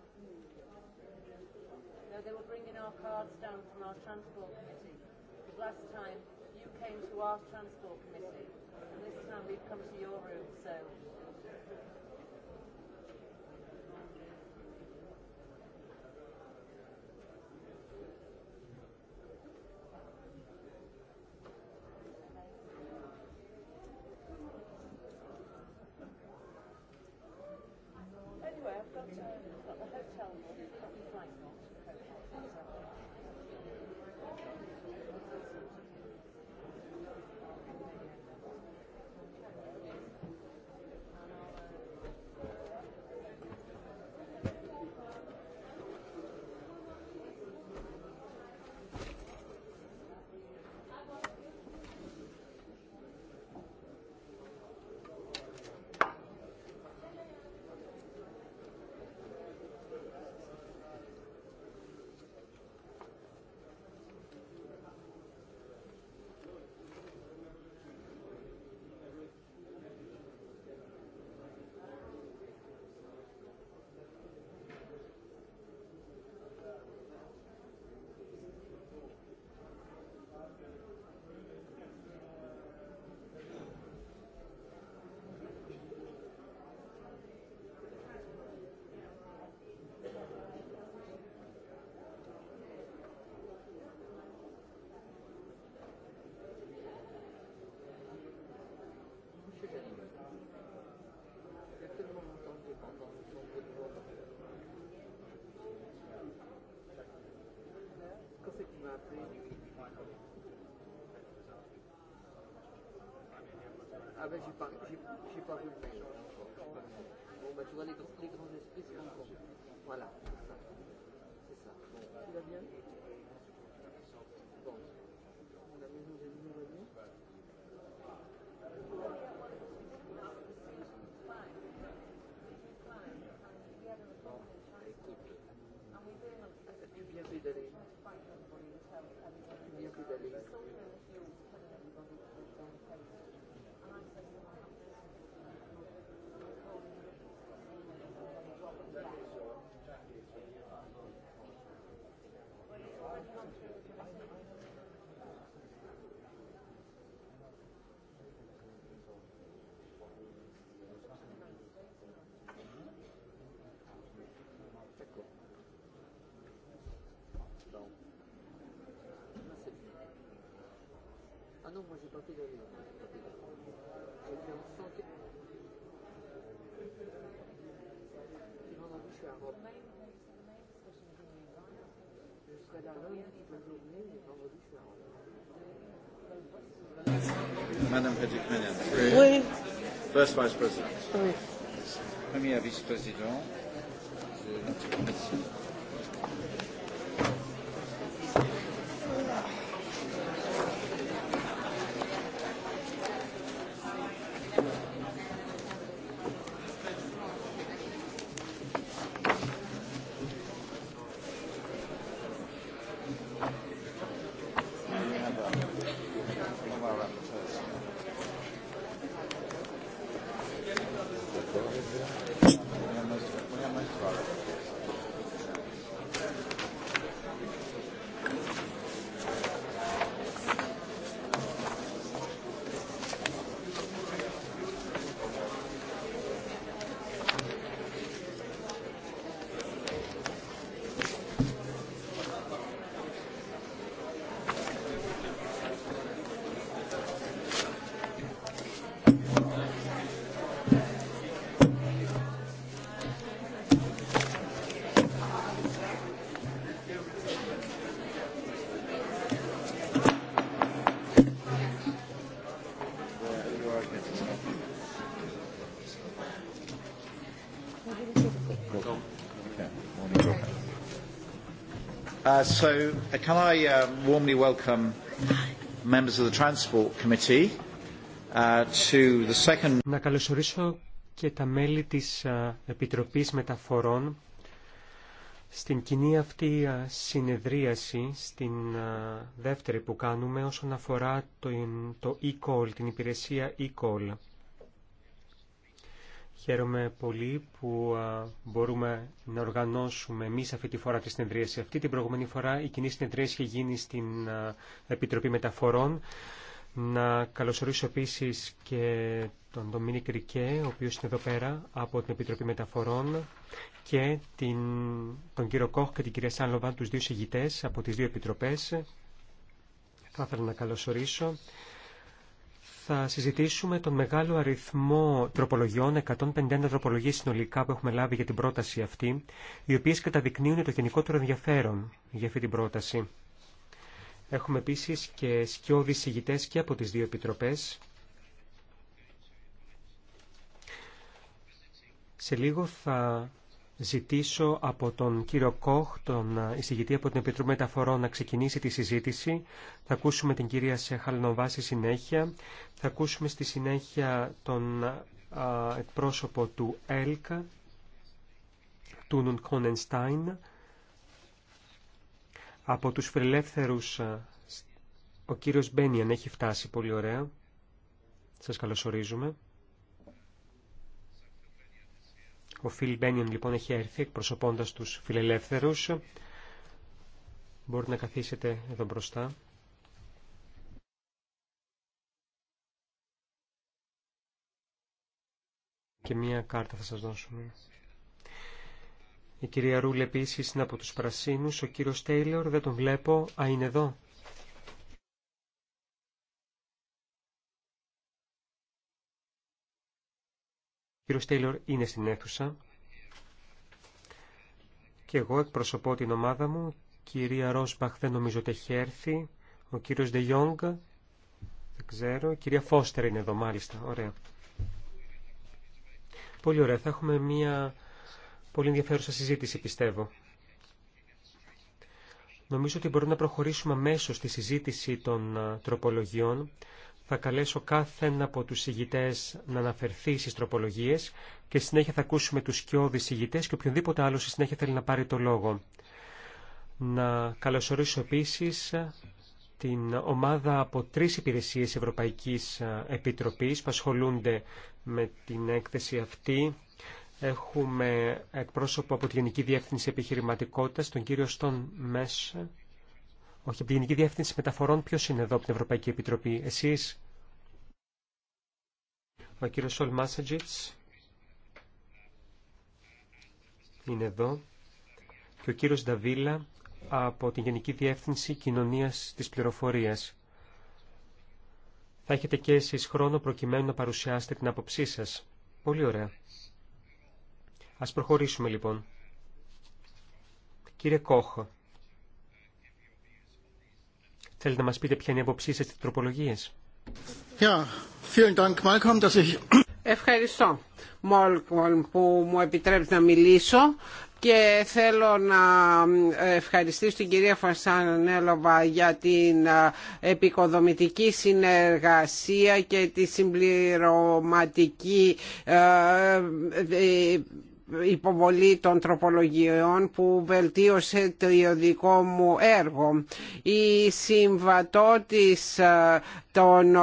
No, they were bringing our cards down from our transport committee. Because last time you came to our transport committee, and this time we've come to your room, so Ah ben j'ai pas, j'ai, j'ai pas vu le mail. Bon ben tu vois les, les grands esprits se rencontrent. Voilà, c'est ça. C'est ça. Bon, Tu vas bien Madame Oui. First Vice President. Oui. Premier Vice-président Uh, so uh, can uh, members of the Transport Committee Να καλωσορίσω και τα μέλη της Επιτροπής Μεταφορών στην κοινή αυτή συνεδρίαση, στην δεύτερη που κάνουμε όσον αφορά το e-call, την υπηρεσία e-call. Χαίρομαι πολύ που μπορούμε να οργανώσουμε εμεί αυτή τη φορά τη συνεδρίαση. Αυτή την προηγούμενη φορά η κοινή συνεδρίαση είχε γίνει στην Επιτροπή Μεταφορών. Να καλωσορίσω επίση και τον Ντομίνικ Κρικέ, ο οποίο είναι εδώ πέρα από την Επιτροπή Μεταφορών, και την, τον κύριο Κόχ και την κυρία Σάνλοβαν, του δύο συγητέ από τι δύο επιτροπέ. Θα ήθελα να καλωσορίσω θα συζητήσουμε τον μεγάλο αριθμό τροπολογιών, 150 τροπολογίες συνολικά που έχουμε λάβει για την πρόταση αυτή, οι οποίες καταδεικνύουν το γενικότερο ενδιαφέρον για αυτή την πρόταση. Έχουμε επίσης και σκιώδεις συγητές και από τις δύο επιτροπές. Σε λίγο θα ζητήσω από τον κύριο Κόχ, τον ε, εισηγητή από την Επιτροπή Μεταφορών, να ξεκινήσει τη συζήτηση. Θα ακούσουμε την κυρία Σεχαλνοβά στη συνέχεια. Θα ακούσουμε στη συνέχεια τον α, ε, εκπρόσωπο του ΕΛΚΑ, του Νουν Από τους φιλελεύθερους, ε, ο κύριος Μπένιαν έχει φτάσει πολύ ωραία. Σας καλωσορίζουμε. Ο Φιλ Μπένιον λοιπόν έχει έρθει εκπροσωπώντας τους φιλελεύθερους. Μπορείτε να καθίσετε εδώ μπροστά. Και μία κάρτα θα σας δώσουμε. Η κυρία Ρούλη, επίσης είναι από τους Πρασίνους. Ο κύριος Τέιλορ δεν τον βλέπω. Α, είναι εδώ. κύριος Τέιλορ είναι στην αίθουσα και εγώ εκπροσωπώ την ομάδα μου. Κυρία Ρόσμπαχ δεν νομίζω ότι έχει έρθει. Ο κύριος Ντε Ιόγκ, δεν ξέρω. κυρία Φώστερ είναι εδώ μάλιστα. Ωραία. Πολύ ωραία. Θα έχουμε μια πολύ ενδιαφέρουσα συζήτηση πιστεύω. Νομίζω ότι μπορούμε να προχωρήσουμε αμέσως στη συζήτηση των τροπολογιών θα καλέσω κάθε ένα από τους ηγητές να αναφερθεί στις τροπολογίες και στη συνέχεια θα ακούσουμε τους σκιώδεις ηγητές και οποιονδήποτε άλλο στη συνέχεια θέλει να πάρει το λόγο. Να καλωσορίσω επίσης την ομάδα από τρεις υπηρεσίες Ευρωπαϊκής Επιτροπής που ασχολούνται με την έκθεση αυτή. Έχουμε εκπρόσωπο από τη Γενική Διεύθυνση Επιχειρηματικότητας, τον κύριο Στον Μέσ, όχι, από τη Γενική Διεύθυνση Μεταφορών ποιο είναι εδώ από την Ευρωπαϊκή Επιτροπή. Εσείς. Ο κύριο Σολ Μάσατζιτς είναι εδώ και ο κύριο Νταβίλα από την Γενική Διεύθυνση Κοινωνίας της Πληροφορίας. Θα έχετε και εσεί χρόνο προκειμένου να παρουσιάσετε την άποψή σα. Πολύ ωραία. Ας προχωρήσουμε λοιπόν. Κύριε Κόχο. Θέλετε να μας πείτε ποια είναι η αποψή σας στις τροπολογίες. Ευχαριστώ, Μόλκολμ, που μου επιτρέπει να μιλήσω και θέλω να ευχαριστήσω την κυρία Φασανέλοβα για την επικοδομητική συνεργασία και τη συμπληρωματική υποβολή των τροπολογιών που βελτίωσε το δικό μου έργο. Η συμβατότης ε, των ε,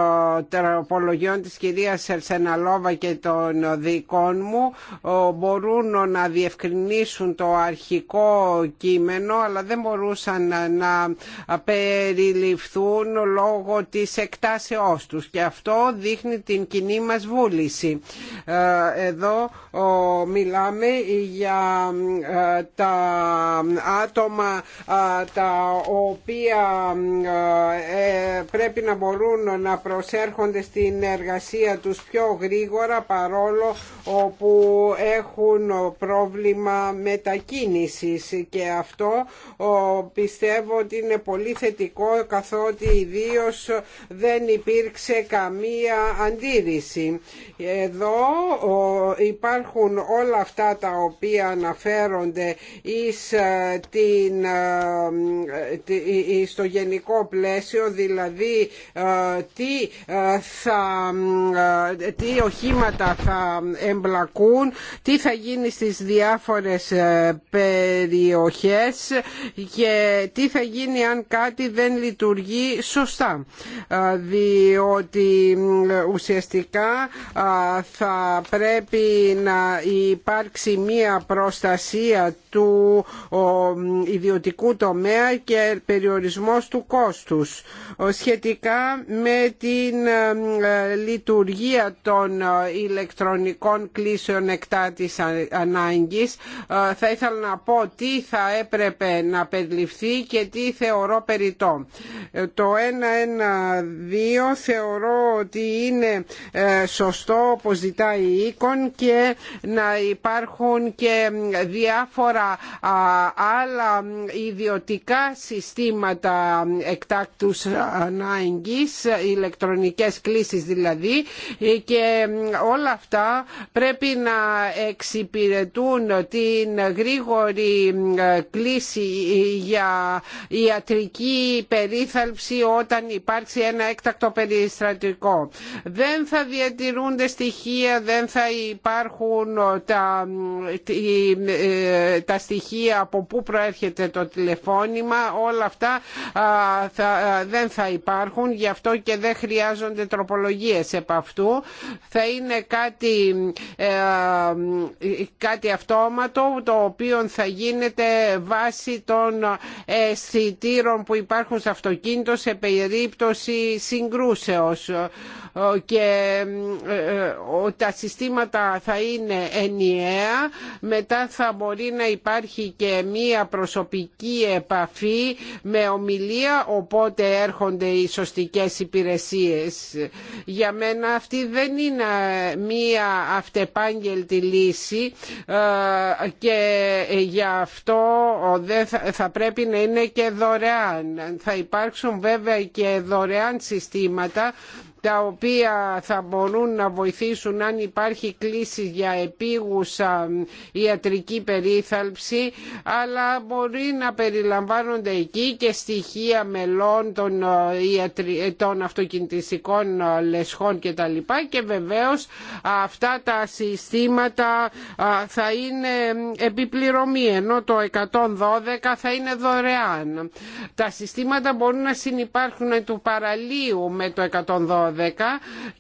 τροπολογιών της κυρίας Ερσεναλόβα και των δικών μου ε, μπορούν να διευκρινίσουν το αρχικό κείμενο αλλά δεν μπορούσαν να περιληφθούν λόγω της εκτάσεώς τους και αυτό δείχνει την κοινή μας βούληση. Εδώ μιλάμε για ε, τα άτομα ε, τα οποία ε, πρέπει να μπορούν να προσέρχονται στην εργασία τους πιο γρήγορα παρόλο όπου έχουν πρόβλημα μετακίνησης και αυτό πιστεύω ότι είναι πολύ θετικό καθότι ιδίω δεν υπήρξε καμία αντίρρηση. Εδώ υπάρχουν όλα αυτά τα οποία αναφέρονται εις, ε, ε, ε, στο γενικό πλαίσιο, δηλαδή τι, τι οχήματα θα εμπλακούν, τι θα γίνει στις διάφορες περιοχές και τι θα γίνει αν κάτι δεν λειτουργεί σωστά. Διότι ουσιαστικά θα πρέπει να υπάρχει υπάρξει μία προστασία του ιδιωτικού τομέα και περιορισμός του κόστους σχετικά με την ε, ε, λειτουργία των ε, ηλεκτρονικών κλήσεων α, ανάγκης θα ήθελα να πω τι θα έπρεπε να περιληφθεί και τι θεωρώ περιττό. Το 1-1-2 θεωρώ ότι είναι σωστό όπως ζητάει η οίκον και να υπάρχουν και διάφορα άλλα ιδιωτικά συστήματα εκτάκτους ανάγκης, ηλεκτρονικές κλήσεις δηλαδή και όλα αυτά πρέπει να εξυπηρετούν την γρήγορη κλήση για ιατρική περίθαλψη όταν υπάρξει ένα έκτακτο περιστρατικό. Δεν θα διατηρούνται στοιχεία, δεν θα υπάρχουν τα, ε, τα στοιχεία από πού προέρχεται το τηλεφώνημα, όλα αυτά δεν θα υπάρχουν, γι' αυτό και δεν χρειάζονται τροπολογίες επ' αυτού. Θα είναι κάτι, ε, κάτι αυτόματο το οποίο θα γίνεται βάσει των αισθητήρων που υπάρχουν σε αυτοκίνητο σε περίπτωση συγκρούσεως και ε, τα συστήματα θα είναι ενιαία μετά θα μπορεί να υπάρχει και μία προσωπική επαφή με ομιλία οπότε έρχονται οι σωστικές υπηρεσίες. Για μένα αυτή δεν είναι μία αυτεπάγγελτη λύση ε, και γι' αυτό θα πρέπει να είναι και δωρεάν. Θα υπάρξουν βέβαια και δωρεάν συστήματα τα οποία θα μπορούν να βοηθήσουν αν υπάρχει κλίση για επίγουσα ιατρική περίθαλψη αλλά μπορεί να περιλαμβάνονται εκεί και στοιχεία μελών των, ε, ε, των αυτοκινητιστικών ε, λεσχών και τα και βεβαίως αυτά τα συστήματα θα είναι επιπληρωμή ενώ το 112 θα είναι δωρεάν. Τα συστήματα μπορούν να συνεπάρχουν του παραλίου με το 112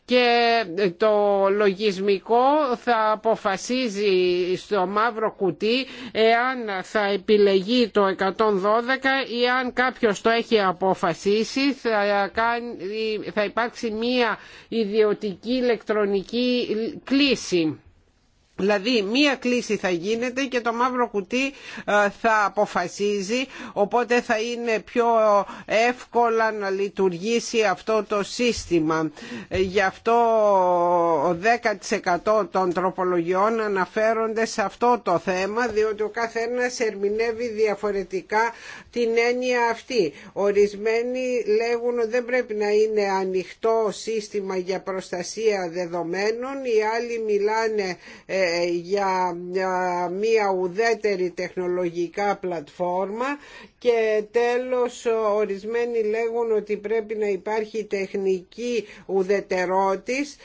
και το λογισμικό θα αποφασίζει στο μαύρο κουτί εάν θα επιλεγεί το 112 ή αν κάποιος το έχει αποφασίσει θα, κάνει, θα υπάρξει μία ιδιωτική ηλεκτρονική κλίση Δηλαδή μία κλίση θα γίνεται και το μαύρο κουτί ε, θα αποφασίζει οπότε θα είναι πιο εύκολα να λειτουργήσει αυτό το σύστημα. Ε, γι' αυτό 10% των τροπολογιών αναφέρονται σε αυτό το θέμα διότι ο καθένας ερμηνεύει διαφορετικά την έννοια αυτή. Ορισμένοι λέγουν ότι δεν πρέπει να είναι ανοιχτό σύστημα για προστασία δεδομένων, οι άλλοι μιλάνε ε, για ε, μία ουδέτερη τεχνολογικά πλατφόρμα και τέλος ορισμένοι λέγουν ότι πρέπει να υπάρχει τεχνική ουδετερότης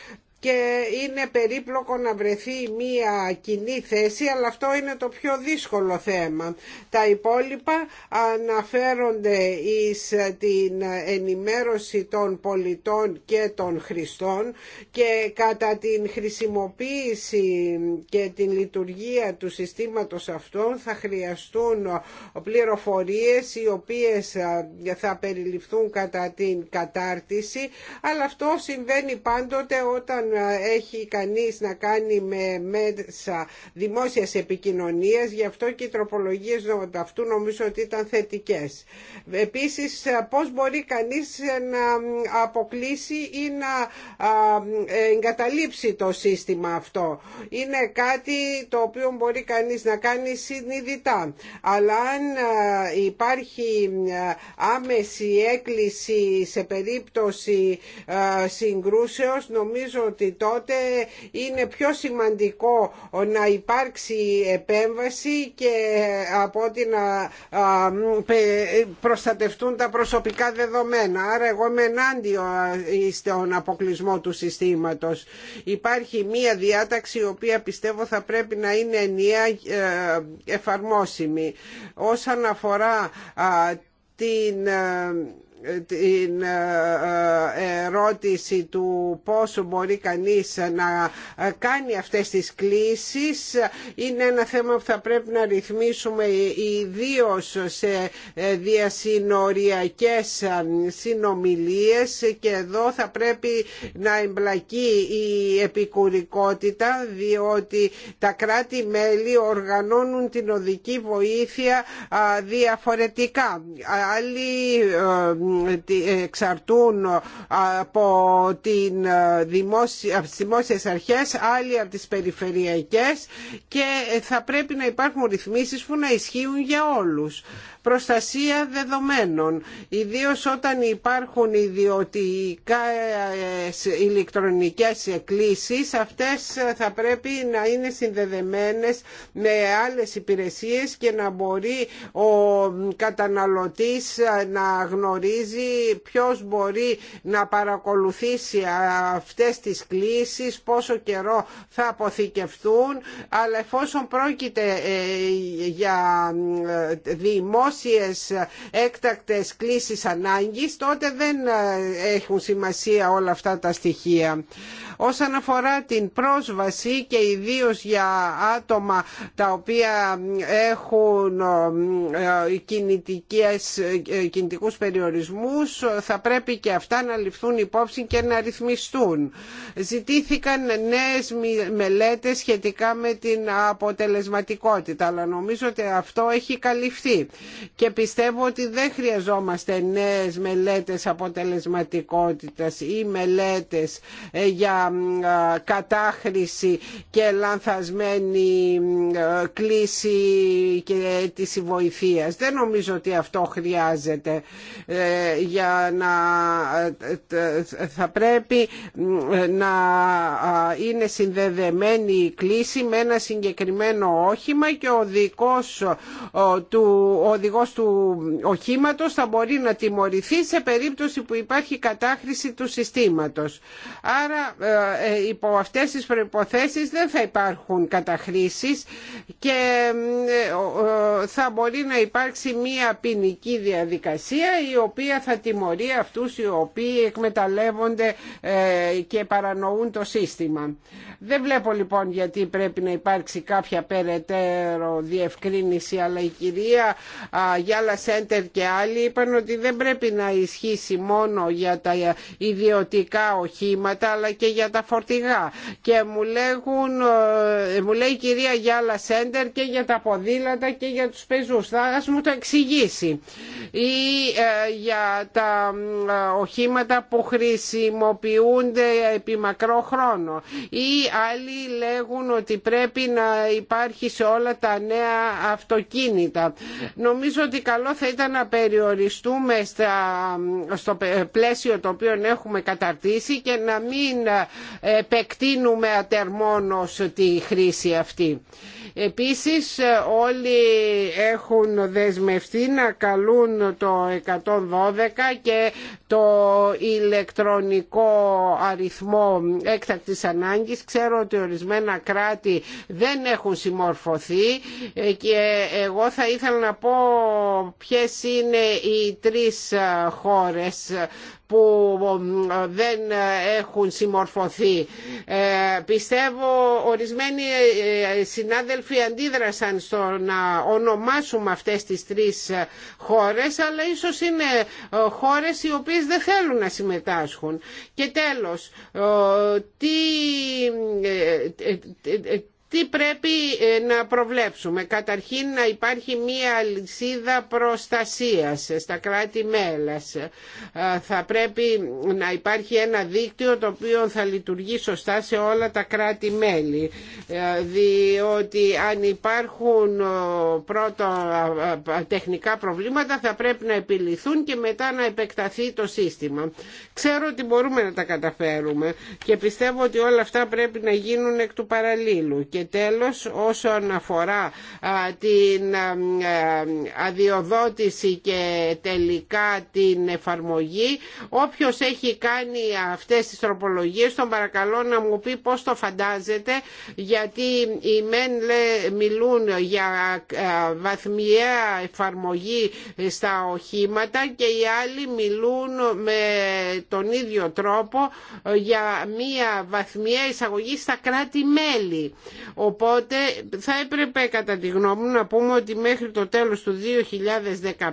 και είναι περίπλοκο να βρεθεί μία κοινή θέση, αλλά αυτό είναι το πιο δύσκολο θέμα. Τα υπόλοιπα αναφέρονται εις ε, την ενημέρωση των πολιτών και των χρηστών και κατά την χρησιμοποίηση και την λειτουργία του συστήματος αυτών θα χρειαστούν πληροφορίες οι οποίες ε, θα περιληφθούν κατά την κατάρτιση, αλλά αυτό συμβαίνει πάντοτε όταν έχει κανείς να κάνει με μέσα δημόσιας επικοινωνίας, γι' αυτό και οι τροπολογίες αυτού νομίζω ότι ήταν θετικές. Επίσης, ε, πώς μπορεί κανείς ε, να αποκλείσει ή να εγκαταλείψει το σύστημα αυτό. Είναι κάτι το οποίο μπορεί κανείς να κάνει συνειδητά. Αλλά αν ε, υπάρχει άμεση έκκληση σε περίπτωση συγκρούσεως, νομίζω ότι τότε είναι πιο σημαντικό να υπάρξει επέμβαση και ε, από ότι να προστατευτούν τα προσωπικά δεδομένα. Άρα εγώ είμαι ενάντια στον αποκλεισμό του συστήματος. Υπάρχει μία διάταξη η οποία πιστεύω θα πρέπει να είναι ενιαία ε, εφαρμόσιμη. Όσον αφορά την ε, την ε, ε, ερώτηση του πόσο μπορεί κανείς να ε, κάνει αυτές τις κλήσεις είναι ένα θέμα που θα πρέπει να ρυθμίσουμε ιδίω σε διασυνοριακές συνομιλίες και εδώ θα πρέπει να εμπλακεί η επικουρικότητα διότι τα κράτη-μέλη οργανώνουν την οδική βοήθεια διαφορετικά. Άλλοι εξαρτούν από την ε, δημόσια, από τις δημόσιες αρχές, άλλοι από τις περιφερειακές και θα πρέπει να υπάρχουν ρυθμίσεις που να ισχύουν για όλους προστασία δεδομένων, ιδίως όταν υπάρχουν ιδιωτικά ε, ηλεκτρονικές εκκλήσεις, αυτές θα πρέπει να είναι συνδεδεμένες με άλλες υπηρεσίες και να μπορεί ο καταναλωτής ε, να γνωρίζει ποιος μπορεί να παρακολουθήσει ε, αυτές τις κλήσεις, πόσο καιρό θα αποθηκευτούν, αλλά εφόσον πρόκειται για δημόσια δημόσιες ε, έκτακτες κλήσεις ανάγκης τότε δεν ε, έχουν σημασία όλα αυτά τα στοιχεία. Όσον αφορά την πρόσβαση και ιδίως για άτομα τα οποία έχουν ε, κινητικούς περιορισμούς θα πρέπει και αυτά να ληφθούν υπόψη και να ρυθμιστούν. Ζητήθηκαν νέες μελέτες σχετικά με την αποτελεσματικότητα αλλά νομίζω ότι αυτό έχει καλυφθεί και πιστεύω ότι δεν χρειαζόμαστε νέες μελέτες αποτελεσματικότητας ή μελέτες ε, για ε, κατάχρηση και λανθασμένη ε, κλίση και της βοηθείας. Δεν νομίζω ότι αυτό χρειάζεται για να θα πρέπει να είναι συνδεδεμένη η κλίση με ένα συγκεκριμένο όχημα και ο δικός του του οχήματος θα μπορεί να τιμωρηθεί σε περίπτωση που υπάρχει κατάχρηση του συστήματος. Άρα ε, ε, υπό αυτές τις προϋποθέσεις δεν θα υπάρχουν καταχρήσεις και ε, θα μπορεί να υπάρξει μία ποινική διαδικασία η οποία θα τιμωρεί αυτούς οι οποίοι εκμεταλλεύονται και παρανοούν το σύστημα. Δεν βλέπω λοιπόν γιατί πρέπει να υπάρξει κάποια περαιτέρω διευκρίνηση αλλά η κυρία Γιάλα Σέντερ και άλλοι είπαν ότι δεν πρέπει να ισχύσει μόνο για τα ιδιωτικά οχήματα αλλά και για τα φορτηγά και μου, λέγουν, ε, μου λέει η κυρία Γιάλα Σέντερ και για τα ποδήλατα και για τους πεζούς θα ας μου το εξηγήσει ή ε, για τα ε, οχήματα που χρησιμοποιούνται επί μακρό χρόνο ή άλλοι λέγουν ότι πρέπει να υπάρχει σε όλα τα νέα αυτοκίνητα νομίζω ότι καλό θα ήταν να περιοριστούμε στο πλαίσιο το οποίο έχουμε καταρτήσει και να μην επεκτείνουμε ατερμόνως τη χρήση αυτή. Επίσης ε, όλοι έχουν δεσμευτεί να καλούν το 112 και το ηλεκτρονικό αριθμό έκτακτης ανάγκης. Ξέρω ότι ορισμένα κράτη δεν έχουν συμμορφωθεί ε, και εγώ θα ήθελα να πω ποιες είναι οι τρεις χώρες που δεν έχουν συμμορφωθεί. Ε, πιστεύω ορισμένοι ε, συνάδελφοι αντίδρασαν στο να ονομάσουμε αυτές τις τρεις χώρες αλλά ίσως είναι ε, χώρες οι οποίες δεν θέλουν να συμμετάσχουν. Και τέλος, τι τι πρέπει ε, να προβλέψουμε. Καταρχήν να υπάρχει μία αλυσίδα προστασίας στα κράτη μέλας. Ε, θα πρέπει να υπάρχει ένα δίκτυο το οποίο θα λειτουργεί σωστά σε όλα τα κράτη μέλη. Ε, διότι αν υπάρχουν πρώτα τεχνικά προβλήματα θα πρέπει να επιληθούν και μετά να επεκταθεί το σύστημα. Ξέρω ότι μπορούμε να τα καταφέρουμε και πιστεύω ότι όλα αυτά πρέπει να γίνουν εκ του παραλίλου τέλος όσον αφορά την αδειοδότηση και τελικά την εφαρμογή όποιος έχει κάνει αυτές τις τροπολογίες τον παρακαλώ να μου πει πώς το φαντάζεται γιατί οι μεν μιλούν για βαθμιαία εφαρμογή στα οχήματα και οι άλλοι μιλούν με τον ίδιο τρόπο για μία βαθμιαία εισαγωγή στα κράτη-μέλη. Οπότε θα έπρεπε κατά τη γνώμη μου να πούμε ότι μέχρι το τέλος του 2015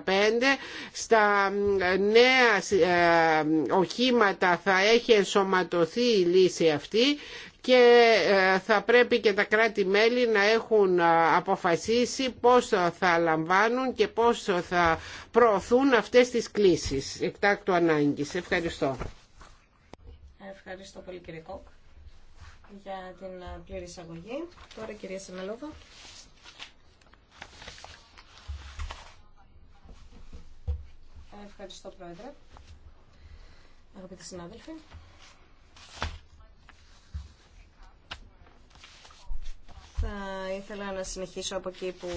στα ε, νέα ε, οχήματα θα έχει ενσωματωθεί η λύση αυτή και ε, θα πρέπει και τα κράτη-μέλη να έχουν αποφασίσει πώς θα λαμβάνουν και πώς θα προωθούν αυτές τις κλήσεις εκτάκτου ανάγκης. Ευχαριστώ. Ευχαριστώ πολύ για την ε, πλήρη εισαγωγή. Τώρα κυρία Σεμελόβα. Ευχαριστώ Πρόεδρε. Αγαπητοί συνάδελφοι. Θα ήθελα να συνεχίσω από εκεί που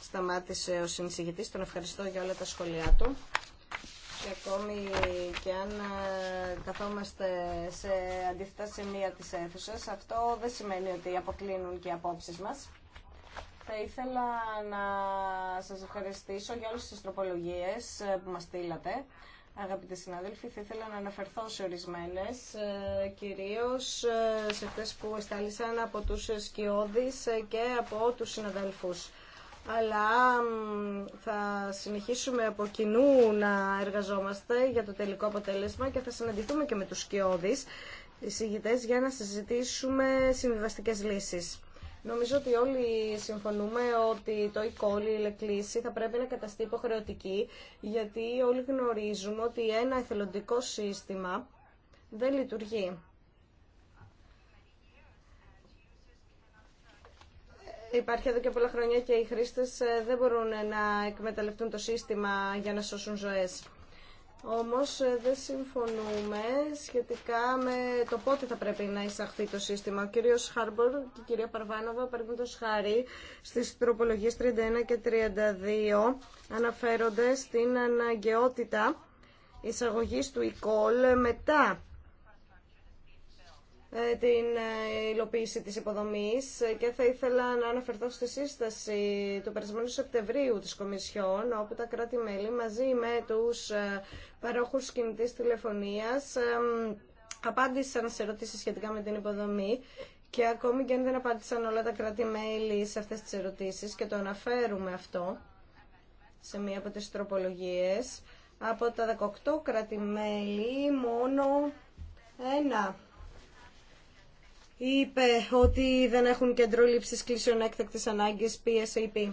σταμάτησε ο συνεισηγητής. Τον ευχαριστώ για όλα τα σχόλιά του. Και ακόμη και αν ε, καθόμαστε σε αντίθετα σημεία της αίθουσας, αυτό δεν σημαίνει ότι αποκλίνουν και οι απόψεις μας. Θα ήθελα να σας ευχαριστήσω για όλες τις τροπολογίες ε, που μας στείλατε. Αγαπητοί συνάδελφοι, θα ήθελα να αναφερθώ σε ορισμένες, ε, κυρίως σε αυτές που εστάλησαν από τους σκιώδεις και από τους συναδέλφους αλλά θα συνεχίσουμε από κοινού να εργαζόμαστε για το τελικό αποτέλεσμα και θα συναντηθούμε και με τους σκιώδεις εισηγητές για να συζητήσουμε συμβιβαστικές λύσεις. Νομίζω ότι όλοι συμφωνούμε ότι το e η λεκλήση θα πρέπει να καταστεί υποχρεωτική, γιατί όλοι γνωρίζουμε ότι ένα εθελοντικό σύστημα δεν λειτουργεί. υπάρχει εδώ και πολλά χρόνια και οι χρήστες ε, δεν μπορούν να εκμεταλλευτούν το σύστημα για να σώσουν ζωές. Όμως ε, δεν συμφωνούμε σχετικά με το πότε θα πρέπει να εισαχθεί το σύστημα. Ο κύριος Χάρμπορ και η κυρία Παρβάνοβα, παραδείγματος χάρη, στις τροπολογίες 31 και 32 αναφέρονται στην αναγκαιότητα εισαγωγής του e μετά ε, την ε, υλοποίηση της υποδομής ε, και θα ήθελα να αναφερθώ στη σύσταση του περασμένου Σεπτεμβρίου της Κομισιόν όπου τα κράτη-μέλη μαζί με τους παρόχους κινητής τηλεφωνίας απάντησαν σε ερωτήσεις σχετικά με την υποδομή και ακόμη και αν δεν απάντησαν όλα τα κράτη-μέλη σε αυτές τις ερωτήσεις και το αναφέρουμε αυτό σε μία από τις τροπολογίες από τα 18 κράτη-μέλη μόνο ένα είπε ότι δεν έχουν κέντρο λήψης κλίσεων έκτακτης ανάγκης PSAP.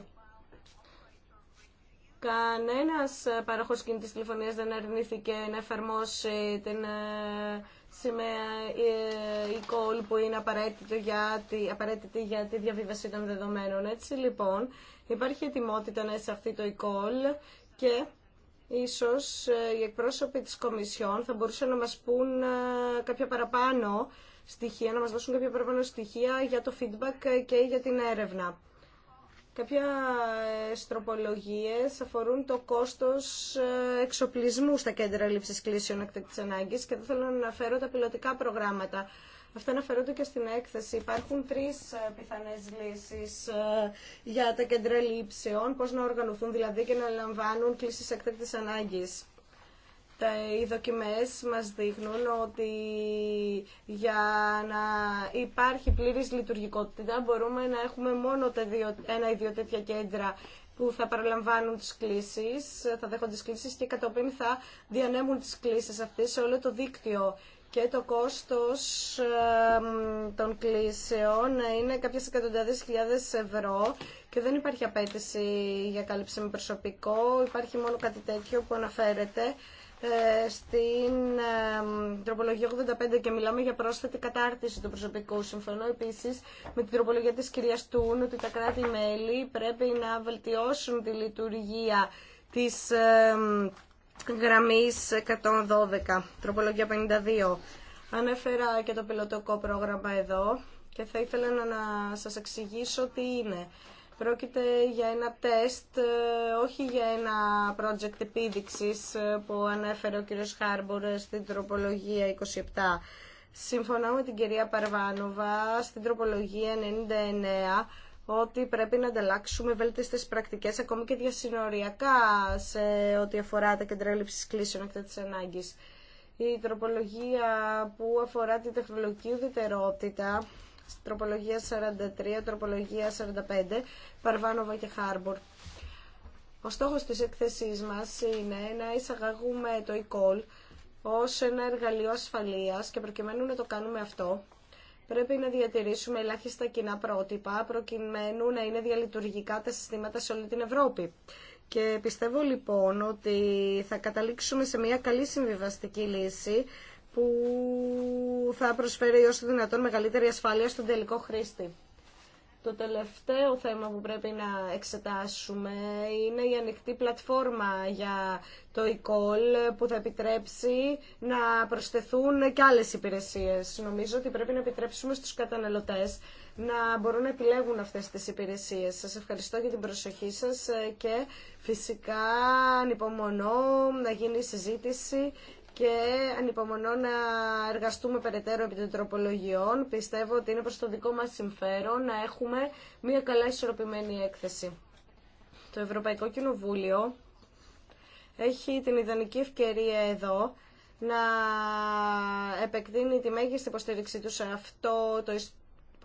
Κανένας παροχός κινητής τηλεφωνίας δεν αρνήθηκε να εφαρμόσει την ε, σημαία ε, η call που είναι απαραίτητη για τη, απαραίτητη για τη διαβίβαση των δεδομένων. Έτσι λοιπόν υπάρχει ετοιμότητα να αυτή το e-call και ίσως ε, οι εκπρόσωποι της Κομισιόν θα μπορούσαν να μας πούν κάποια παραπάνω στοιχεία, να μας δώσουν κάποια παραπάνω στοιχεία για το feedback και για την έρευνα. Κάποια ε, στροπολογίες αφορούν το κόστος ε, εξοπλισμού στα κέντρα λήψης κλήσεων εκτεκτης ανάγκης και δεν θέλω να αναφέρω τα πιλωτικά προγράμματα. Αυτά αναφέρονται και στην έκθεση. Υπάρχουν τρεις ε, πιθανές λύσεις για τα κέντρα λήψεων, πώς να οργανωθούν δηλαδή και να λαμβάνουν κλήσεις εκτεκτης ανάγκης τα, οι δοκιμές μας δείχνουν ότι για να υπάρχει πλήρης λειτουργικότητα μπορούμε να έχουμε μόνο τα δύο, ένα ή δύο τέτοια κέντρα που θα παραλαμβάνουν τις κλήσεις, θα δέχονται τις κλήσεις και κατόπιν θα διανέμουν τις κλήσεις αυτές σε όλο το δίκτυο. Και το κόστος των κλήσεων είναι κάποιες εκατοντάδες χιλιάδες ευρώ και δεν υπάρχει απέτηση για κάλυψη με προσωπικό. Υπάρχει μόνο κάτι τέτοιο που αναφέρεται ε, στην τροπολογία 85 και μιλάμε για πρόσθετη κατάρτιση του προσωπικού. Συμφωνώ επίση με την τροπολογία τη κυρία Τούν ότι τα κράτη-μέλη πρέπει να βελτιώσουν τη λειτουργία τη γραμμή 112, τροπολογία 52. Ανέφερα και το πιλωτικό πρόγραμμα εδώ και θα ήθελα να σας εξηγήσω τι είναι. Πρόκειται για ένα τεστ, ε, όχι για ένα project επίδειξης ε, που ανέφερε ο κύριος Χάρμπορ ε, στην τροπολογία 27. Συμφωνώ με την κυρία Παρβάνοβα στην τροπολογία 99 ότι πρέπει να ανταλλάξουμε βέλτιστες πρακτικές ακόμη και διασυνοριακά σε ό,τι αφορά τα κέντρα έλλειψης κλήσεων εκτά της ανάγκης. Η τροπολογία που αφορά τη τεχνολογική ουδετερότητα τροπολογία 43, τροπολογία 45, Παρβάνοβα και Χάρμπορ. Ο στόχος της εκθεσής μας είναι να εισαγαγούμε το e-call ως ένα εργαλείο ασφαλείας και προκειμένου να το κάνουμε αυτό, πρέπει να διατηρήσουμε ελάχιστα κοινά πρότυπα προκειμένου να είναι διαλειτουργικά τα συστήματα σε όλη την Ευρώπη. Και πιστεύω λοιπόν ότι θα καταλήξουμε σε μια καλή συμβιβαστική λύση που θα προσφέρει όσο δυνατόν μεγαλύτερη ασφάλεια στον τελικό χρήστη. Το τελευταίο θέμα που πρέπει να εξετάσουμε είναι η ανοιχτή πλατφόρμα για το e-call που θα επιτρέψει να προσθεθούν και άλλες υπηρεσίες. Νομίζω ότι πρέπει να επιτρέψουμε στους καταναλωτές να μπορούν να επιλέγουν αυτές τις υπηρεσίες. Σας ευχαριστώ για την προσοχή σας και φυσικά ανυπομονώ να γίνει η συζήτηση και ανυπομονώ να εργαστούμε περαιτέρω επί των τροπολογιών. Πιστεύω ότι είναι προς το δικό μας συμφέρον να έχουμε μια καλά ισορροπημένη έκθεση. Το Ευρωπαϊκό Κοινοβούλιο έχει την ιδανική ευκαιρία εδώ να επεκτείνει τη μέγιστη υποστήριξή του σε αυτό το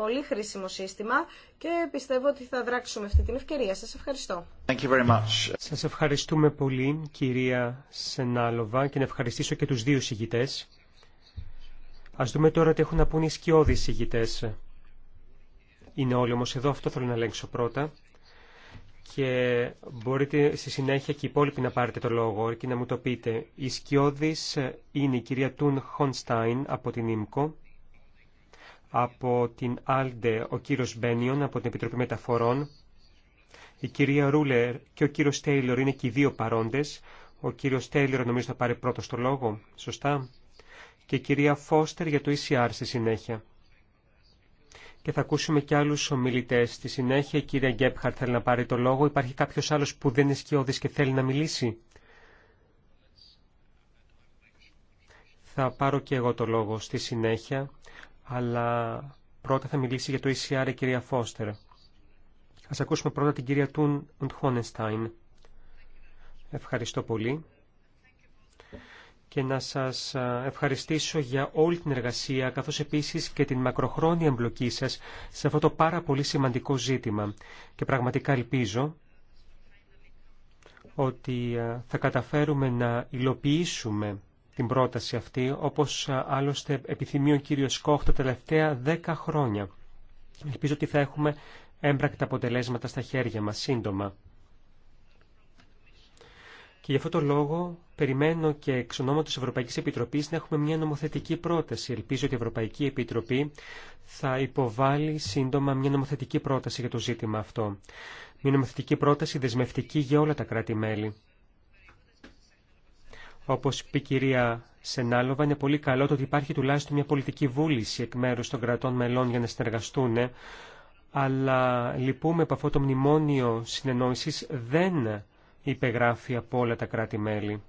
πολύ χρήσιμο σύστημα και πιστεύω ότι θα δράξουμε αυτή την ευκαιρία. Σας ευχαριστώ. Thank you very much. Σας ευχαριστούμε πολύ κυρία Σενάλοβα και να ευχαριστήσω και τους δύο συγγητές. Ας δούμε τώρα τι έχουν να πούν οι σκιώδεις συγγητές. Είναι όλοι όμως εδώ, αυτό θέλω να ελέγξω πρώτα. Και μπορείτε στη συνέχεια και οι υπόλοιποι να πάρετε το λόγο και να μου το πείτε. Η σκιώδης είναι η κυρία Τούν Χονστάιν από την ΙΜΚΟ από την Άλντε ο κύριος Μπένιον από την Επιτροπή Μεταφορών, η κυρία Ρούλερ και ο κύριος Τέιλορ είναι και οι δύο παρόντες. Ο κύριος Τέιλορ νομίζω θα πάρει πρώτο το λόγο, σωστά. Και η κυρία Φώστερ για το ECR στη συνέχεια. Και θα ακούσουμε και άλλους ομιλητές. Στη συνέχεια η κυρία Γκέπχαρτ θέλει να πάρει το λόγο. Υπάρχει κάποιος άλλος που δεν είναι σκιώδης και θέλει να μιλήσει. Θα πάρω και εγώ το λόγο στη συνέχεια αλλά πρώτα θα μιλήσει για το ECR η κυρία Φώστερ. Ας ακούσουμε πρώτα την κυρία Τούν Χόνεσταϊν. Ευχαριστώ πολύ και να σας ευχαριστήσω για όλη την εργασία καθώς επίσης και την μακροχρόνια εμπλοκή σας σε αυτό το πάρα πολύ σημαντικό ζήτημα και πραγματικά ελπίζω ότι θα καταφέρουμε να υλοποιήσουμε την πρόταση αυτή, όπως ε, άλλωστε επιθυμεί ο κύριος Κόχ τα τελευταία δέκα χρόνια. Ελπίζω ότι θα έχουμε έμπρακτα αποτελέσματα στα χέρια μας σύντομα. Και γι' αυτό το λόγο περιμένω και εξ ονόματος Ευρωπαϊκής Επιτροπής να έχουμε μια νομοθετική πρόταση. Ελπίζω ότι η Ευρωπαϊκή Επιτροπή θα υποβάλει σύντομα μια νομοθετική πρόταση για το ζήτημα αυτό. Μια νομοθετική πρόταση δεσμευτική για όλα τα κράτη-μέλη. Όπω είπε η κυρία Σενάλοβα, είναι πολύ καλό το ότι υπάρχει τουλάχιστον μια πολιτική βούληση εκ μέρου των κρατών μελών για να συνεργαστούν, ε. αλλά λυπούμε από αυτό το μνημόνιο συνεννόηση δεν υπεγράφει από όλα τα κράτη-μέλη.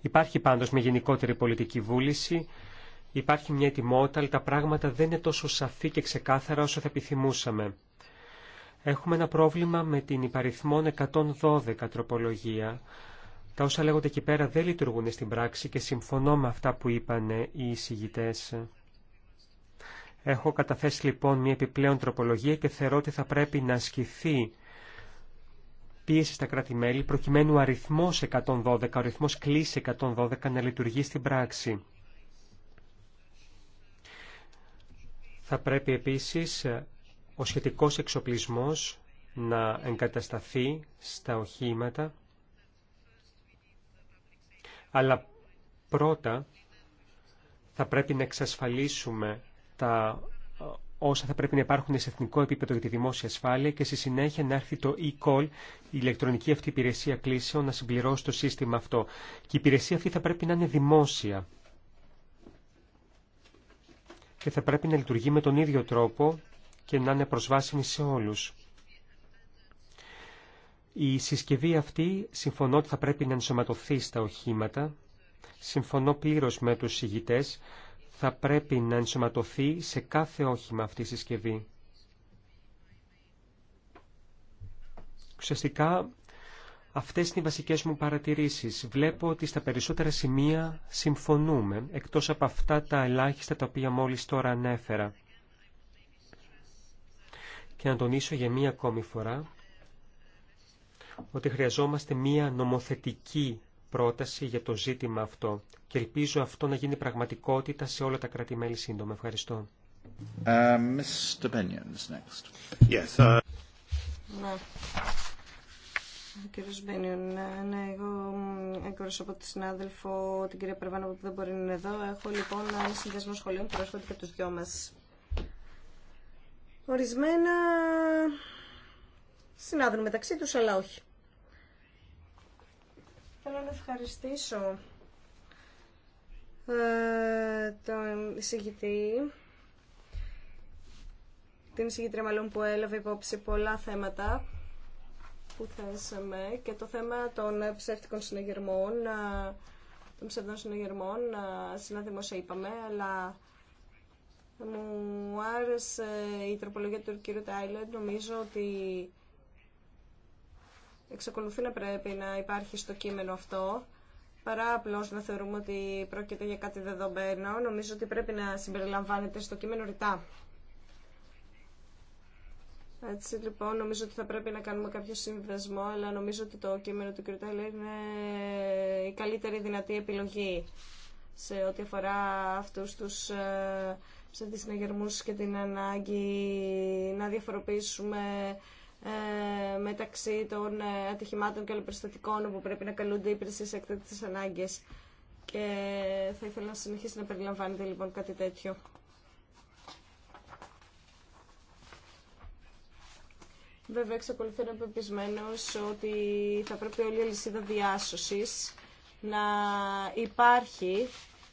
Υπάρχει πάντως μια γενικότερη πολιτική βούληση, υπάρχει μια ετοιμότητα, αλλά τα πράγματα δεν είναι τόσο σαφή και ξεκάθαρα όσο θα επιθυμούσαμε. Έχουμε ένα πρόβλημα με την υπαριθμόν 112 τροπολογία. Τα όσα λέγονται εκεί πέρα δεν λειτουργούν στην πράξη και συμφωνώ με αυτά που είπαν οι εισηγητές. Έχω καταθέσει λοιπόν μια επιπλέον τροπολογία και θεωρώ ότι θα πρέπει να ασκηθεί πίεση στα κράτη-μέλη προκειμένου ο αριθμός 112, ο αριθμός κλίση 112 να λειτουργεί στην πράξη. Θα πρέπει επίσης ο σχετικός εξοπλισμός να εγκατασταθεί στα οχήματα, αλλά πρώτα θα πρέπει να εξασφαλίσουμε τα όσα θα πρέπει να υπάρχουν σε εθνικό επίπεδο για τη δημόσια ασφάλεια και στη συνέχεια να έρθει το e-call, η ηλεκτρονική αυτή υπηρεσία κλήσεων, να συμπληρώσει το σύστημα αυτό. Και η υπηρεσία αυτή θα πρέπει να είναι δημόσια και θα πρέπει να λειτουργεί με τον ίδιο τρόπο και να είναι προσβάσιμη σε όλους. Η συσκευή αυτή συμφωνώ ότι θα πρέπει να ενσωματωθεί στα οχήματα. Συμφωνώ πλήρως με τους συγητές. Θα πρέπει να ενσωματωθεί σε κάθε όχημα αυτή η συσκευή. Ουσιαστικά Αυτές είναι οι βασικές μου παρατηρήσεις. Βλέπω ότι στα περισσότερα σημεία συμφωνούμε, εκτός από αυτά τα ελάχιστα τα οποία μόλις τώρα ανέφερα και να τονίσω για μία ακόμη φορά ότι χρειαζόμαστε μία νομοθετική πρόταση για το ζήτημα αυτό και ελπίζω αυτό να γίνει πραγματικότητα σε όλα τα κράτη-μέλη σύντομα. Ευχαριστώ. Uh, ε, Mr. next. Yes, uh, ναι. Ο κύριος Μπένιον, ναι, ναι εγώ από τη συνάδελφο, την κυρία Περβάνα, που δεν μπορεί να είναι εδώ. Έχω λοιπόν ένα συνδυασμό σχολείων που προέρχονται και από δυο μα. Ορισμένα συνάδουν μεταξύ τους, αλλά όχι. Θέλω να ευχαριστήσω ε, τον εισηγητή, την εισηγητρία μάλλον που έλαβε υπόψη πολλά θέματα που θέσαμε και το θέμα των ψεύτικων συναγερμών, ε, των ψευδών συναγερμών, ε, συναδημόσα είπαμε, αλλά μου άρεσε η τροπολογία του κύριου Τάιλερ. Νομίζω ότι εξακολουθεί να πρέπει να υπάρχει στο κείμενο αυτό παρά απλώ να θεωρούμε ότι πρόκειται για κάτι δεδομένο. Νομίζω ότι πρέπει να συμπεριλαμβάνεται στο κείμενο ρητά. Έτσι λοιπόν νομίζω ότι θα πρέπει να κάνουμε κάποιο συνδεσμό, αλλά νομίζω ότι το κείμενο του κ. Τάιλερ είναι η καλύτερη δυνατή επιλογή σε ό,τι αφορά αυτούς τους ε, σε συναγερμού και την ανάγκη να διαφοροποιήσουμε ε, μεταξύ των ε, ατυχημάτων και περιστατικών που πρέπει να καλούνται οι υπηρεσίες έκτακτης ανάγκης. Και θα ήθελα να συνεχίσει να περιλαμβάνεται λοιπόν κάτι τέτοιο. Βέβαια, εξακολουθώ να είμαι ότι θα πρέπει όλη η αλυσίδα διάσωση να υπάρχει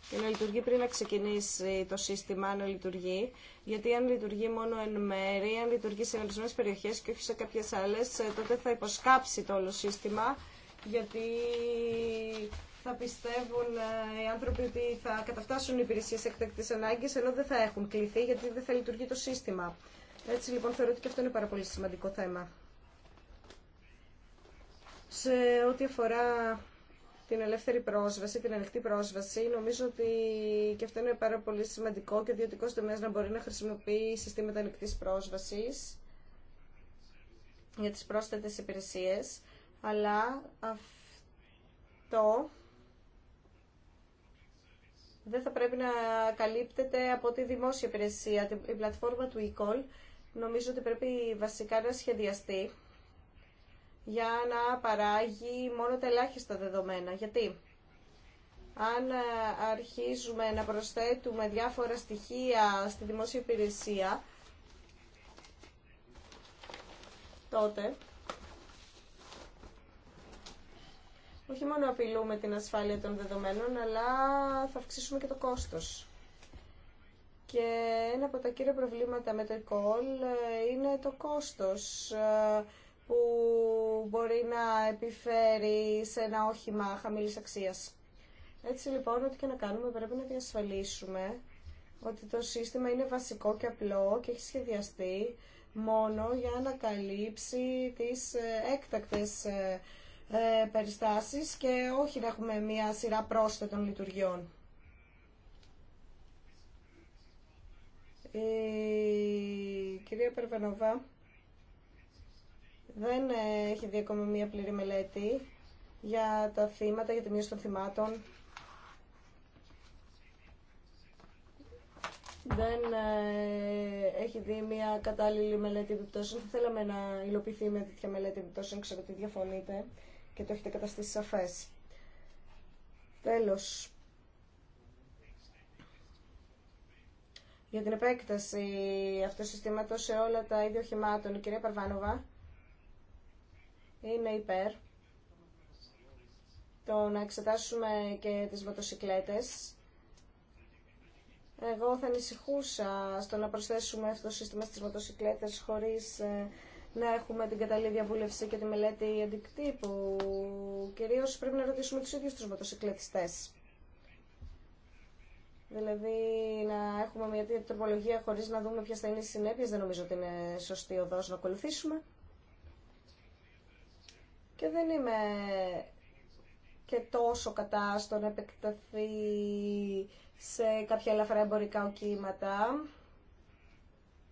και να λειτουργεί πριν να ξεκινήσει το σύστημα, να λειτουργεί. Γιατί αν λειτουργεί μόνο εν μέρη, αν λειτουργεί σε ορισμένε περιοχέ και όχι σε κάποιε άλλε, ε, τότε θα υποσκάψει το όλο σύστημα. Γιατί θα πιστεύουν ε, οι άνθρωποι ότι θα καταφτάσουν οι υπηρεσίε εκτακτή ανάγκη, ενώ δεν θα έχουν κληθεί γιατί δεν θα λειτουργεί το σύστημα. Έτσι λοιπόν θεωρώ ότι και αυτό είναι πάρα πολύ σημαντικό θέμα. Σε ό,τι αφορά την ελεύθερη πρόσβαση, την ανοιχτή πρόσβαση. Νομίζω ότι και αυτό είναι πάρα πολύ σημαντικό και ο ιδιωτικό τομέα να μπορεί να χρησιμοποιεί συστήματα ανοιχτή πρόσβαση για τι πρόσθετε υπηρεσίε, αλλά αυτό δεν θα πρέπει να καλύπτεται από τη δημόσια υπηρεσία. Η πλατφόρμα του e νομίζω ότι πρέπει βασικά να σχεδιαστεί για να παράγει μόνο τα ελάχιστα δεδομένα. Γιατί αν ε, αρχίζουμε να προσθέτουμε διάφορα στοιχεία στη δημόσια υπηρεσία, τότε όχι μόνο απειλούμε την ασφάλεια των δεδομένων, αλλά θα αυξήσουμε και το κόστος. Και ένα από τα κύρια προβλήματα με το e είναι το κόστος. Ε, που μπορεί να επιφέρει σε ένα όχημα χαμηλή αξία. Έτσι λοιπόν, ό,τι και να κάνουμε πρέπει να διασφαλίσουμε ότι το σύστημα είναι βασικό και απλό και έχει σχεδιαστεί μόνο για να καλύψει τις ε, έκτακτες ε, ε, περιστάσεις και όχι να έχουμε μία σειρά πρόσθετων λειτουργιών. Η κυρία Περβενοβά δεν ε, έχει δει ακόμα μία πλήρη μελέτη για τα θύματα, για τη μείωση των θυμάτων. Δεν ε, έχει δει μία κατάλληλη μελέτη επιπτώσεων. Θα θέλαμε να υλοποιηθεί μια τέτοια μελέτη επιπτώσεων. με τετοια μελετη ότι διαφωνείτε και το έχετε καταστήσει σαφές. Τέλος. Για την επέκταση αυτού του συστήματος σε όλα τα ίδια οχημάτων, η κυρία Παρβάνοβα είναι υπέρ το να εξετάσουμε και τις μοτοσυκλέτες. Εγώ θα ανησυχούσα στο να προσθέσουμε αυτό το σύστημα στις μοτοσυκλέτες χωρίς ε, να έχουμε την κατάλληλη διαβούλευση και τη μελέτη αντικτύπου. Κυρίως πρέπει να ρωτήσουμε τους ίδιους τους μοτοσυκλετιστές. Δηλαδή να έχουμε μια τροπολογία χωρίς να δούμε ποιες θα είναι οι συνέπειες δεν νομίζω ότι είναι σωστή οδός να ακολουθήσουμε και δεν είμαι και τόσο κατά στο να επεκταθεί σε κάποια ελαφρά εμπορικά οκήματα.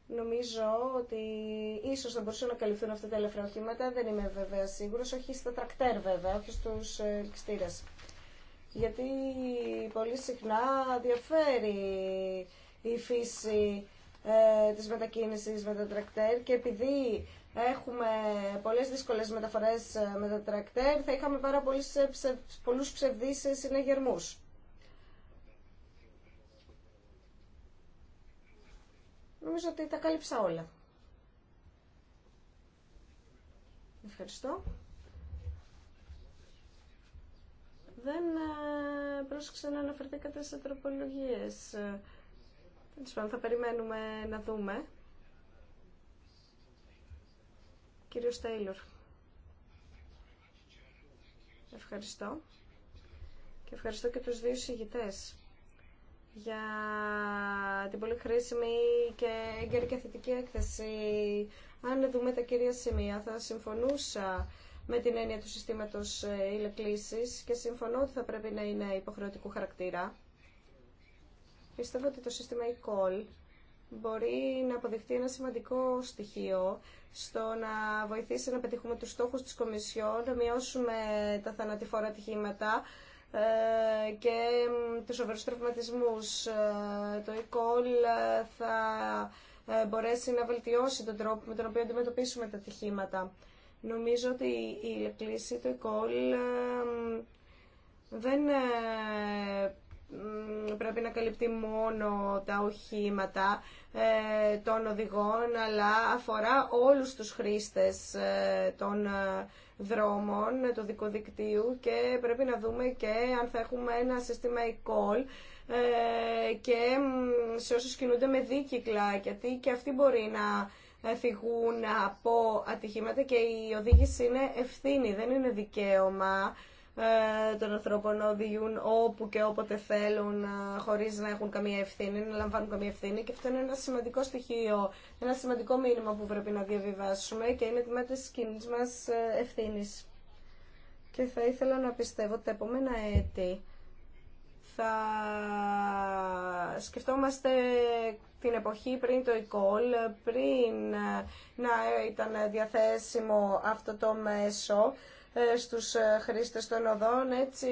Νομίζω ότι ίσω θα μπορούσαν να καλυφθούν αυτά τα ελαφρά οχήματα. Δεν είμαι βέβαια σίγουρο. Όχι στα τρακτέρ βέβαια, όχι στου ελκυστήρε. Γιατί πολύ συχνά διαφέρει η φύση ε, της μετακίνησης με τα τρακτέρ και επειδή έχουμε πολλές δύσκολες μεταφορές ε, με τα τρακτέρ, θα είχαμε πάρα πολλούς, ε, ψε, πολλούς ψευδείς ε, συναγερμούς. Νομίζω ότι τα κάλυψα όλα. Ευχαριστώ. Δεν πρόσεξα να αναφερθήκατε σε τροπολογίες. Θα περιμένουμε να δούμε. Κύριος Τέιλορ. Ευχαριστώ. Και ευχαριστώ και τους δύο συγητές για την πολύ χρήσιμη και έγκαιρη και θετική έκθεση. Αν δούμε τα κυρία σημεία, θα συμφωνούσα με την έννοια του συστήματος ε, ηλεκλήσης και συμφωνώ ότι θα πρέπει να είναι υποχρεωτικού χαρακτήρα. Πιστεύω ότι το σύστημα e-call μπορεί να αποδειχθεί ένα σημαντικό στοιχείο στο να βοηθήσει να πετύχουμε τους στόχους της Κομισιόν, να μειώσουμε τα θανατηφόρα ατυχήματα ε, και τους σοβαρούς τραυματισμούς. Ε, το e θα μπορέσει να βελτιώσει τον τρόπο με τον οποίο αντιμετωπίσουμε τα ατυχήματα. Νομίζω ότι η κλίση του e δεν πρέπει να καλυπτεί μόνο τα οχήματα ε, των οδηγών, αλλά αφορά όλους τους χρήστες ε, των ε, δρόμων, του δικοδικτύου και πρέπει να δούμε και αν θα έχουμε ένα σύστημα e-call και σε όσους κινούνται με δίκυκλα, γιατί και αυτοί μπορεί να φυγούν από ατυχήματα και η οδήγηση είναι ευθύνη, δεν είναι δικαίωμα. Ε, των ανθρώπων να οδηγούν όπου και όποτε θέλουν ε, χωρίς να έχουν καμία ευθύνη, να λαμβάνουν καμία ευθύνη και αυτό είναι ένα σημαντικό στοιχείο, ένα σημαντικό μήνυμα που πρέπει να διαβιβάσουμε και είναι τμήμα τη κοινή μας ε, ευθύνης. Και θα ήθελα να πιστεύω ότι τα επόμενα έτη θα σκεφτόμαστε την εποχή πριν το e πριν να ήταν διαθέσιμο αυτό το μέσο ε, στους ε, χρήστες των οδών, έτσι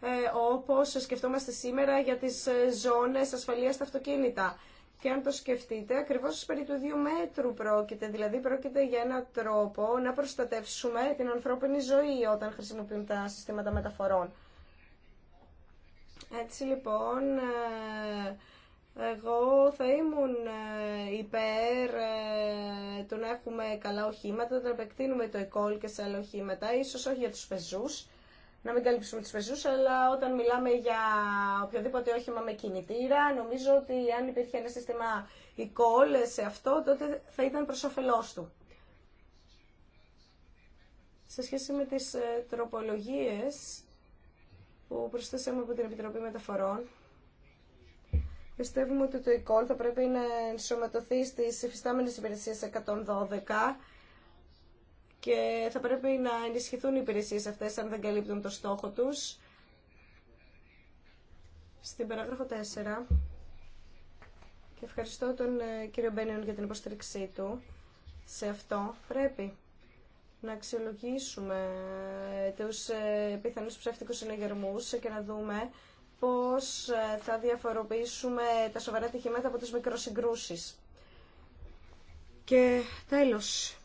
ε, όπως σκεφτόμαστε σήμερα για τις ζώνες ασφαλείας στα αυτοκίνητα. Και αν το σκεφτείτε, ακριβώς περί του δύο μέτρου πρόκειται. Δηλαδή πρόκειται για έναν τρόπο να προστατεύσουμε την ανθρώπινη ζωή όταν χρησιμοποιούμε τα συστήματα μεταφορών. Έτσι λοιπόν, εγώ θα ήμουν ε, υπέρ ε, του να έχουμε καλά οχήματα, να επεκτείνουμε το ΕΚΟΛ και σε άλλα οχήματα, ίσως όχι για τους πεζούς, να μην καλύψουμε τους πεζούς, αλλά όταν μιλάμε για οποιοδήποτε όχημα με κινητήρα, νομίζω ότι αν υπήρχε ένα σύστημα σε αυτό, τότε θα ήταν προς όφελός του. Σε σχέση με τις ε, τροπολογίες που προσθέσαμε από την Επιτροπή Μεταφορών, Πιστεύουμε ότι το e θα πρέπει να ενσωματωθεί στι εφιστάμενες υπηρεσίες 112 και θα πρέπει να ενισχυθούν οι υπηρεσίες αυτές αν δεν καλύπτουν το στόχο του. Στην παράγραφο 4 και ευχαριστώ τον ε, κύριο Μπένιον για την υποστήριξή του σε αυτό πρέπει να αξιολογήσουμε ε, τους ε, πιθανούς ψεύτικους συνεγερμούς και να δούμε πώς ε, θα διαφοροποιήσουμε τα σοβαρά τυχήματα από τις μικροσυγκρούσεις. Και τέλος,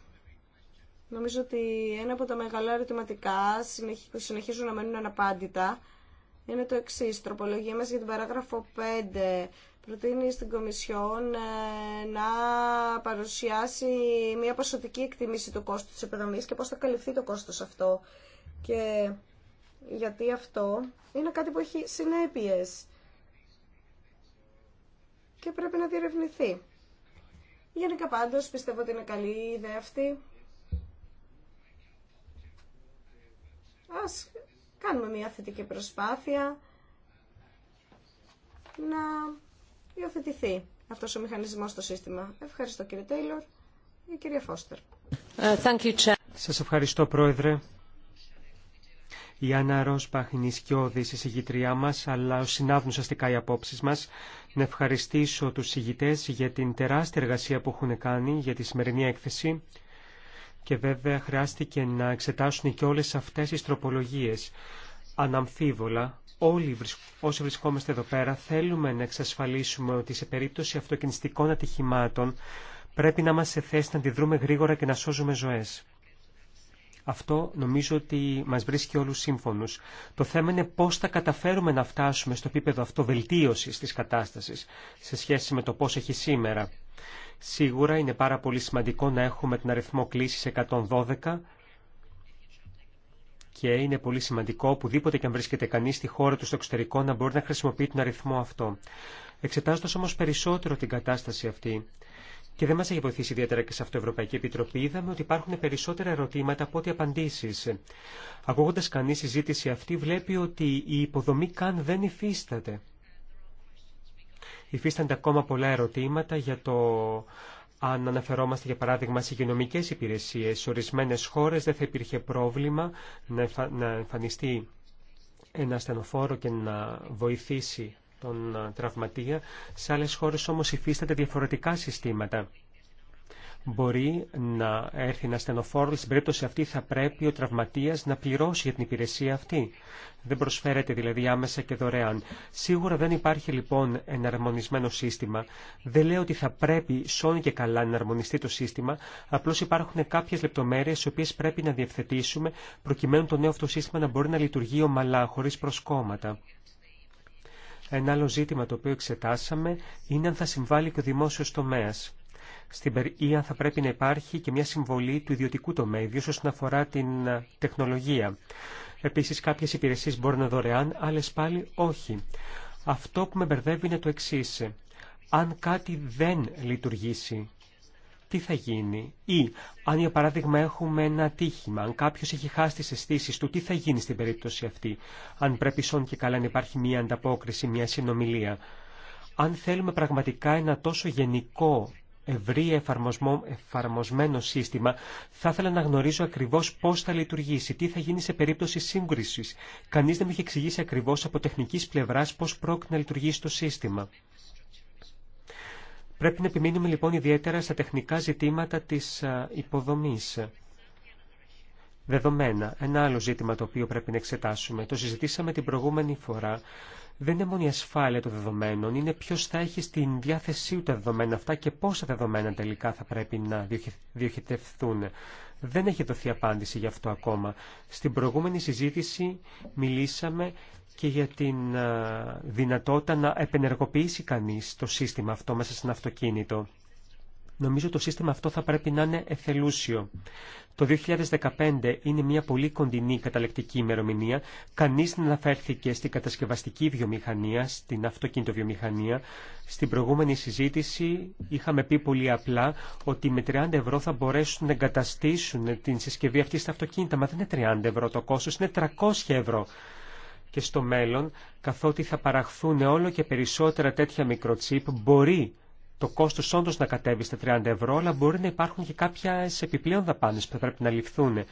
νομίζω ότι ένα από τα μεγάλα ερωτηματικά που συνεχίζουν να μένουν αναπάντητα είναι το εξή. Τροπολογία μας για την παράγραφο 5 προτείνει στην Κομισιόν ε, να παρουσιάσει μια ποσοτική εκτίμηση του κόστου της επιδομής και πώς θα καλυφθεί το κόστος αυτό. Και γιατί αυτό είναι κάτι που έχει συνέπειες και πρέπει να διερευνηθεί. Γενικά πάντως πιστεύω ότι είναι καλή η ιδέα αυτή. Ας κάνουμε μια θετική προσπάθεια να υιοθετηθεί αυτός ο μηχανισμός στο σύστημα. Ευχαριστώ κύριε Τέιλορ και κυρία Φώστερ. Ε, Σας ευχαριστώ πρόεδρε. Η Άννα Ρόσπαχ είναι η η συγγητριά μας, αλλά συνάδουν ουσιαστικά οι απόψει μα, Να ευχαριστήσω του συγγητές για την τεράστια εργασία που έχουν κάνει για τη σημερινή έκθεση και βέβαια χρειάστηκε να εξετάσουν και όλε αυτέ τις τροπολογίε. Αναμφίβολα, όλοι όσοι βρισκόμαστε εδώ πέρα θέλουμε να εξασφαλίσουμε ότι σε περίπτωση αυτοκινηστικών ατυχημάτων πρέπει να είμαστε σε θέση να αντιδρούμε γρήγορα και να σώζουμε ζωές. Αυτό νομίζω ότι μας βρίσκει όλους σύμφωνους. Το θέμα είναι πώς θα καταφέρουμε να φτάσουμε στο επίπεδο αυτοβελτίωσης της κατάστασης σε σχέση με το πώς έχει σήμερα. Σίγουρα είναι πάρα πολύ σημαντικό να έχουμε την αριθμό κλήσης 112 και είναι πολύ σημαντικό οπουδήποτε και αν βρίσκεται κανείς στη χώρα του στο εξωτερικό να μπορεί να χρησιμοποιεί τον αριθμό αυτό. Εξετάζοντας όμως περισσότερο την κατάσταση αυτή, και δεν μα έχει βοηθήσει ιδιαίτερα και σε αυτό η Ευρωπαϊκή Επιτροπή. Είδαμε ότι υπάρχουν περισσότερα ερωτήματα από ό,τι απαντήσει. Ακούγοντα κανεί συζήτηση αυτή, βλέπει ότι η υποδομή καν δεν υφίσταται. Υφίστανται ακόμα πολλά ερωτήματα για το αν αναφερόμαστε για παράδειγμα σε υγειονομικέ υπηρεσίε. Σε ορισμένε χώρε δεν θα υπήρχε πρόβλημα να εμφανιστεί ένα ασθενοφόρο και να βοηθήσει τον ε, τραυματία. Σε άλλες χώρες όμως υφίσταται διαφορετικά συστήματα. Μπορεί να έρθει ένα στενοφόρο, στην περίπτωση αυτή θα πρέπει ο τραυματίας να πληρώσει για την υπηρεσία αυτή. Δεν προσφέρεται δηλαδή άμεσα και δωρεάν. Σίγουρα δεν υπάρχει λοιπόν εναρμονισμένο σύστημα. Δεν λέω ότι θα πρέπει σώνει και καλά να εναρμονιστεί το σύστημα, απλώ υπάρχουν κάποιε λεπτομέρειε οι οποίε πρέπει να διευθετήσουμε προκειμένου το νέο αυτό σύστημα να μπορεί να λειτουργεί ομαλά, χωρί προσκόμματα. Ένα άλλο ζήτημα το οποίο εξετάσαμε είναι αν θα συμβάλλει και ο δημόσιος τομέας ή αν θα πρέπει να υπάρχει και μια συμβολή του ιδιωτικού τομέα, ιδίω όσον αφορά την ε, τεχνολογία. Επίσης κάποιες υπηρεσίες μπορούν να δωρεάν, άλλε πάλι όχι. Αυτό που με μπερδεύει είναι το εξή. Αν κάτι δεν λειτουργήσει τι θα γίνει. Ή, αν για παράδειγμα έχουμε ένα ατύχημα, αν κάποιο έχει χάσει τι αισθήσει του, τι θα γίνει στην περίπτωση αυτή. Αν πρέπει σών και καλά να υπάρχει μια ανταπόκριση, μια συνομιλία. Αν θέλουμε πραγματικά ένα τόσο γενικό ευρύ εφαρμοσμένο σύστημα, θα ήθελα να γνωρίζω ακριβώ πώ θα λειτουργήσει, τι θα γίνει σε περίπτωση σύγκριση. Κανεί δεν μου έχει εξηγήσει ακριβώ από τεχνική πλευρά πώ πρόκειται να λειτουργήσει το σύστημα. Πρέπει να επιμείνουμε λοιπόν ιδιαίτερα στα τεχνικά ζητήματα της υποδομής. Δεδομένα, ένα άλλο ζήτημα το οποίο πρέπει να εξετάσουμε, το συζητήσαμε την προηγούμενη φορά, δεν είναι μόνο η ασφάλεια των δεδομένων, είναι ποιο θα έχει στην διάθεσή του τα δεδομένα αυτά και πόσα δεδομένα τελικά θα πρέπει να διοχετευθούν. Δεν έχει δοθεί απάντηση γι' αυτό ακόμα. Στην προηγούμενη συζήτηση μιλήσαμε και για την ε, δυνατότητα να επενεργοποιήσει κανείς το σύστημα αυτό μέσα σε ένα αυτοκίνητο. Νομίζω το σύστημα αυτό θα πρέπει να είναι εθελούσιο. Το 2015 είναι μια πολύ κοντινή καταλεκτική ημερομηνία. Κανείς δεν αναφέρθηκε στην κατασκευαστική βιομηχανία, στην αυτοκινητοβιομηχανία. Στην προηγούμενη συζήτηση είχαμε πει πολύ απλά ότι με 30 ευρώ θα μπορέσουν να εγκαταστήσουν την συσκευή αυτή στα αυτοκίνητα. Μα δεν είναι 30 ευρώ το κόστος, είναι 300 ευρώ και στο μέλλον, καθότι θα παραχθούν όλο και περισσότερα τέτοια μικροτσίπ, μπορεί το κόστο όντω να κατέβει στα 30 ευρώ, αλλά μπορεί να υπάρχουν και κάποιε επιπλέον δαπάνε που θα πρέπει να ληφθούν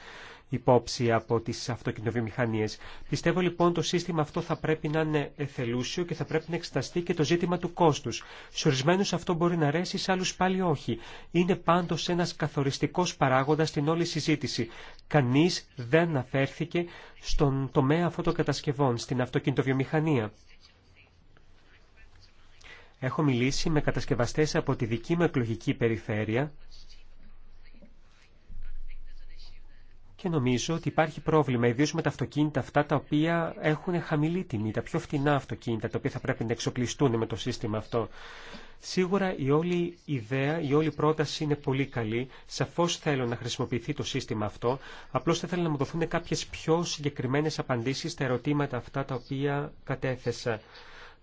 υπόψη από τις αυτοκινητοβιομηχανίες. Πιστεύω λοιπόν το σύστημα αυτό θα πρέπει να είναι εθελούσιο και θα πρέπει να εξεταστεί και το ζήτημα του κόστους. Σε ορισμένους αυτό μπορεί να αρέσει, σε άλλους πάλι όχι. Είναι πάντως ένας καθοριστικός παράγοντας στην όλη συζήτηση. Κανείς δεν αναφέρθηκε στον τομέα αυτοκατασκευών, στην αυτοκινητοβιομηχανία. Έχω μιλήσει με κατασκευαστές από τη δική μου εκλογική περιφέρεια Και νομίζω ότι υπάρχει πρόβλημα, ιδίω με τα αυτοκίνητα αυτά τα οποία έχουν χαμηλή τιμή, τα πιο φτηνά αυτοκίνητα, τα οποία θα πρέπει να εξοπλιστούν με το σύστημα αυτό. Σίγουρα η όλη ιδέα, η όλη πρόταση είναι πολύ καλή. Σαφώ θέλω να χρησιμοποιηθεί το σύστημα αυτό. Απλώ θα ήθελα να μου δοθούν κάποιε πιο συγκεκριμένε απαντήσει στα ερωτήματα αυτά τα οποία κατέθεσα.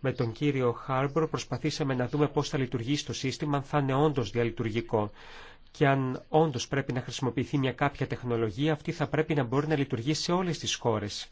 Με τον κύριο Χάρμπορ προσπαθήσαμε να δούμε πώ θα λειτουργήσει το σύστημα, αν θα είναι όντω διαλειτουργικό και αν όντως πρέπει να χρησιμοποιηθεί μια κάποια τεχνολογία, αυτή θα πρέπει να μπορεί να λειτουργεί σε όλες τις χώρες.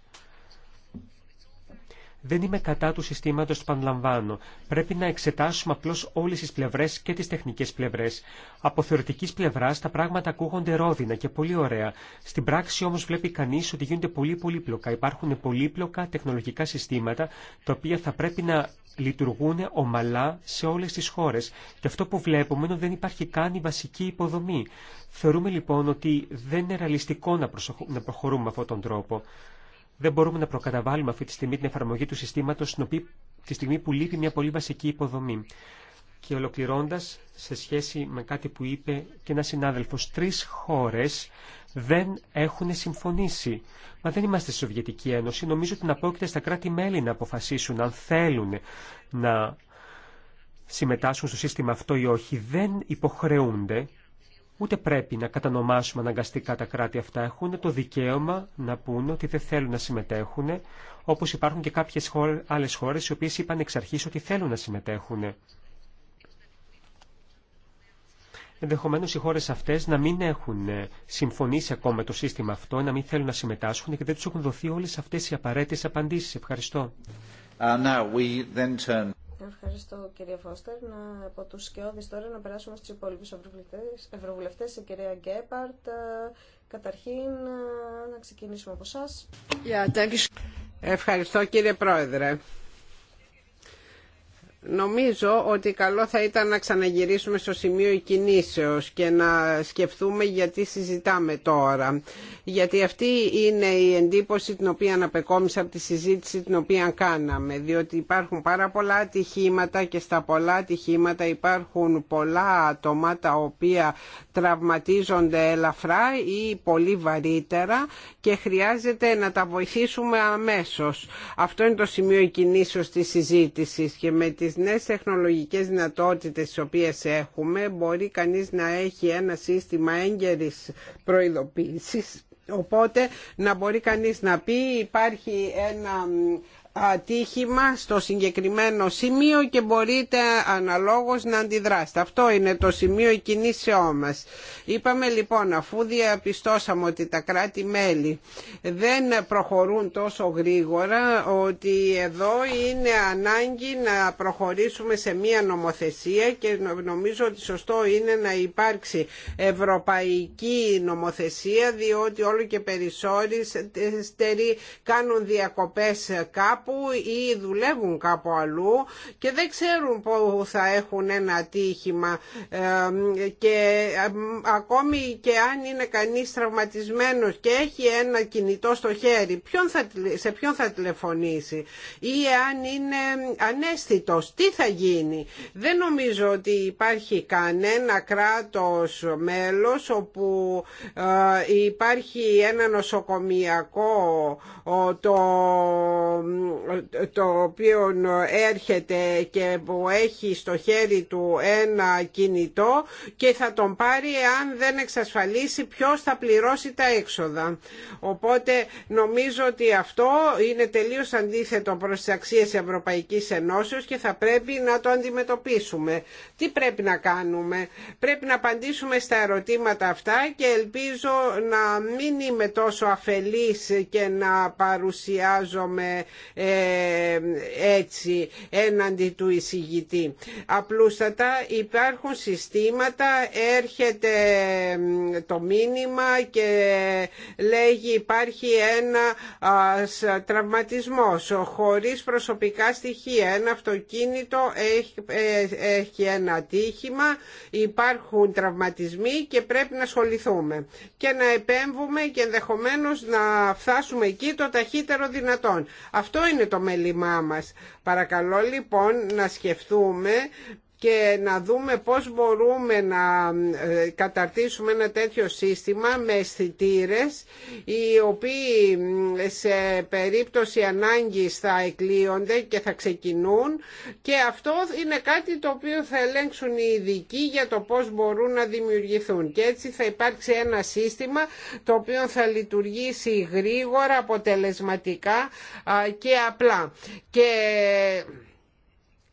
Δεν είμαι κατά του συστήματος, που πανλαμβάνω. Πρέπει να εξετάσουμε απλώς όλες τις πλευρές και τις τεχνικές πλευρές. Από θεωρητικής πλευράς τα πράγματα ακούγονται ρόδινα και πολύ ωραία. Στην πράξη όμως βλέπει κανείς ότι γίνονται πολύ πολύπλοκα. Υπάρχουν πολύπλοκα τεχνολογικά συστήματα τα οποία θα πρέπει να λειτουργούν ομαλά σε όλες τις χώρες. Και αυτό που βλέπουμε είναι ότι δεν υπάρχει καν η βασική υποδομή. Θεωρούμε λοιπόν ότι δεν είναι ρεαλιστικό να, να προχωρούμε με αυτόν τον τρόπο. Δεν μπορούμε να προκαταβάλουμε αυτή τη στιγμή την εφαρμογή του συστήματος τη στιγμή που λείπει μια πολύ βασική υποδομή. Και ολοκληρώντας σε σχέση με κάτι που είπε και ένα συνάδελφος, τρεις χώρες δεν έχουν συμφωνήσει. Μα δεν είμαστε στη Σοβιετική Ένωση. Νομίζω ότι να πρόκειται στα κράτη-μέλη να αποφασίσουν αν θέλουν να συμμετάσχουν στο σύστημα αυτό ή όχι. Δεν υποχρεούνται Ούτε πρέπει να κατανομάσουμε αναγκαστικά τα κράτη αυτά. Έχουν το δικαίωμα να πούνε ότι δεν θέλουν να συμμετέχουν, όπω υπάρχουν και κάποιε άλλε χώρε οι οποίε είπαν εξ αρχή ότι θέλουν να συμμετέχουν. Ενδεχομένω οι χώρε αυτέ να μην έχουν ε, συμφωνήσει ακόμα με το σύστημα αυτό, να μην θέλουν να συμμετάσχουν και δεν του έχουν δοθεί όλε αυτέ οι απαραίτητε απαντήσει. Ευχαριστώ. Uh, now we then turn... Ευχαριστώ κυρία Φώστερ. Να, από τους σκιώδεις τώρα να περάσουμε στου υπόλοιπους ευρωβουλευτές. Η κυρία Γκέπαρτ, ε, καταρχήν ε, να ξεκινήσουμε από εσά. Ευχαριστώ κύριε Πρόεδρε. Νομίζω ότι καλό θα ήταν να ξαναγυρίσουμε στο σημείο κινήσεως και να σκεφτούμε γιατί συζητάμε τώρα. Γιατί αυτή είναι η εντύπωση την οποία αναπεκόμισα από τη συζήτηση την οποία κάναμε. Διότι υπάρχουν πάρα πολλά ατυχήματα και στα πολλά ατυχήματα υπάρχουν πολλά άτομα τα οποία τραυματίζονται ελαφρά ή πολύ βαρύτερα και χρειάζεται να τα βοηθήσουμε αμέσως. Αυτό είναι το σημείο κινήσεως της συζήτησης και με τις νέες τεχνολογικές δυνατότητες τις οποίες έχουμε μπορεί κανείς να έχει ένα σύστημα έγκαιρης προειδοποίησης Οπότε να μπορεί κανείς να πει υπάρχει ένα ατύχημα στο συγκεκριμένο σημείο και μπορείτε αναλόγως να αντιδράσετε. Αυτό είναι το σημείο κινήσεώ μας. Είπαμε λοιπόν αφού διαπιστώσαμε ότι τα κράτη-μέλη δεν προχωρούν τόσο γρήγορα ότι εδώ είναι ανάγκη να προχωρήσουμε σε μία νομοθεσία και νομίζω ότι σωστό είναι να υπάρξει ευρωπαϊκή νομοθεσία διότι όλο και περισσότεροι κάνουν διακοπές κάπου κάπου ή δουλεύουν κάπου αλλού και δεν ξέρουν που θα έχουν ένα ατύχημα και ακόμη και αν είναι κανείς τραυματισμένος και έχει ένα κινητό στο χέρι ποιον θα, σε ποιον θα τηλεφωνήσει ή αν είναι ανέστητος τι θα γίνει δεν νομίζω ότι υπάρχει κανένα κράτος μέλος όπου ε, υπάρχει ένα νοσοκομιακό το το οποίο έρχεται και που έχει στο χέρι του ένα κινητό και θα τον πάρει αν δεν εξασφαλίσει ποιος θα πληρώσει τα έξοδα. Οπότε νομίζω ότι αυτό είναι τελείως αντίθετο προς τις αξίες Ευρωπαϊκής Ενώσεως και θα πρέπει να το αντιμετωπίσουμε. Τι πρέπει να κάνουμε. Πρέπει να απαντήσουμε στα ερωτήματα αυτά και ελπίζω να μην είμαι τόσο αφελής και να παρουσιάζομαι ε, έτσι έναντι του εισηγητή. Απλούστατα υπάρχουν συστήματα, έρχεται το μήνυμα και λέγει υπάρχει ένα τραυματισμός χωρίς προσωπικά στοιχεία. Ένα αυτοκίνητο έχει, έχει ένα ατύχημα, υπάρχουν τραυματισμοί και πρέπει να ασχοληθούμε και να επέμβουμε και ενδεχομένως να φτάσουμε εκεί το ταχύτερο δυνατόν. Αυτό είναι το μέλημά μας. Παρακαλώ λοιπόν να σκεφτούμε και να δούμε πώς μπορούμε να ε, καταρτήσουμε ένα τέτοιο σύστημα με αισθητήρε, οι οποίοι σε περίπτωση ανάγκης θα εκλείονται και θα ξεκινούν και αυτό είναι κάτι το οποίο θα ελέγξουν οι ειδικοί για το πώς μπορούν να δημιουργηθούν και έτσι θα υπάρξει ένα σύστημα το οποίο θα λειτουργήσει γρήγορα, αποτελεσματικά και απλά. Και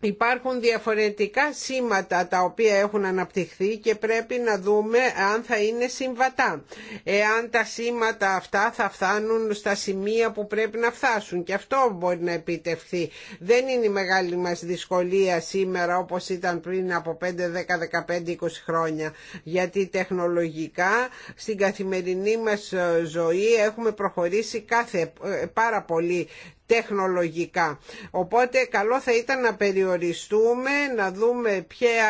Υπάρχουν διαφορετικά σήματα τα οποία έχουν αναπτυχθεί και πρέπει να δούμε αν θα είναι συμβατά. Εάν τα σήματα αυτά θα φτάνουν στα σημεία που πρέπει να φτάσουν και αυτό μπορεί να επιτευχθεί. Δεν είναι η μεγάλη μας δυσκολία σήμερα όπως ήταν πριν από 5, 10, 15, 20 χρόνια γιατί τεχνολογικά στην καθημερινή μας ζωή έχουμε προχωρήσει κάθε, ε, πάρα πολύ τεχνολογικά. Οπότε καλό θα ήταν να περιοριστούμε, να δούμε ποια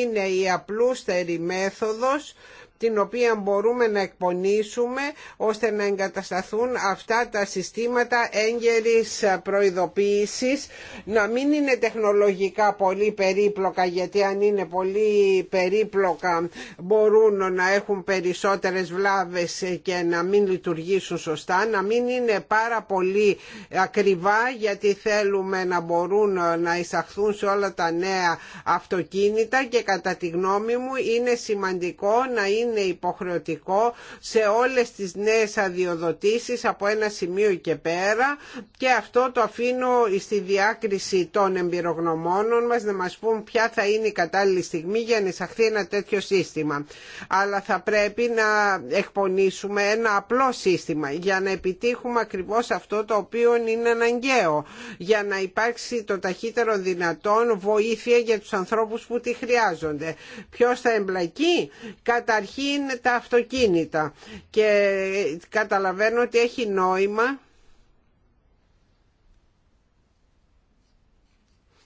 είναι η απλούστερη μέθοδος την οποία μπορούμε να εκπονήσουμε ώστε να εγκατασταθούν αυτά τα συστήματα έγκαιρης προειδοποίησης να μην είναι τεχνολογικά πολύ περίπλοκα γιατί αν είναι πολύ περίπλοκα μπορούν να έχουν περισσότερες βλάβες και να μην λειτουργήσουν σωστά να μην είναι πάρα πολύ ακριβά γιατί θέλουμε να μπορούν να εισαχθούν σε όλα τα νέα αυτοκίνητα και κατά τη γνώμη μου είναι σημαντικό να είναι είναι υποχρεωτικό σε όλες τις νέες αδειοδοτήσεις από ένα σημείο και πέρα και αυτό το αφήνω στη διάκριση των εμπειρογνωμόνων μας να μας πούν ποια θα είναι η κατάλληλη στιγμή για να εισαχθεί ένα τέτοιο σύστημα. Αλλά θα πρέπει να εκπονήσουμε ένα απλό σύστημα για να επιτύχουμε ακριβώς αυτό το οποίο είναι αναγκαίο για να υπάρξει το ταχύτερο δυνατόν βοήθεια για τους ανθρώπους που τη χρειάζονται. Ποιος θα εμπλακεί καταρχήν είναι τα αυτοκίνητα και καταλαβαίνω ότι έχει νόημα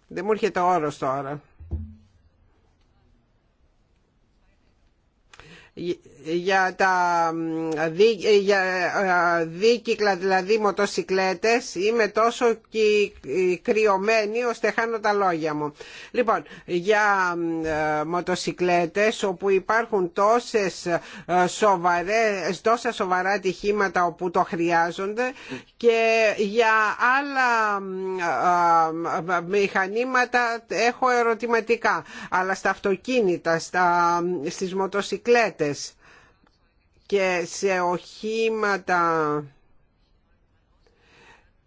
Δεν μου έρχεται όρος τώρα για τα ε, για ε, δίκυκλα δηλαδή μοτοσικλέτες είμαι τόσο ε, κρυωμένη ώστε χάνω τα λόγια μου λοιπόν για μοτοσικλέτες όπου υπάρχουν τόσες σοβαρές, τόσα σοβαρά τυχήματα όπου το χρειάζονται και για άλλα μηχανήματα έχω ερωτηματικά αλλά στα αυτοκίνητα στα, στις μοτοσικλέτες και σε οχήματα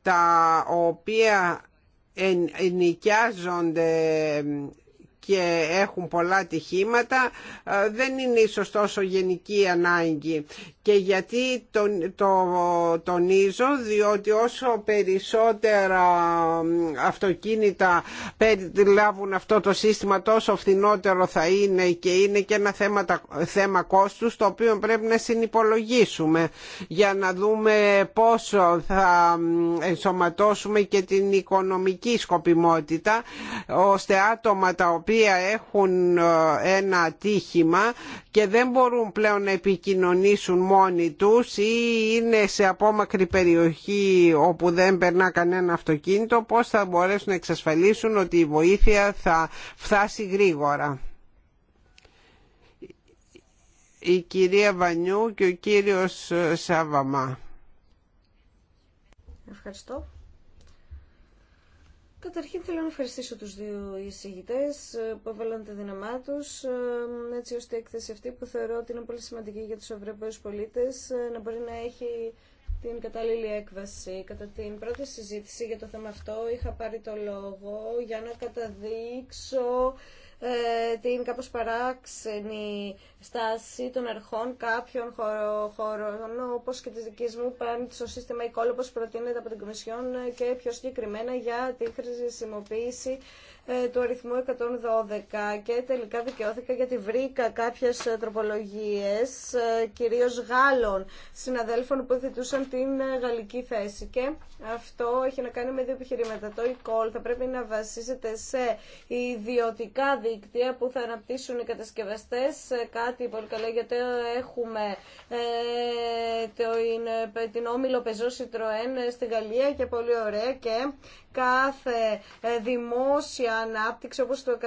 τα οποία ενοικιάζονται και έχουν πολλά τυχήματα ε, δεν είναι ίσως τόσο γενική ανάγκη και γιατί τον, το τονίζω, διότι όσο περισσότερα αυτοκίνητα περιλάβουν αυτό το σύστημα τόσο φθηνότερο θα είναι και είναι και ένα θέμα, θέμα κόστους το οποίο πρέπει να συνυπολογίσουμε για να δούμε πόσο θα ενσωματώσουμε και την οικονομική σκοπιμότητα ώστε άτομα τα οποία έχουν ε, ένα ατύχημα και δεν μπορούν πλέον να επικοινωνήσουν μόνοι τους ή είναι σε απόμακρη περιοχή όπου δεν περνά κανένα αυτοκίνητο, πώς θα μπορέσουν να εξασφαλίσουν ότι η βοήθεια θα φτάσει γρήγορα. Η κυρία Βανιού και ο κύριος Σάβαμα. Ευχαριστώ. Καταρχήν θέλω να ευχαριστήσω τους δύο εισηγητές ε, που έβαλαν τη δυναμά τους, ε, έτσι ώστε η έκθεση αυτή που θεωρώ ότι είναι πολύ σημαντική για τους Ευρωπαίους πολίτες ε, να μπορεί να έχει την κατάλληλη έκβαση. Κατά την πρώτη συζήτηση για το θέμα αυτό είχα πάρει το λόγο για να καταδείξω ε, την κάπως παράξενη στάση των αρχών κάποιων χωρών όπως και της δικής μου πάνω στο σύστημα e όπως προτείνεται από την Κομισιόν και πιο συγκεκριμένα για τη χρησιμοποίηση ε, του αριθμού 112 και τελικά δικαιώθηκα γιατί βρήκα κάποιες ε, τροπολογίες ε, κυρίως Γάλλων συναδέλφων που θετούσαν την γαλλική θέση και αυτό έχει να κάνει με δύο επιχειρήματα. Το e-call θα πρέπει να βασίζεται σε ιδιωτικά δίκτυα που θα αναπτύσσουν οι κατασκευαστές κάτι πολύ καλό γιατί έχουμε την όμιλο Πεζό στη Γαλλία και πολύ ωραία και κάθε ε, δημόσια ανάπτυξη όπως το 112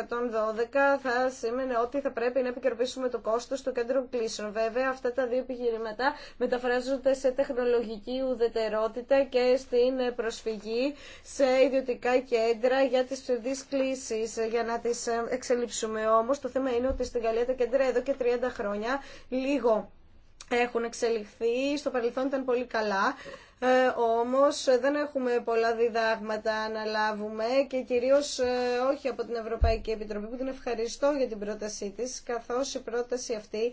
θα σήμαινε ότι θα πρέπει να επικερπίσουμε το κόστος του κέντρου κλήσεων. Βέβαια αυτά τα δύο επιχειρήματα μεταφράζονται σε τεχνολογική ουδετερότητα και στην προσφυγή σε ιδιωτικά κέντρα για τις ψευδείς κλήσεις ε, για να τις ε, εξελίψουμε όμως. Το θέμα είναι ότι στην Γαλλία τα κέντρα εδώ και 30 χρόνια λίγο έχουν εξελιχθεί, στο παρελθόν ήταν πολύ καλά, ε, όμως ε, δεν έχουμε πολλά διδάγματα να λάβουμε και κυρίως ε, όχι από την Ευρωπαϊκή Επιτροπή που την ευχαριστώ για την πρότασή της, καθώς η πρόταση αυτή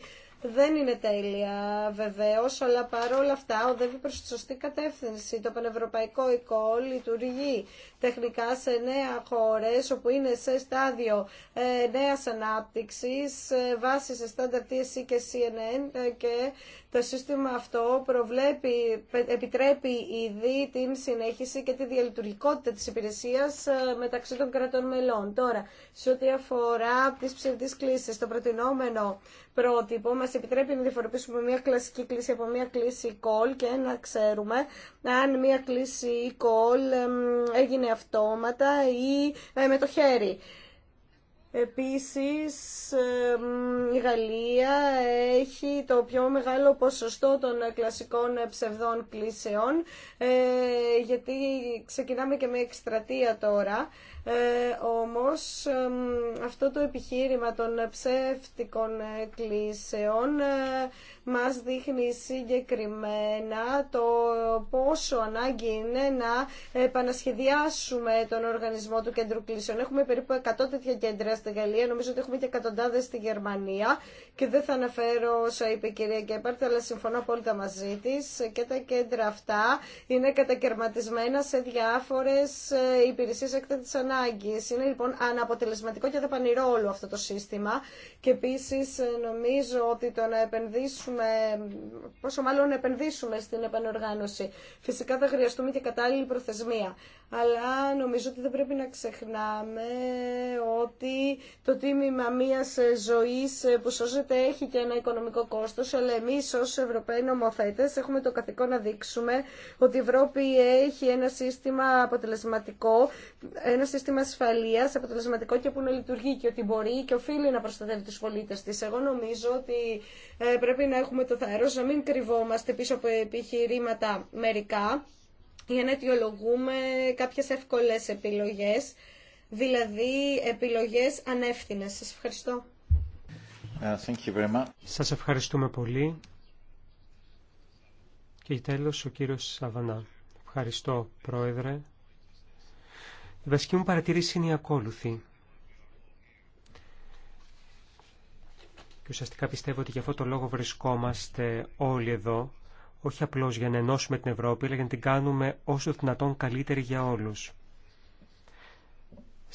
δεν είναι τέλεια βεβαίω, αλλά παρόλα αυτά οδεύει προ τη σωστή κατεύθυνση. Το Πανευρωπαϊκό Οικό λειτουργεί τεχνικά σε νέα χώρε όπου είναι σε στάδιο ε, νέας ανάπτυξης ε, βάσει σε στάνταρ TSC και CNN ε, και το σύστημα αυτό προβλέπει, επιτρέπει ήδη την συνέχιση και τη διαλειτουργικότητα της υπηρεσίας ε, μεταξύ των κρατών μελών. Τώρα, σε ό,τι αφορά τις ψευδείς κλήσεις, το προτινόμενο πρότυπο μας επιτρέπει να διαφοροποιήσουμε μια κλασική κλίση από μια κλίση call και να ξέρουμε αν μια κλίση call έγινε αυτόματα ή ε, με το χέρι. Επίσης, η Γαλλία έχει το πιο μεγάλο ποσοστό των κλασικών ψευδών κλίσεων, ε, γιατί ξεκινάμε και με εκστρατεία τώρα. Ε, όμως, αυτό το επιχείρημα των ψεύτικων κλήσεων ε, μας δείχνει συγκεκριμένα το πόσο ανάγκη είναι να επανασχεδιάσουμε τον οργανισμό του κέντρου κλήσεων. Έχουμε περίπου 100 τέτοια κέντρα στη Γαλλία, νομίζω ότι έχουμε και εκατοντάδε στη Γερμανία και δεν θα αναφέρω όσα είπε η κυρία Γκέπαρτ, αλλά συμφωνώ απόλυτα μαζί τη και τα κέντρα αυτά είναι κατακαιρματισμένα σε διάφορε υπηρεσίε εκτέτη ανάγκη. Είναι λοιπόν αναποτελεσματικό και δαπανηρό όλο αυτό το σύστημα και επίση ε, νομίζω ότι το να επενδύσουμε, πόσο μάλλον να επενδύσουμε στην επανεργάνωση, Φυσικά θα χρειαστούμε και κατάλληλη προθεσμία. Αλλά νομίζω ότι δεν πρέπει να ξεχνάμε ότι το τίμημα μια ε, ζωή ε, που σώζεται έχει και ένα οικονομικό κόστο, αλλά εμεί ω Ευρωπαίοι νομοθέτε έχουμε το καθήκον να δείξουμε ότι η Ευρώπη έχει ένα σύστημα αποτελεσματικό, ένα σύστημα ασφαλεία αποτελεσματικό και που να λειτουργεί και ότι μπορεί και οφείλει να προστατεύει του πολίτε τη. Εγώ νομίζω ότι ε, πρέπει να έχουμε το θάρρο να μην κρυβόμαστε πίσω από επιχειρήματα μερικά για να αιτιολογούμε κάποιες εύκολες επιλογές δηλαδή επιλογές ανεύθυνες. Σας ευχαριστώ. Uh, thank you very much. Σας ευχαριστούμε πολύ. Και τέλος ο κύριος Σαβανά. Ευχαριστώ, Πρόεδρε. Η βασική μου παρατηρήση είναι η ακόλουθη. Και ουσιαστικά πιστεύω ότι για αυτό το λόγο βρισκόμαστε όλοι εδώ, όχι απλώς για να ενώσουμε την Ευρώπη, αλλά για να την κάνουμε όσο δυνατόν καλύτερη για όλους.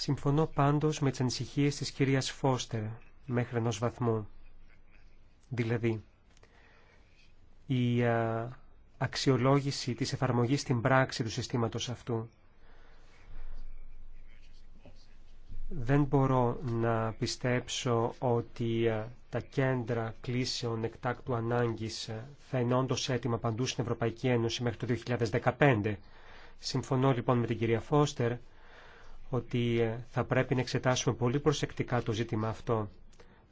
Συμφωνώ πάντως με τις ανησυχίες της κυρίας Φώστερ μέχρι ενός βαθμού. Δηλαδή, η αξιολόγηση της εφαρμογής στην πράξη του συστήματος αυτού. Δεν μπορώ να πιστέψω ότι τα κέντρα κλήσεων εκτάκτου ανάγκης θα είναι όντω έτοιμα παντού στην Ευρωπαϊκή Ένωση μέχρι το 2015. Συμφωνώ λοιπόν με την κυρία Φώστερ ότι ε, θα πρέπει να εξετάσουμε πολύ προσεκτικά το ζήτημα αυτό.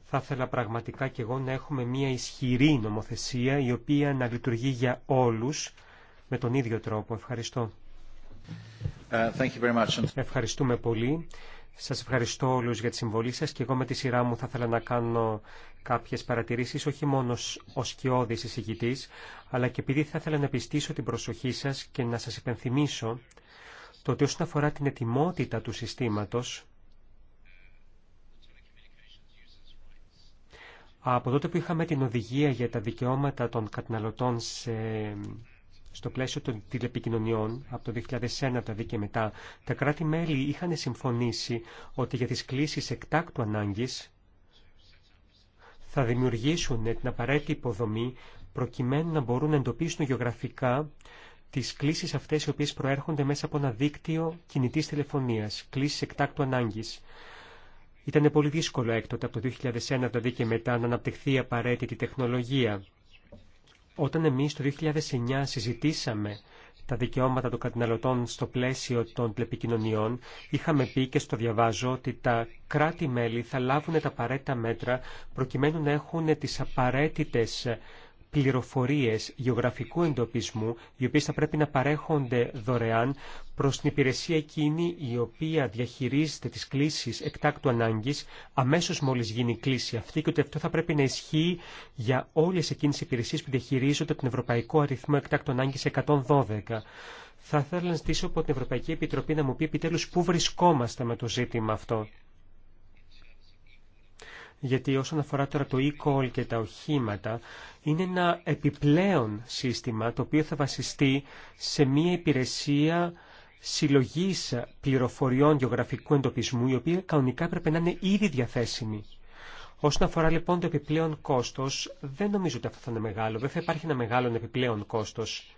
Θα ήθελα πραγματικά και εγώ να έχουμε μια ισχυρή νομοθεσία η οποία να λειτουργεί για όλους με τον ίδιο τρόπο. Ευχαριστώ. Ε, thank you very much. Ευχαριστούμε πολύ. Σας ευχαριστώ όλους για τη συμβολή σας και εγώ με τη σειρά μου θα ήθελα να κάνω κάποιες παρατηρήσεις όχι μόνο ω σκιώδης εισηγητής αλλά και επειδή θα ήθελα να πιστήσω την προσοχή σας και να σας υπενθυμίσω το ότι όσον αφορά την ετοιμότητα του συστήματος, από τότε που είχαμε την οδηγία για τα δικαιώματα των καταναλωτών στο πλαίσιο των τηλεπικοινωνιών από το 2001 τα δίκαια μετά, τα κράτη-μέλη είχαν συμφωνήσει ότι για τις κλήσεις εκτάκτου ανάγκης θα δημιουργήσουν την απαραίτητη υποδομή προκειμένου να μπορούν να εντοπίσουν γεωγραφικά τις κλήσεις αυτές οι οποίες προέρχονται μέσα από ένα δίκτυο κινητής τηλεφωνίας, κλήσεις εκτάκτου ανάγκης. Ήταν πολύ δύσκολο έκτοτε από το 2001 δηλαδή και μετά να αναπτυχθεί η απαραίτητη τεχνολογία. Όταν εμείς το 2009 συζητήσαμε τα δικαιώματα των καταναλωτών στο πλαίσιο των τηλεπικοινωνιών, είχαμε πει και στο διαβάζω ότι τα κράτη-μέλη θα λάβουν τα απαραίτητα μέτρα προκειμένου να έχουν τις απαραίτητες πληροφορίες γεωγραφικού εντοπισμού, οι οποίες θα πρέπει να παρέχονται δωρεάν προς την υπηρεσία εκείνη η οποία διαχειρίζεται τις κλήσεις εκτάκτου ανάγκης, αμέσως μόλις γίνει η κλήση αυτή και ότι αυτό θα πρέπει να ισχύει για όλες εκείνες τις υπηρεσίες που διαχειρίζονται τον Ευρωπαϊκό Αριθμό Εκτάκτου Ανάγκης 112. Θα ήθελα να ζητήσω από την Ευρωπαϊκή Επιτροπή να μου πει επιτέλους πού βρισκόμαστε με το ζήτημα αυτό γιατί όσον αφορά τώρα το e-call και τα οχήματα, είναι ένα επιπλέον σύστημα το οποίο θα βασιστεί σε μια υπηρεσία συλλογής πληροφοριών γεωγραφικού εντοπισμού, η οποία κανονικά πρέπει να είναι ήδη διαθέσιμη. Όσον αφορά λοιπόν το επιπλέον κόστος, δεν νομίζω ότι αυτό θα είναι μεγάλο. Δεν θα υπάρχει ένα μεγάλο επιπλέον κόστος.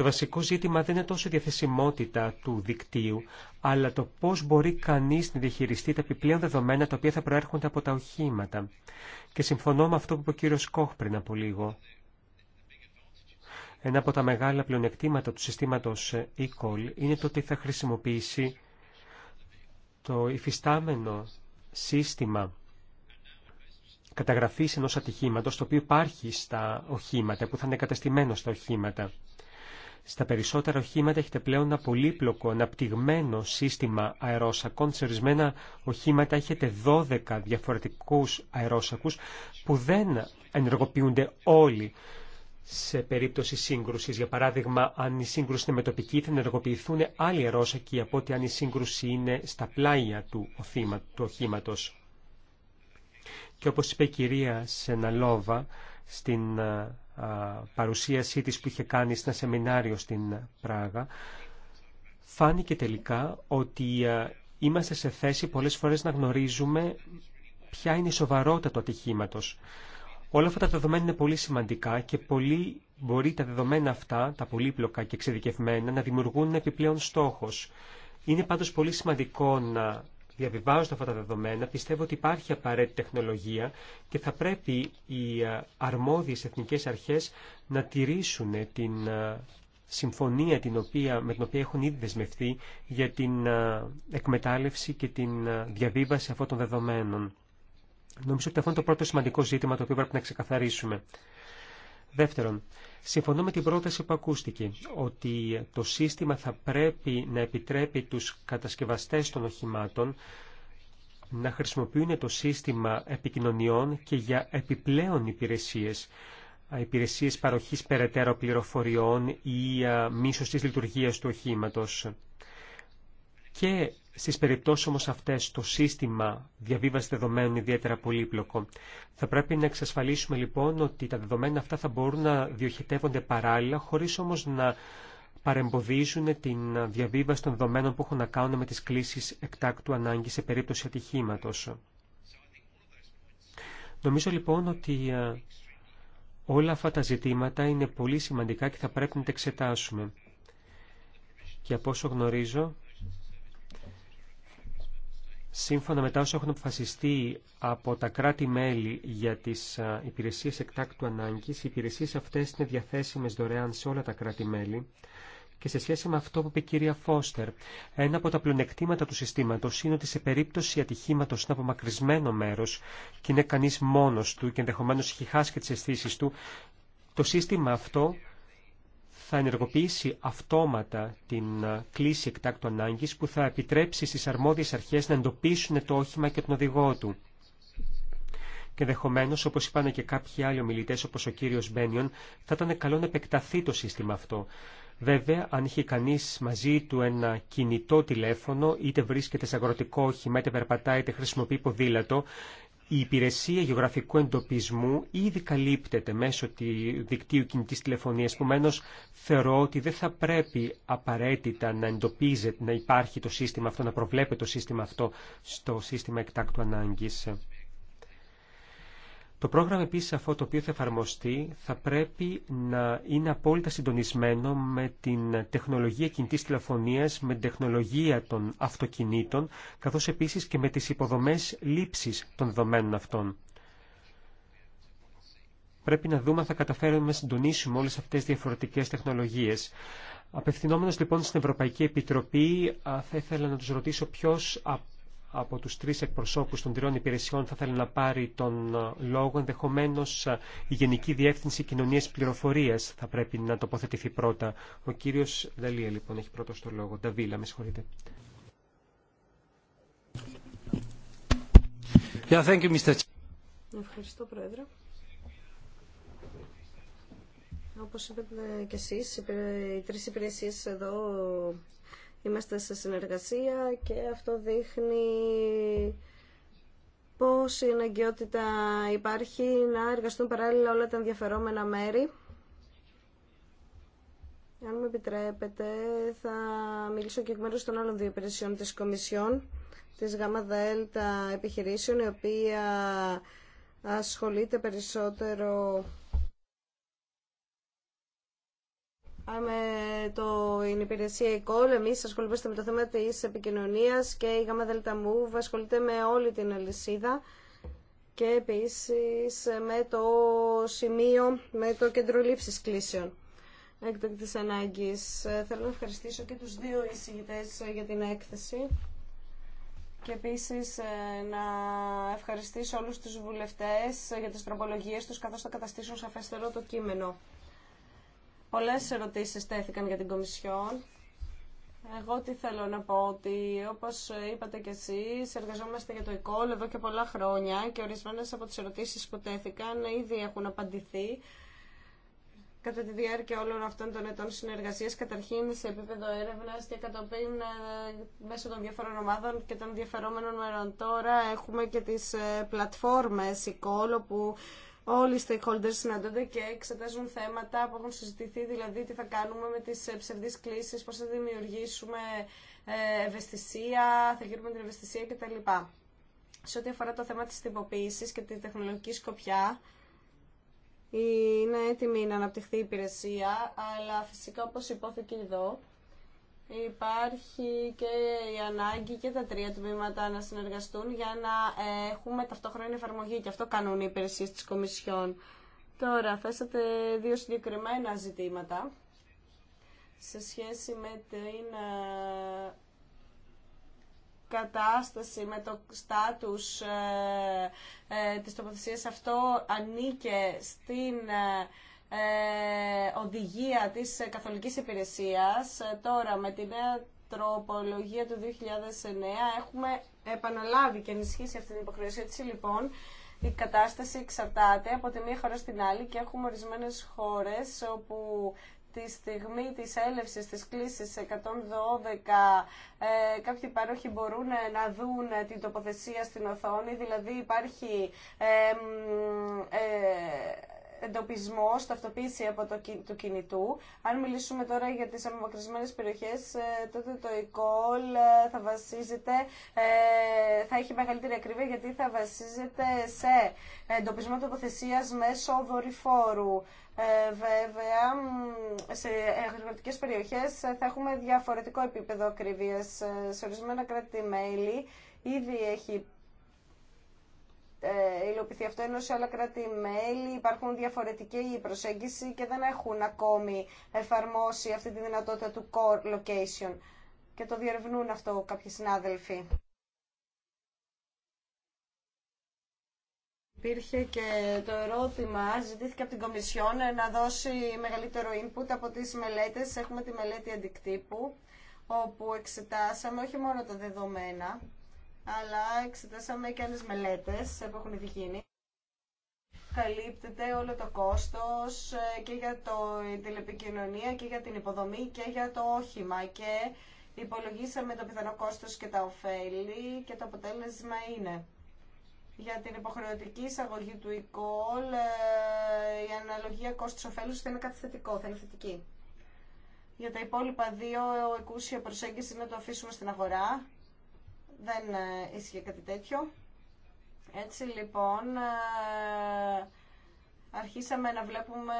Το βασικό ζήτημα δεν είναι τόσο η διαθεσιμότητα του δικτύου, αλλά το πώς μπορεί κανείς να διαχειριστεί τα επιπλέον δεδομένα τα οποία θα προέρχονται από τα οχήματα. Και συμφωνώ με αυτό που είπε ο κύριο Κόχ πριν από λίγο. Ένα από τα μεγάλα πλεονεκτήματα του συστήματος είναι το ότι θα χρησιμοποιήσει το υφιστάμενο σύστημα καταγραφής ενός ατυχήματος, το οποίο υπάρχει στα οχήματα, που θα είναι εγκαταστημένο στα οχήματα. Στα περισσότερα οχήματα έχετε πλέον ένα πολύπλοκο, αναπτυγμένο σύστημα αερόσακων. Σε ορισμένα οχήματα έχετε 12 διαφορετικούς αερόσακους που δεν ενεργοποιούνται όλοι σε περίπτωση σύγκρουσης. Για παράδειγμα, αν η σύγκρουση είναι μετοπική, θα ενεργοποιηθούν άλλοι αερόσακοι από ότι αν η σύγκρουση είναι στα πλάγια του, οχήματος. Και όπως είπε η κυρία Σεναλόβα, στην ε, παρουσίασή της που είχε κάνει σε ένα σεμινάριο στην Πράγα, φάνηκε τελικά ότι ε, είμαστε σε θέση πολλές φορές να γνωρίζουμε ποια είναι η σοβαρότητα του ατυχήματος. Όλα αυτά τα δεδομένα είναι πολύ σημαντικά και πολύ μπορεί τα δεδομένα αυτά, τα πολύπλοκα και εξειδικευμένα, να δημιουργούν επιπλέον στόχος. Είναι πάντως πολύ σημαντικό να διαβιβάζονται αυτά τα δεδομένα, πιστεύω ότι υπάρχει απαραίτητη τεχνολογία και θα πρέπει οι αρμόδιες εθνικές αρχές να τηρήσουν την συμφωνία την οποία, με την οποία έχουν ήδη δεσμευτεί για την εκμετάλλευση και την διαβίβαση αυτών των δεδομένων. Νομίζω ότι αυτό είναι το πρώτο σημαντικό ζήτημα το οποίο πρέπει να ξεκαθαρίσουμε. Δεύτερον, συμφωνώ με την πρόταση που ακούστηκε, ότι το σύστημα θα πρέπει να επιτρέπει τους κατασκευαστές των οχημάτων να χρησιμοποιούν το σύστημα επικοινωνιών και για επιπλέον υπηρεσίες υπηρεσίες παροχής περαιτέρω πληροφοριών ή μίσος της λειτουργίας του οχήματος και στις περιπτώσεις όμως αυτές το σύστημα διαβίβαση δεδομένων είναι ιδιαίτερα πολύπλοκο. Θα πρέπει να εξασφαλίσουμε λοιπόν ότι τα δεδομένα αυτά θα μπορούν να διοχετεύονται παράλληλα χωρίς όμως να παρεμποδίζουν την διαβίβαση των δεδομένων που έχουν να κάνουν με τις κλήσεις εκτάκτου ανάγκη σε περίπτωση ατυχήματος. Νομίζω λοιπόν ότι ε, όλα αυτά τα ζητήματα είναι πολύ σημαντικά και θα πρέπει να τα εξετάσουμε. Και από όσο γνωρίζω, Σύμφωνα με τα όσα έχουν αποφασιστεί από τα κράτη-μέλη για τις υπηρεσίες εκτάκτου ανάγκης, οι υπηρεσίες αυτές είναι διαθέσιμες δωρεάν σε όλα τα κράτη-μέλη και σε σχέση με αυτό που είπε η κυρία Φώστερ, ένα από τα πλονεκτήματα του συστήματος είναι ότι σε περίπτωση ατυχήματος είναι απομακρυσμένο μέρος και είναι κανείς μόνος του και ενδεχομένως έχει χάσει και τις αισθήσει του, το σύστημα αυτό θα ενεργοποιήσει αυτόματα την κλίση εκτάκτου ανάγκης που θα επιτρέψει στις αρμόδιες αρχές να εντοπίσουν το όχημα και τον οδηγό του. Και ενδεχομένω, όπω είπαν και κάποιοι άλλοι ομιλητέ, όπω ο κύριο Μπένιον, θα ήταν καλό να επεκταθεί το σύστημα αυτό. Βέβαια, αν έχει κανεί μαζί του ένα κινητό τηλέφωνο, είτε βρίσκεται σε αγροτικό όχημα, είτε περπατάει, είτε χρησιμοποιεί ποδήλατο, η υπηρεσία γεωγραφικού εντοπισμού ήδη καλύπτεται μέσω του δικτύου κινητής τηλεφωνίας, επομένω θεωρώ ότι δεν θα πρέπει απαραίτητα να εντοπίζεται, να υπάρχει το σύστημα αυτό, να προβλέπεται το σύστημα αυτό στο σύστημα εκτάκτου ανάγκης. Το πρόγραμμα επίσης αυτό το οποίο θα εφαρμοστεί θα πρέπει να είναι απόλυτα συντονισμένο με την τεχνολογία κινητής τηλεφωνίας, με την τεχνολογία των αυτοκινήτων, καθώς επίσης και με τις υποδομές λήψης των δεδομένων αυτών. Πρέπει να δούμε αν θα καταφέρουμε να συντονίσουμε όλες αυτές τις διαφορετικές τεχνολογίες. Απευθυνόμενος λοιπόν στην Ευρωπαϊκή Επιτροπή, θα ήθελα να τους ρωτήσω ποιος από από τους τρεις εκπροσώπους των τριών υπηρεσιών θα θέλει να πάρει τον ε, λόγο. Ενδεχομένως ε, η Γενική Διεύθυνση Κοινωνίας Πληροφορίας θα πρέπει να τοποθετηθεί πρώτα. Ο κύριος Δαλία λοιπόν έχει πρώτο στο λόγο. Νταβίλα, με συγχωρείτε. Yeah, thank you, Mr. Ευχαριστώ, Πρόεδρε. Όπως είπατε και εσείς, οι τρεις υπηρεσίες εδώ Είμαστε σε συνεργασία και αυτό δείχνει πώς η αναγκαιότητα υπάρχει να εργαστούν παράλληλα όλα τα ενδιαφερόμενα μέρη. Αν μου επιτρέπετε, θα μιλήσω και εκ μέρους των άλλων δύο υπηρεσιών της Κομισιόν, της ΓΑΜΑ ΔΕΛΤΑ επιχειρήσεων, η οποία ασχολείται περισσότερο με το, την υπηρεσία e-call, Εμεί ασχολούμαστε με το θέμα της επικοινωνία και η ΓΑΜΑ ΔΕΛΤΑ ασχολείται με όλη την αλυσίδα και επίσης με το σημείο, με το κέντρο λήψη κλήσεων έκτακτη ανάγκης. Θέλω να ευχαριστήσω και τους δύο εισηγητές για την έκθεση και επίσης ε, να ευχαριστήσω όλους τους βουλευτές για τις τροπολογίες τους καθώς θα καταστήσουν σαφέστερο το κείμενο. Πολλές ερωτήσεις τέθηκαν για την Κομισιόν. Εγώ τι θέλω να πω, ότι όπως είπατε κι εσείς, εργαζόμαστε για το ECOL εδώ και πολλά χρόνια και ορισμένες από τις ερωτήσεις που τέθηκαν ήδη έχουν απαντηθεί κατά τη διάρκεια όλων αυτών των ετών συνεργασίας, καταρχήν σε επίπεδο έρευνας και κατόπιν ε, μέσω των διαφορών ομάδων και των διαφερόμενων μερών. Τώρα έχουμε και τις ε, πλατφόρμες ECOL, όπου όλοι οι stakeholders συναντώνται και εξετάζουν θέματα που έχουν συζητηθεί, δηλαδή τι θα κάνουμε με τις ε, ψευδείς κλήσεις, πώς θα δημιουργήσουμε ε, ευαισθησία, θα γύρουμε την ευαισθησία κτλ. Σε ό,τι αφορά το θέμα της τυποποίησης και τη τεχνολογική σκοπιά, είναι έτοιμη να αναπτυχθεί η υπηρεσία, αλλά φυσικά όπως υπόθηκε εδώ, υπάρχει και η ανάγκη και τα τρία τμήματα να συνεργαστούν για να έχουμε ταυτόχρονη εφαρμογή και αυτό κάνουν οι υπηρεσίε της Κομισιόν. Τώρα, θέσατε δύο συγκεκριμένα ζητήματα σε σχέση με την ε, κατάσταση με το στάτους ε, ε, της τοποθεσίας αυτό ανήκε στην ε, ε, οδηγία της καθολικής υπηρεσίας. Ε, τώρα με την νέα τροπολογία του 2009 έχουμε επαναλάβει και ενισχύσει αυτή την υποχρεωσία. Έτσι λοιπόν η κατάσταση εξαρτάται από τη μία χώρα στην άλλη και έχουμε ορισμένες χώρες όπου τη στιγμή της έλευσης της κλήσης 112 ε, κάποιοι πάροχοι μπορούν να δουν την τοποθεσία στην οθόνη, δηλαδή υπάρχει ε, ε εντοπισμό, ταυτοποίηση από το, του κινητού. Αν μιλήσουμε τώρα για τις απομακρυσμένες περιοχές, ε, τότε το e-call ε, θα βασίζεται, ε, θα έχει μεγαλύτερη ακρίβεια γιατί θα βασίζεται σε εντοπισμό τοποθεσία μέσω δορυφόρου. βέβαια, σε αγροτικές περιοχές θα έχουμε διαφορετικό επίπεδο ακρίβειας. Σε ορισμένα κράτη-μέλη ήδη έχει ε, υλοποιηθεί αυτό, ενώ σε άλλα κράτη-μέλη υπάρχουν διαφορετική προσέγγιση και δεν έχουν ακόμη εφαρμόσει αυτή τη δυνατότητα του core location. Και το διερευνούν αυτό κάποιοι συνάδελφοι. Υπήρχε και το ερώτημα, ζητήθηκε από την Κομισιόν να δώσει μεγαλύτερο input από τις μελέτες. Έχουμε τη μελέτη αντικτύπου, όπου εξετάσαμε όχι μόνο τα δεδομένα, αλλά εξετάσαμε και άλλες μελέτες που έχουν ήδη γίνει. Καλύπτεται όλο το κόστος ε, και για το, τηλεπικοινωνία και για την υποδομή και για το όχημα και υπολογίσαμε το πιθανό κόστος και τα ωφέλη και το αποτέλεσμα είναι για την υποχρεωτική εισαγωγή του e-call ε, η αναλογία κόστος ωφέλους θα είναι κάτι είναι θετική. Για τα υπόλοιπα δύο, ε, ο εκούσια προσέγγιση είναι να το αφήσουμε στην αγορά δεν ε, ίσχυε κάτι τέτοιο. Έτσι λοιπόν ε, αρχίσαμε να βλέπουμε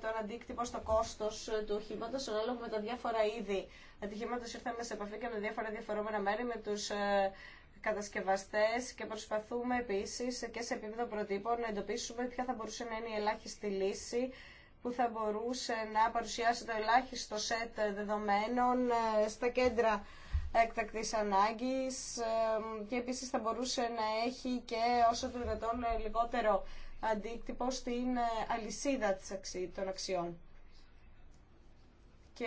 τον αντίκτυπο στο κόστος του οχήματο ανάλογα με τα διάφορα είδη ατυχήματο. Ήρθαμε σε επαφή και με διάφορα διαφορούμενα μέρη, με τους ε, κατασκευαστές και προσπαθούμε επίσης και σε επίπεδο προτύπων να εντοπίσουμε ποια θα μπορούσε να είναι η ελάχιστη λύση που θα μπορούσε να παρουσιάσει το ελάχιστο σετ δεδομένων στα κέντρα έκτακτης ανάγκης και επίσης θα μπορούσε να έχει και όσο το δυνατόν λιγότερο αντίκτυπο στην ε, αλυσίδα των αξιών. Και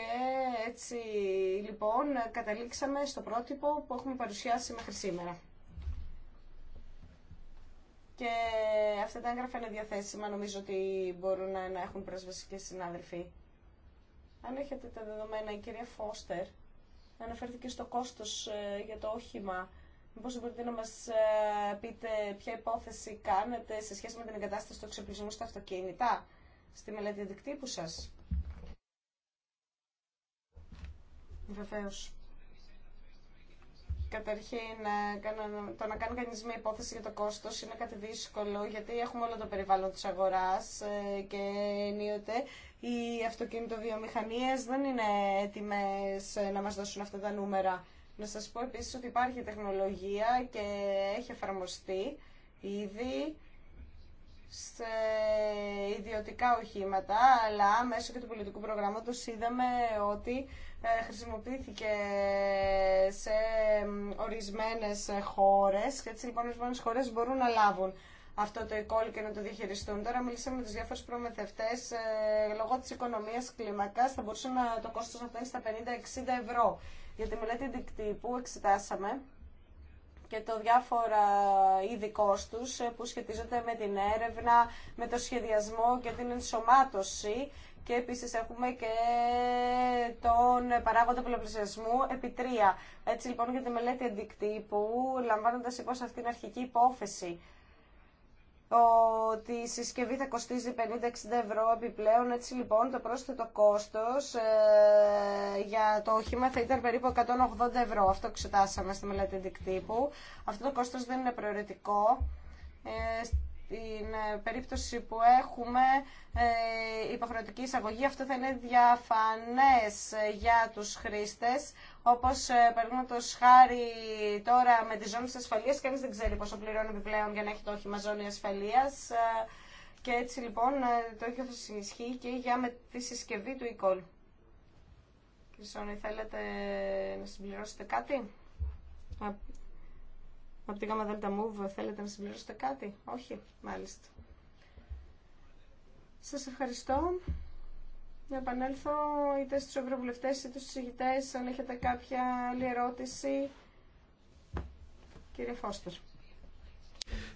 έτσι λοιπόν καταλήξαμε στο πρότυπο που έχουμε παρουσιάσει μέχρι σήμερα. Και αυτά τα έγγραφα είναι διαθέσιμα, νομίζω ότι μπορούν να έχουν πρόσβαση και συνάδελφοι. Αν έχετε τα δεδομένα, η κυρία Φώστερ αναφέρθηκε στο κόστος ε, για το όχημα. Μήπως μπορείτε να μας ε, πείτε ποια υπόθεση κάνετε σε σχέση με την εγκατάσταση του εξοπλισμού στα αυτοκίνητα, στη μελέτη δικτύπου σας. Βεβαίω. Καταρχήν, ε, το να κάνει κανείς μια υπόθεση για το κόστος είναι κάτι δύσκολο, γιατί έχουμε όλο το περιβάλλον τη αγορά και ενίοτε οι αυτοκινητοβιομηχανίες δεν είναι έτοιμες να μας δώσουν αυτά τα νούμερα. Να σας πω επίσης ότι υπάρχει τεχνολογία και έχει εφαρμοστεί ήδη σε ιδιωτικά οχήματα, αλλά μέσω και του πολιτικού προγράμματος είδαμε ότι ε, χρησιμοποιήθηκε σε ορισμένες χώρες και έτσι λοιπόν ορισμένες χώρες μπορούν να λάβουν αυτό το e και να το διαχειριστούν. Τώρα μιλήσαμε με του διάφορου προμηθευτέ. Ε, λόγω τη οικονομία κλίμακα θα μπορούσε να, το κόστο να φτάνει στα 50-60 ευρώ. Για τη μελέτη δικτύπου εξετάσαμε και το διάφορα είδη κόστου ε, που σχετίζονται με την έρευνα, με το σχεδιασμό και την ενσωμάτωση. Και επίσης έχουμε και τον παράγοντα πολλαπλασιασμού επί τρία. Έτσι λοιπόν για τη μελέτη αντικτύπου, λαμβάνοντας υπόψη αυτήν την αρχική υπόθεση ότι η συσκευή θα κοστίζει 50-60 ευρώ επιπλέον, έτσι λοιπόν το πρόσθετο κόστος ε, για το όχημα θα ήταν περίπου 180 ευρώ. Αυτό εξετάσαμε στη μελέτη δικτύπου. Αυτό το κόστος δεν είναι προαιρετικό. Ε, στην ε, περίπτωση που έχουμε ε, υποχρεωτική εισαγωγή, αυτό θα είναι διαφανές ε, για τους χρήστες Όπω, ε, παραδείγματο χάρη τώρα με τι ζώνες ασφαλεία. Κανεί δεν ξέρει πόσο πληρώνει επιπλέον για να έχει το όχημα ζώνη ασφαλεία. Ε, και έτσι λοιπόν ε, το ίδιο θα συνισχύει και για με τη συσκευή του e-call. Κύριε θέλετε να συμπληρώσετε κάτι? Από την γάμα Move θέλετε να συμπληρώσετε κάτι? Όχι, μάλιστα. Σας ευχαριστώ να επανέλθω είτε στους ευρωβουλευτές είτε στους συζητητές αν έχετε κάποια άλλη ερώτηση. Κύριε Φώστερ.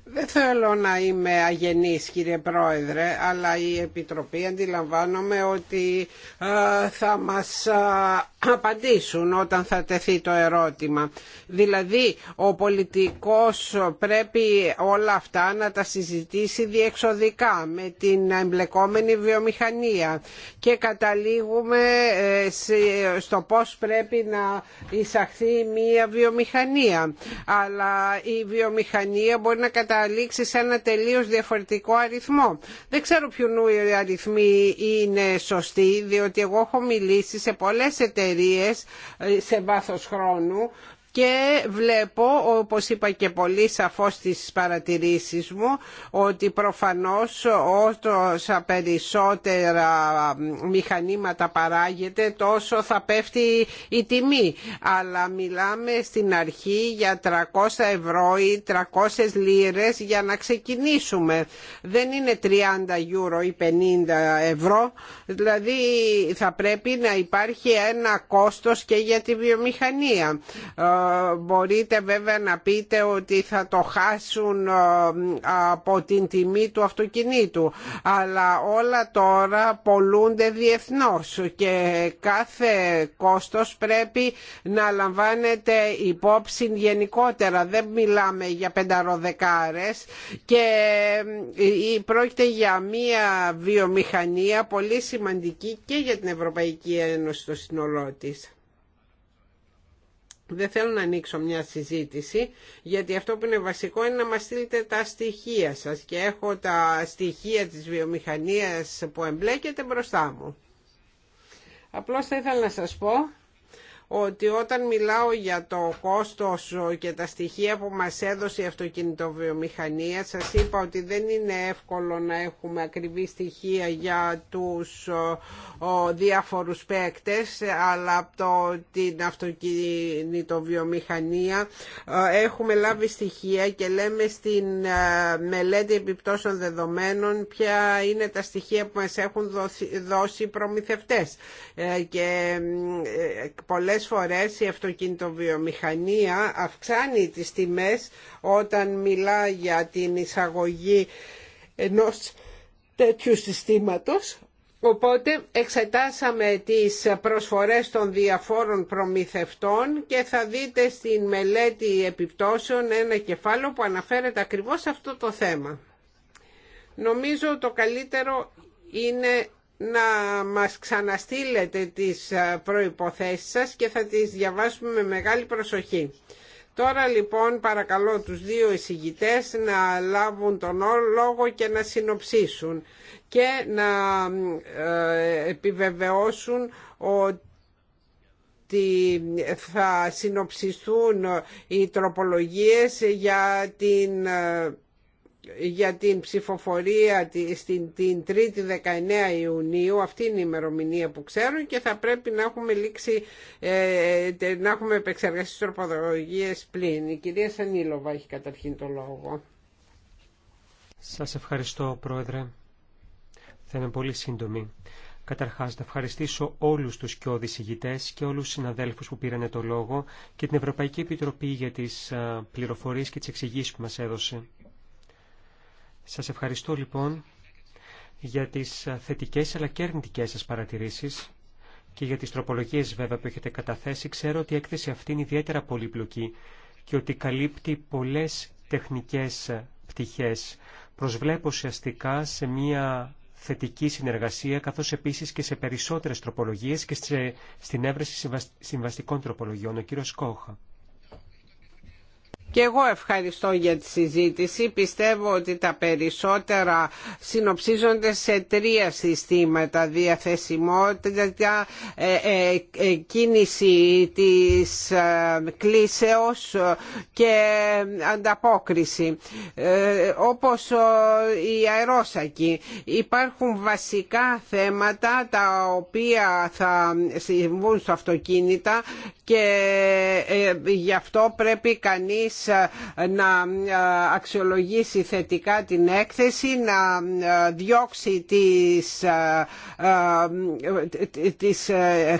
Δεν θέλω να είμαι αγενής κύριε Πρόεδρε, αλλά η Επιτροπή αντιλαμβάνομαι ότι ε, θα μας ε, απαντήσουν όταν θα τεθεί το ερώτημα. Δηλαδή ο πολιτικός πρέπει όλα αυτά να τα συζητήσει διεξοδικά με την εμπλεκόμενη βιομηχανία και καταλήγουμε ε, στο πώς πρέπει να εισαχθεί μία βιομηχανία. Αλλά η βιομηχανία μπορεί να καταλήξει σε ένα τελείως διαφορετικό αριθμό. Δεν ξέρω ποιον οι αριθμοί είναι σωστοί διότι εγώ έχω μιλήσει σε πολλές εταιρείες εταιρείε ε, σε βάθος χρόνου και βλέπω, όπως είπα και πολύ σαφώς στις παρατηρήσεις μου, ότι προφανώς όσο περισσότερα μηχανήματα παράγεται, τόσο θα πέφτει η τιμή. Αλλά μιλάμε στην αρχή για 300 ευρώ ή 300 λίρες για να ξεκινήσουμε. Δεν είναι 30 ευρώ ή 50 ευρώ, δηλαδή θα πρέπει να υπάρχει ένα κόστος και για τη βιομηχανία ε, μπορείτε βέβαια να πείτε ότι θα το χάσουν ε, από την τιμή του αυτοκινήτου αλλά όλα τώρα πολλούνται διεθνώς και κάθε κόστος πρέπει να λαμβάνεται υπόψη γενικότερα δεν μιλάμε για πενταροδεκάρες και ε, ε, πρόκειται για μία βιομηχανία πολύ σημαντική και για την Ευρωπαϊκή Ένωση στο σύνολό της. Δεν θέλω να ανοίξω μια συζήτηση, γιατί αυτό που είναι βασικό είναι να μας στείλετε τα στοιχεία σας και έχω τα στοιχεία της βιομηχανίας που εμπλέκεται μπροστά μου. Απλώς θα ήθελα να σας πω ότι όταν μιλάω για το κόστος και τα στοιχεία που μας έδωσε η αυτοκινητοβιομηχανία σας είπα ότι δεν είναι εύκολο να έχουμε ακριβή στοιχεία για τους διάφορους παίκτες αλλά από το, την αυτοκινητοβιομηχανία έχουμε λάβει στοιχεία και λέμε στην ε, μελέτη επιπτώσεων δεδομένων ποια είναι τα στοιχεία που μας έχουν δώσει οι προμηθευτές ε, και ε, πολλές φορές η αυτοκινητοβιομηχανία αυξάνει τις τιμές όταν μιλά για την εισαγωγή ενός τέτοιου συστήματος Οπότε εξετάσαμε τις προσφορές των διαφόρων προμηθευτών και θα δείτε στην μελέτη επιπτώσεων ένα κεφάλαιο που αναφέρεται ακριβώς σε αυτό το θέμα. Νομίζω το καλύτερο είναι να μας ξαναστείλετε τις ε, προϋποθέσεις σας και θα τις διαβάσουμε με μεγάλη προσοχή. Τώρα λοιπόν παρακαλώ τους δύο εισηγητές να λάβουν τον λόγο και να συνοψίσουν και να ε, επιβεβαιώσουν ότι θα συνοψιστούν οι τροπολογίες για την ε, για την ψηφοφορία στην την 3η 19 Ιουνίου αυτή είναι η ημερομηνία που ξέρω και θα πρέπει να έχουμε λήξει ε, να έχουμε επεξεργαστεί τροποδογίες πλήν η κυρία Σανίλοβα έχει καταρχήν το λόγο Σας ευχαριστώ πρόεδρε θα είμαι πολύ σύντομη Καταρχάς, να ευχαριστήσω όλους τους κοιόδης ηγητές και όλους τους συναδέλφους που πήραν το λόγο και την Ευρωπαϊκή Επιτροπή για τις ε, πληροφορίες και τις εξηγήσεις που μας έδωσε. Σας ευχαριστώ λοιπόν για τις θετικές αλλά και αρνητικές σας παρατηρήσεις και για τις τροπολογίες βέβαια που έχετε καταθέσει. Ξέρω ότι η έκθεση αυτή είναι ιδιαίτερα πολύπλοκη και ότι καλύπτει πολλές τεχνικές πτυχές. Προσβλέπω ουσιαστικά σε μια θετική συνεργασία, καθώς επίσης και σε περισσότερες τροπολογίες και σε, στην έβρεση συμβαστικών τροπολογιών. Ο κύριος Κόχα. Και εγώ ευχαριστώ για τη συζήτηση. Πιστεύω ότι τα περισσότερα συνοψίζονται σε τρία συστήματα. Διαθεσιμότητα, ε, ε, ε, κίνηση της κλίσεως και ανταπόκριση. Όπως η αερόσακη. Υπάρχουν βασικά θέματα τα οποία θα συμβούν στο αυτοκίνητα και ε, γι' αυτό πρέπει κανείς ε, να ε, αξιολογήσει θετικά την έκθεση, να διώξει τις, τις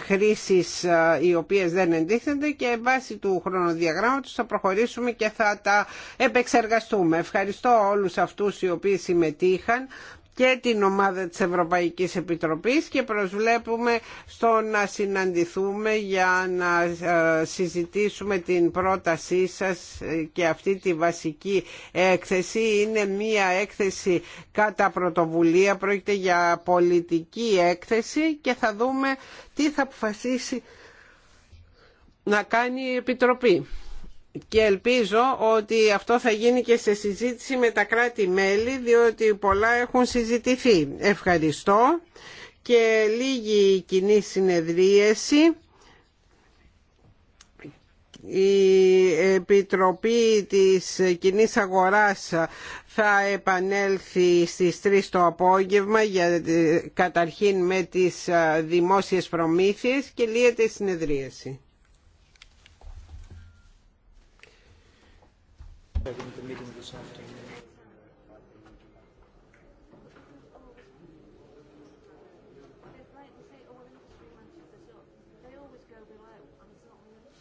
χρήσεις οι οποίες δεν ενδείχνονται και βάσει του χρονοδιαγράμματος θα προχωρήσουμε και θα τα επεξεργαστούμε. Ευχαριστώ όλους αυτούς οι οποίοι συμμετείχαν και την ομάδα της Ευρωπαϊκής Επιτροπής και προσβλέπουμε στο να συναντηθούμε για να ε, συζητήσουμε την πρότασή σας και αυτή τη βασική έκθεση. Είναι μία έκθεση κατά πρωτοβουλία, πρόκειται για πολιτική έκθεση και θα δούμε τι θα αποφασίσει να κάνει η Επιτροπή και ελπίζω ότι αυτό θα γίνει και σε συζήτηση με τα κράτη-μέλη διότι πολλά έχουν συζητηθεί. Ευχαριστώ και λίγη κοινή συνεδρίαση. Η Επιτροπή της κοινή Αγοράς θα επανέλθει στις 3 το απόγευμα για, καταρχήν με τις δημόσιες προμήθειες και λύεται η συνεδρίαση. with the meeting this afternoon.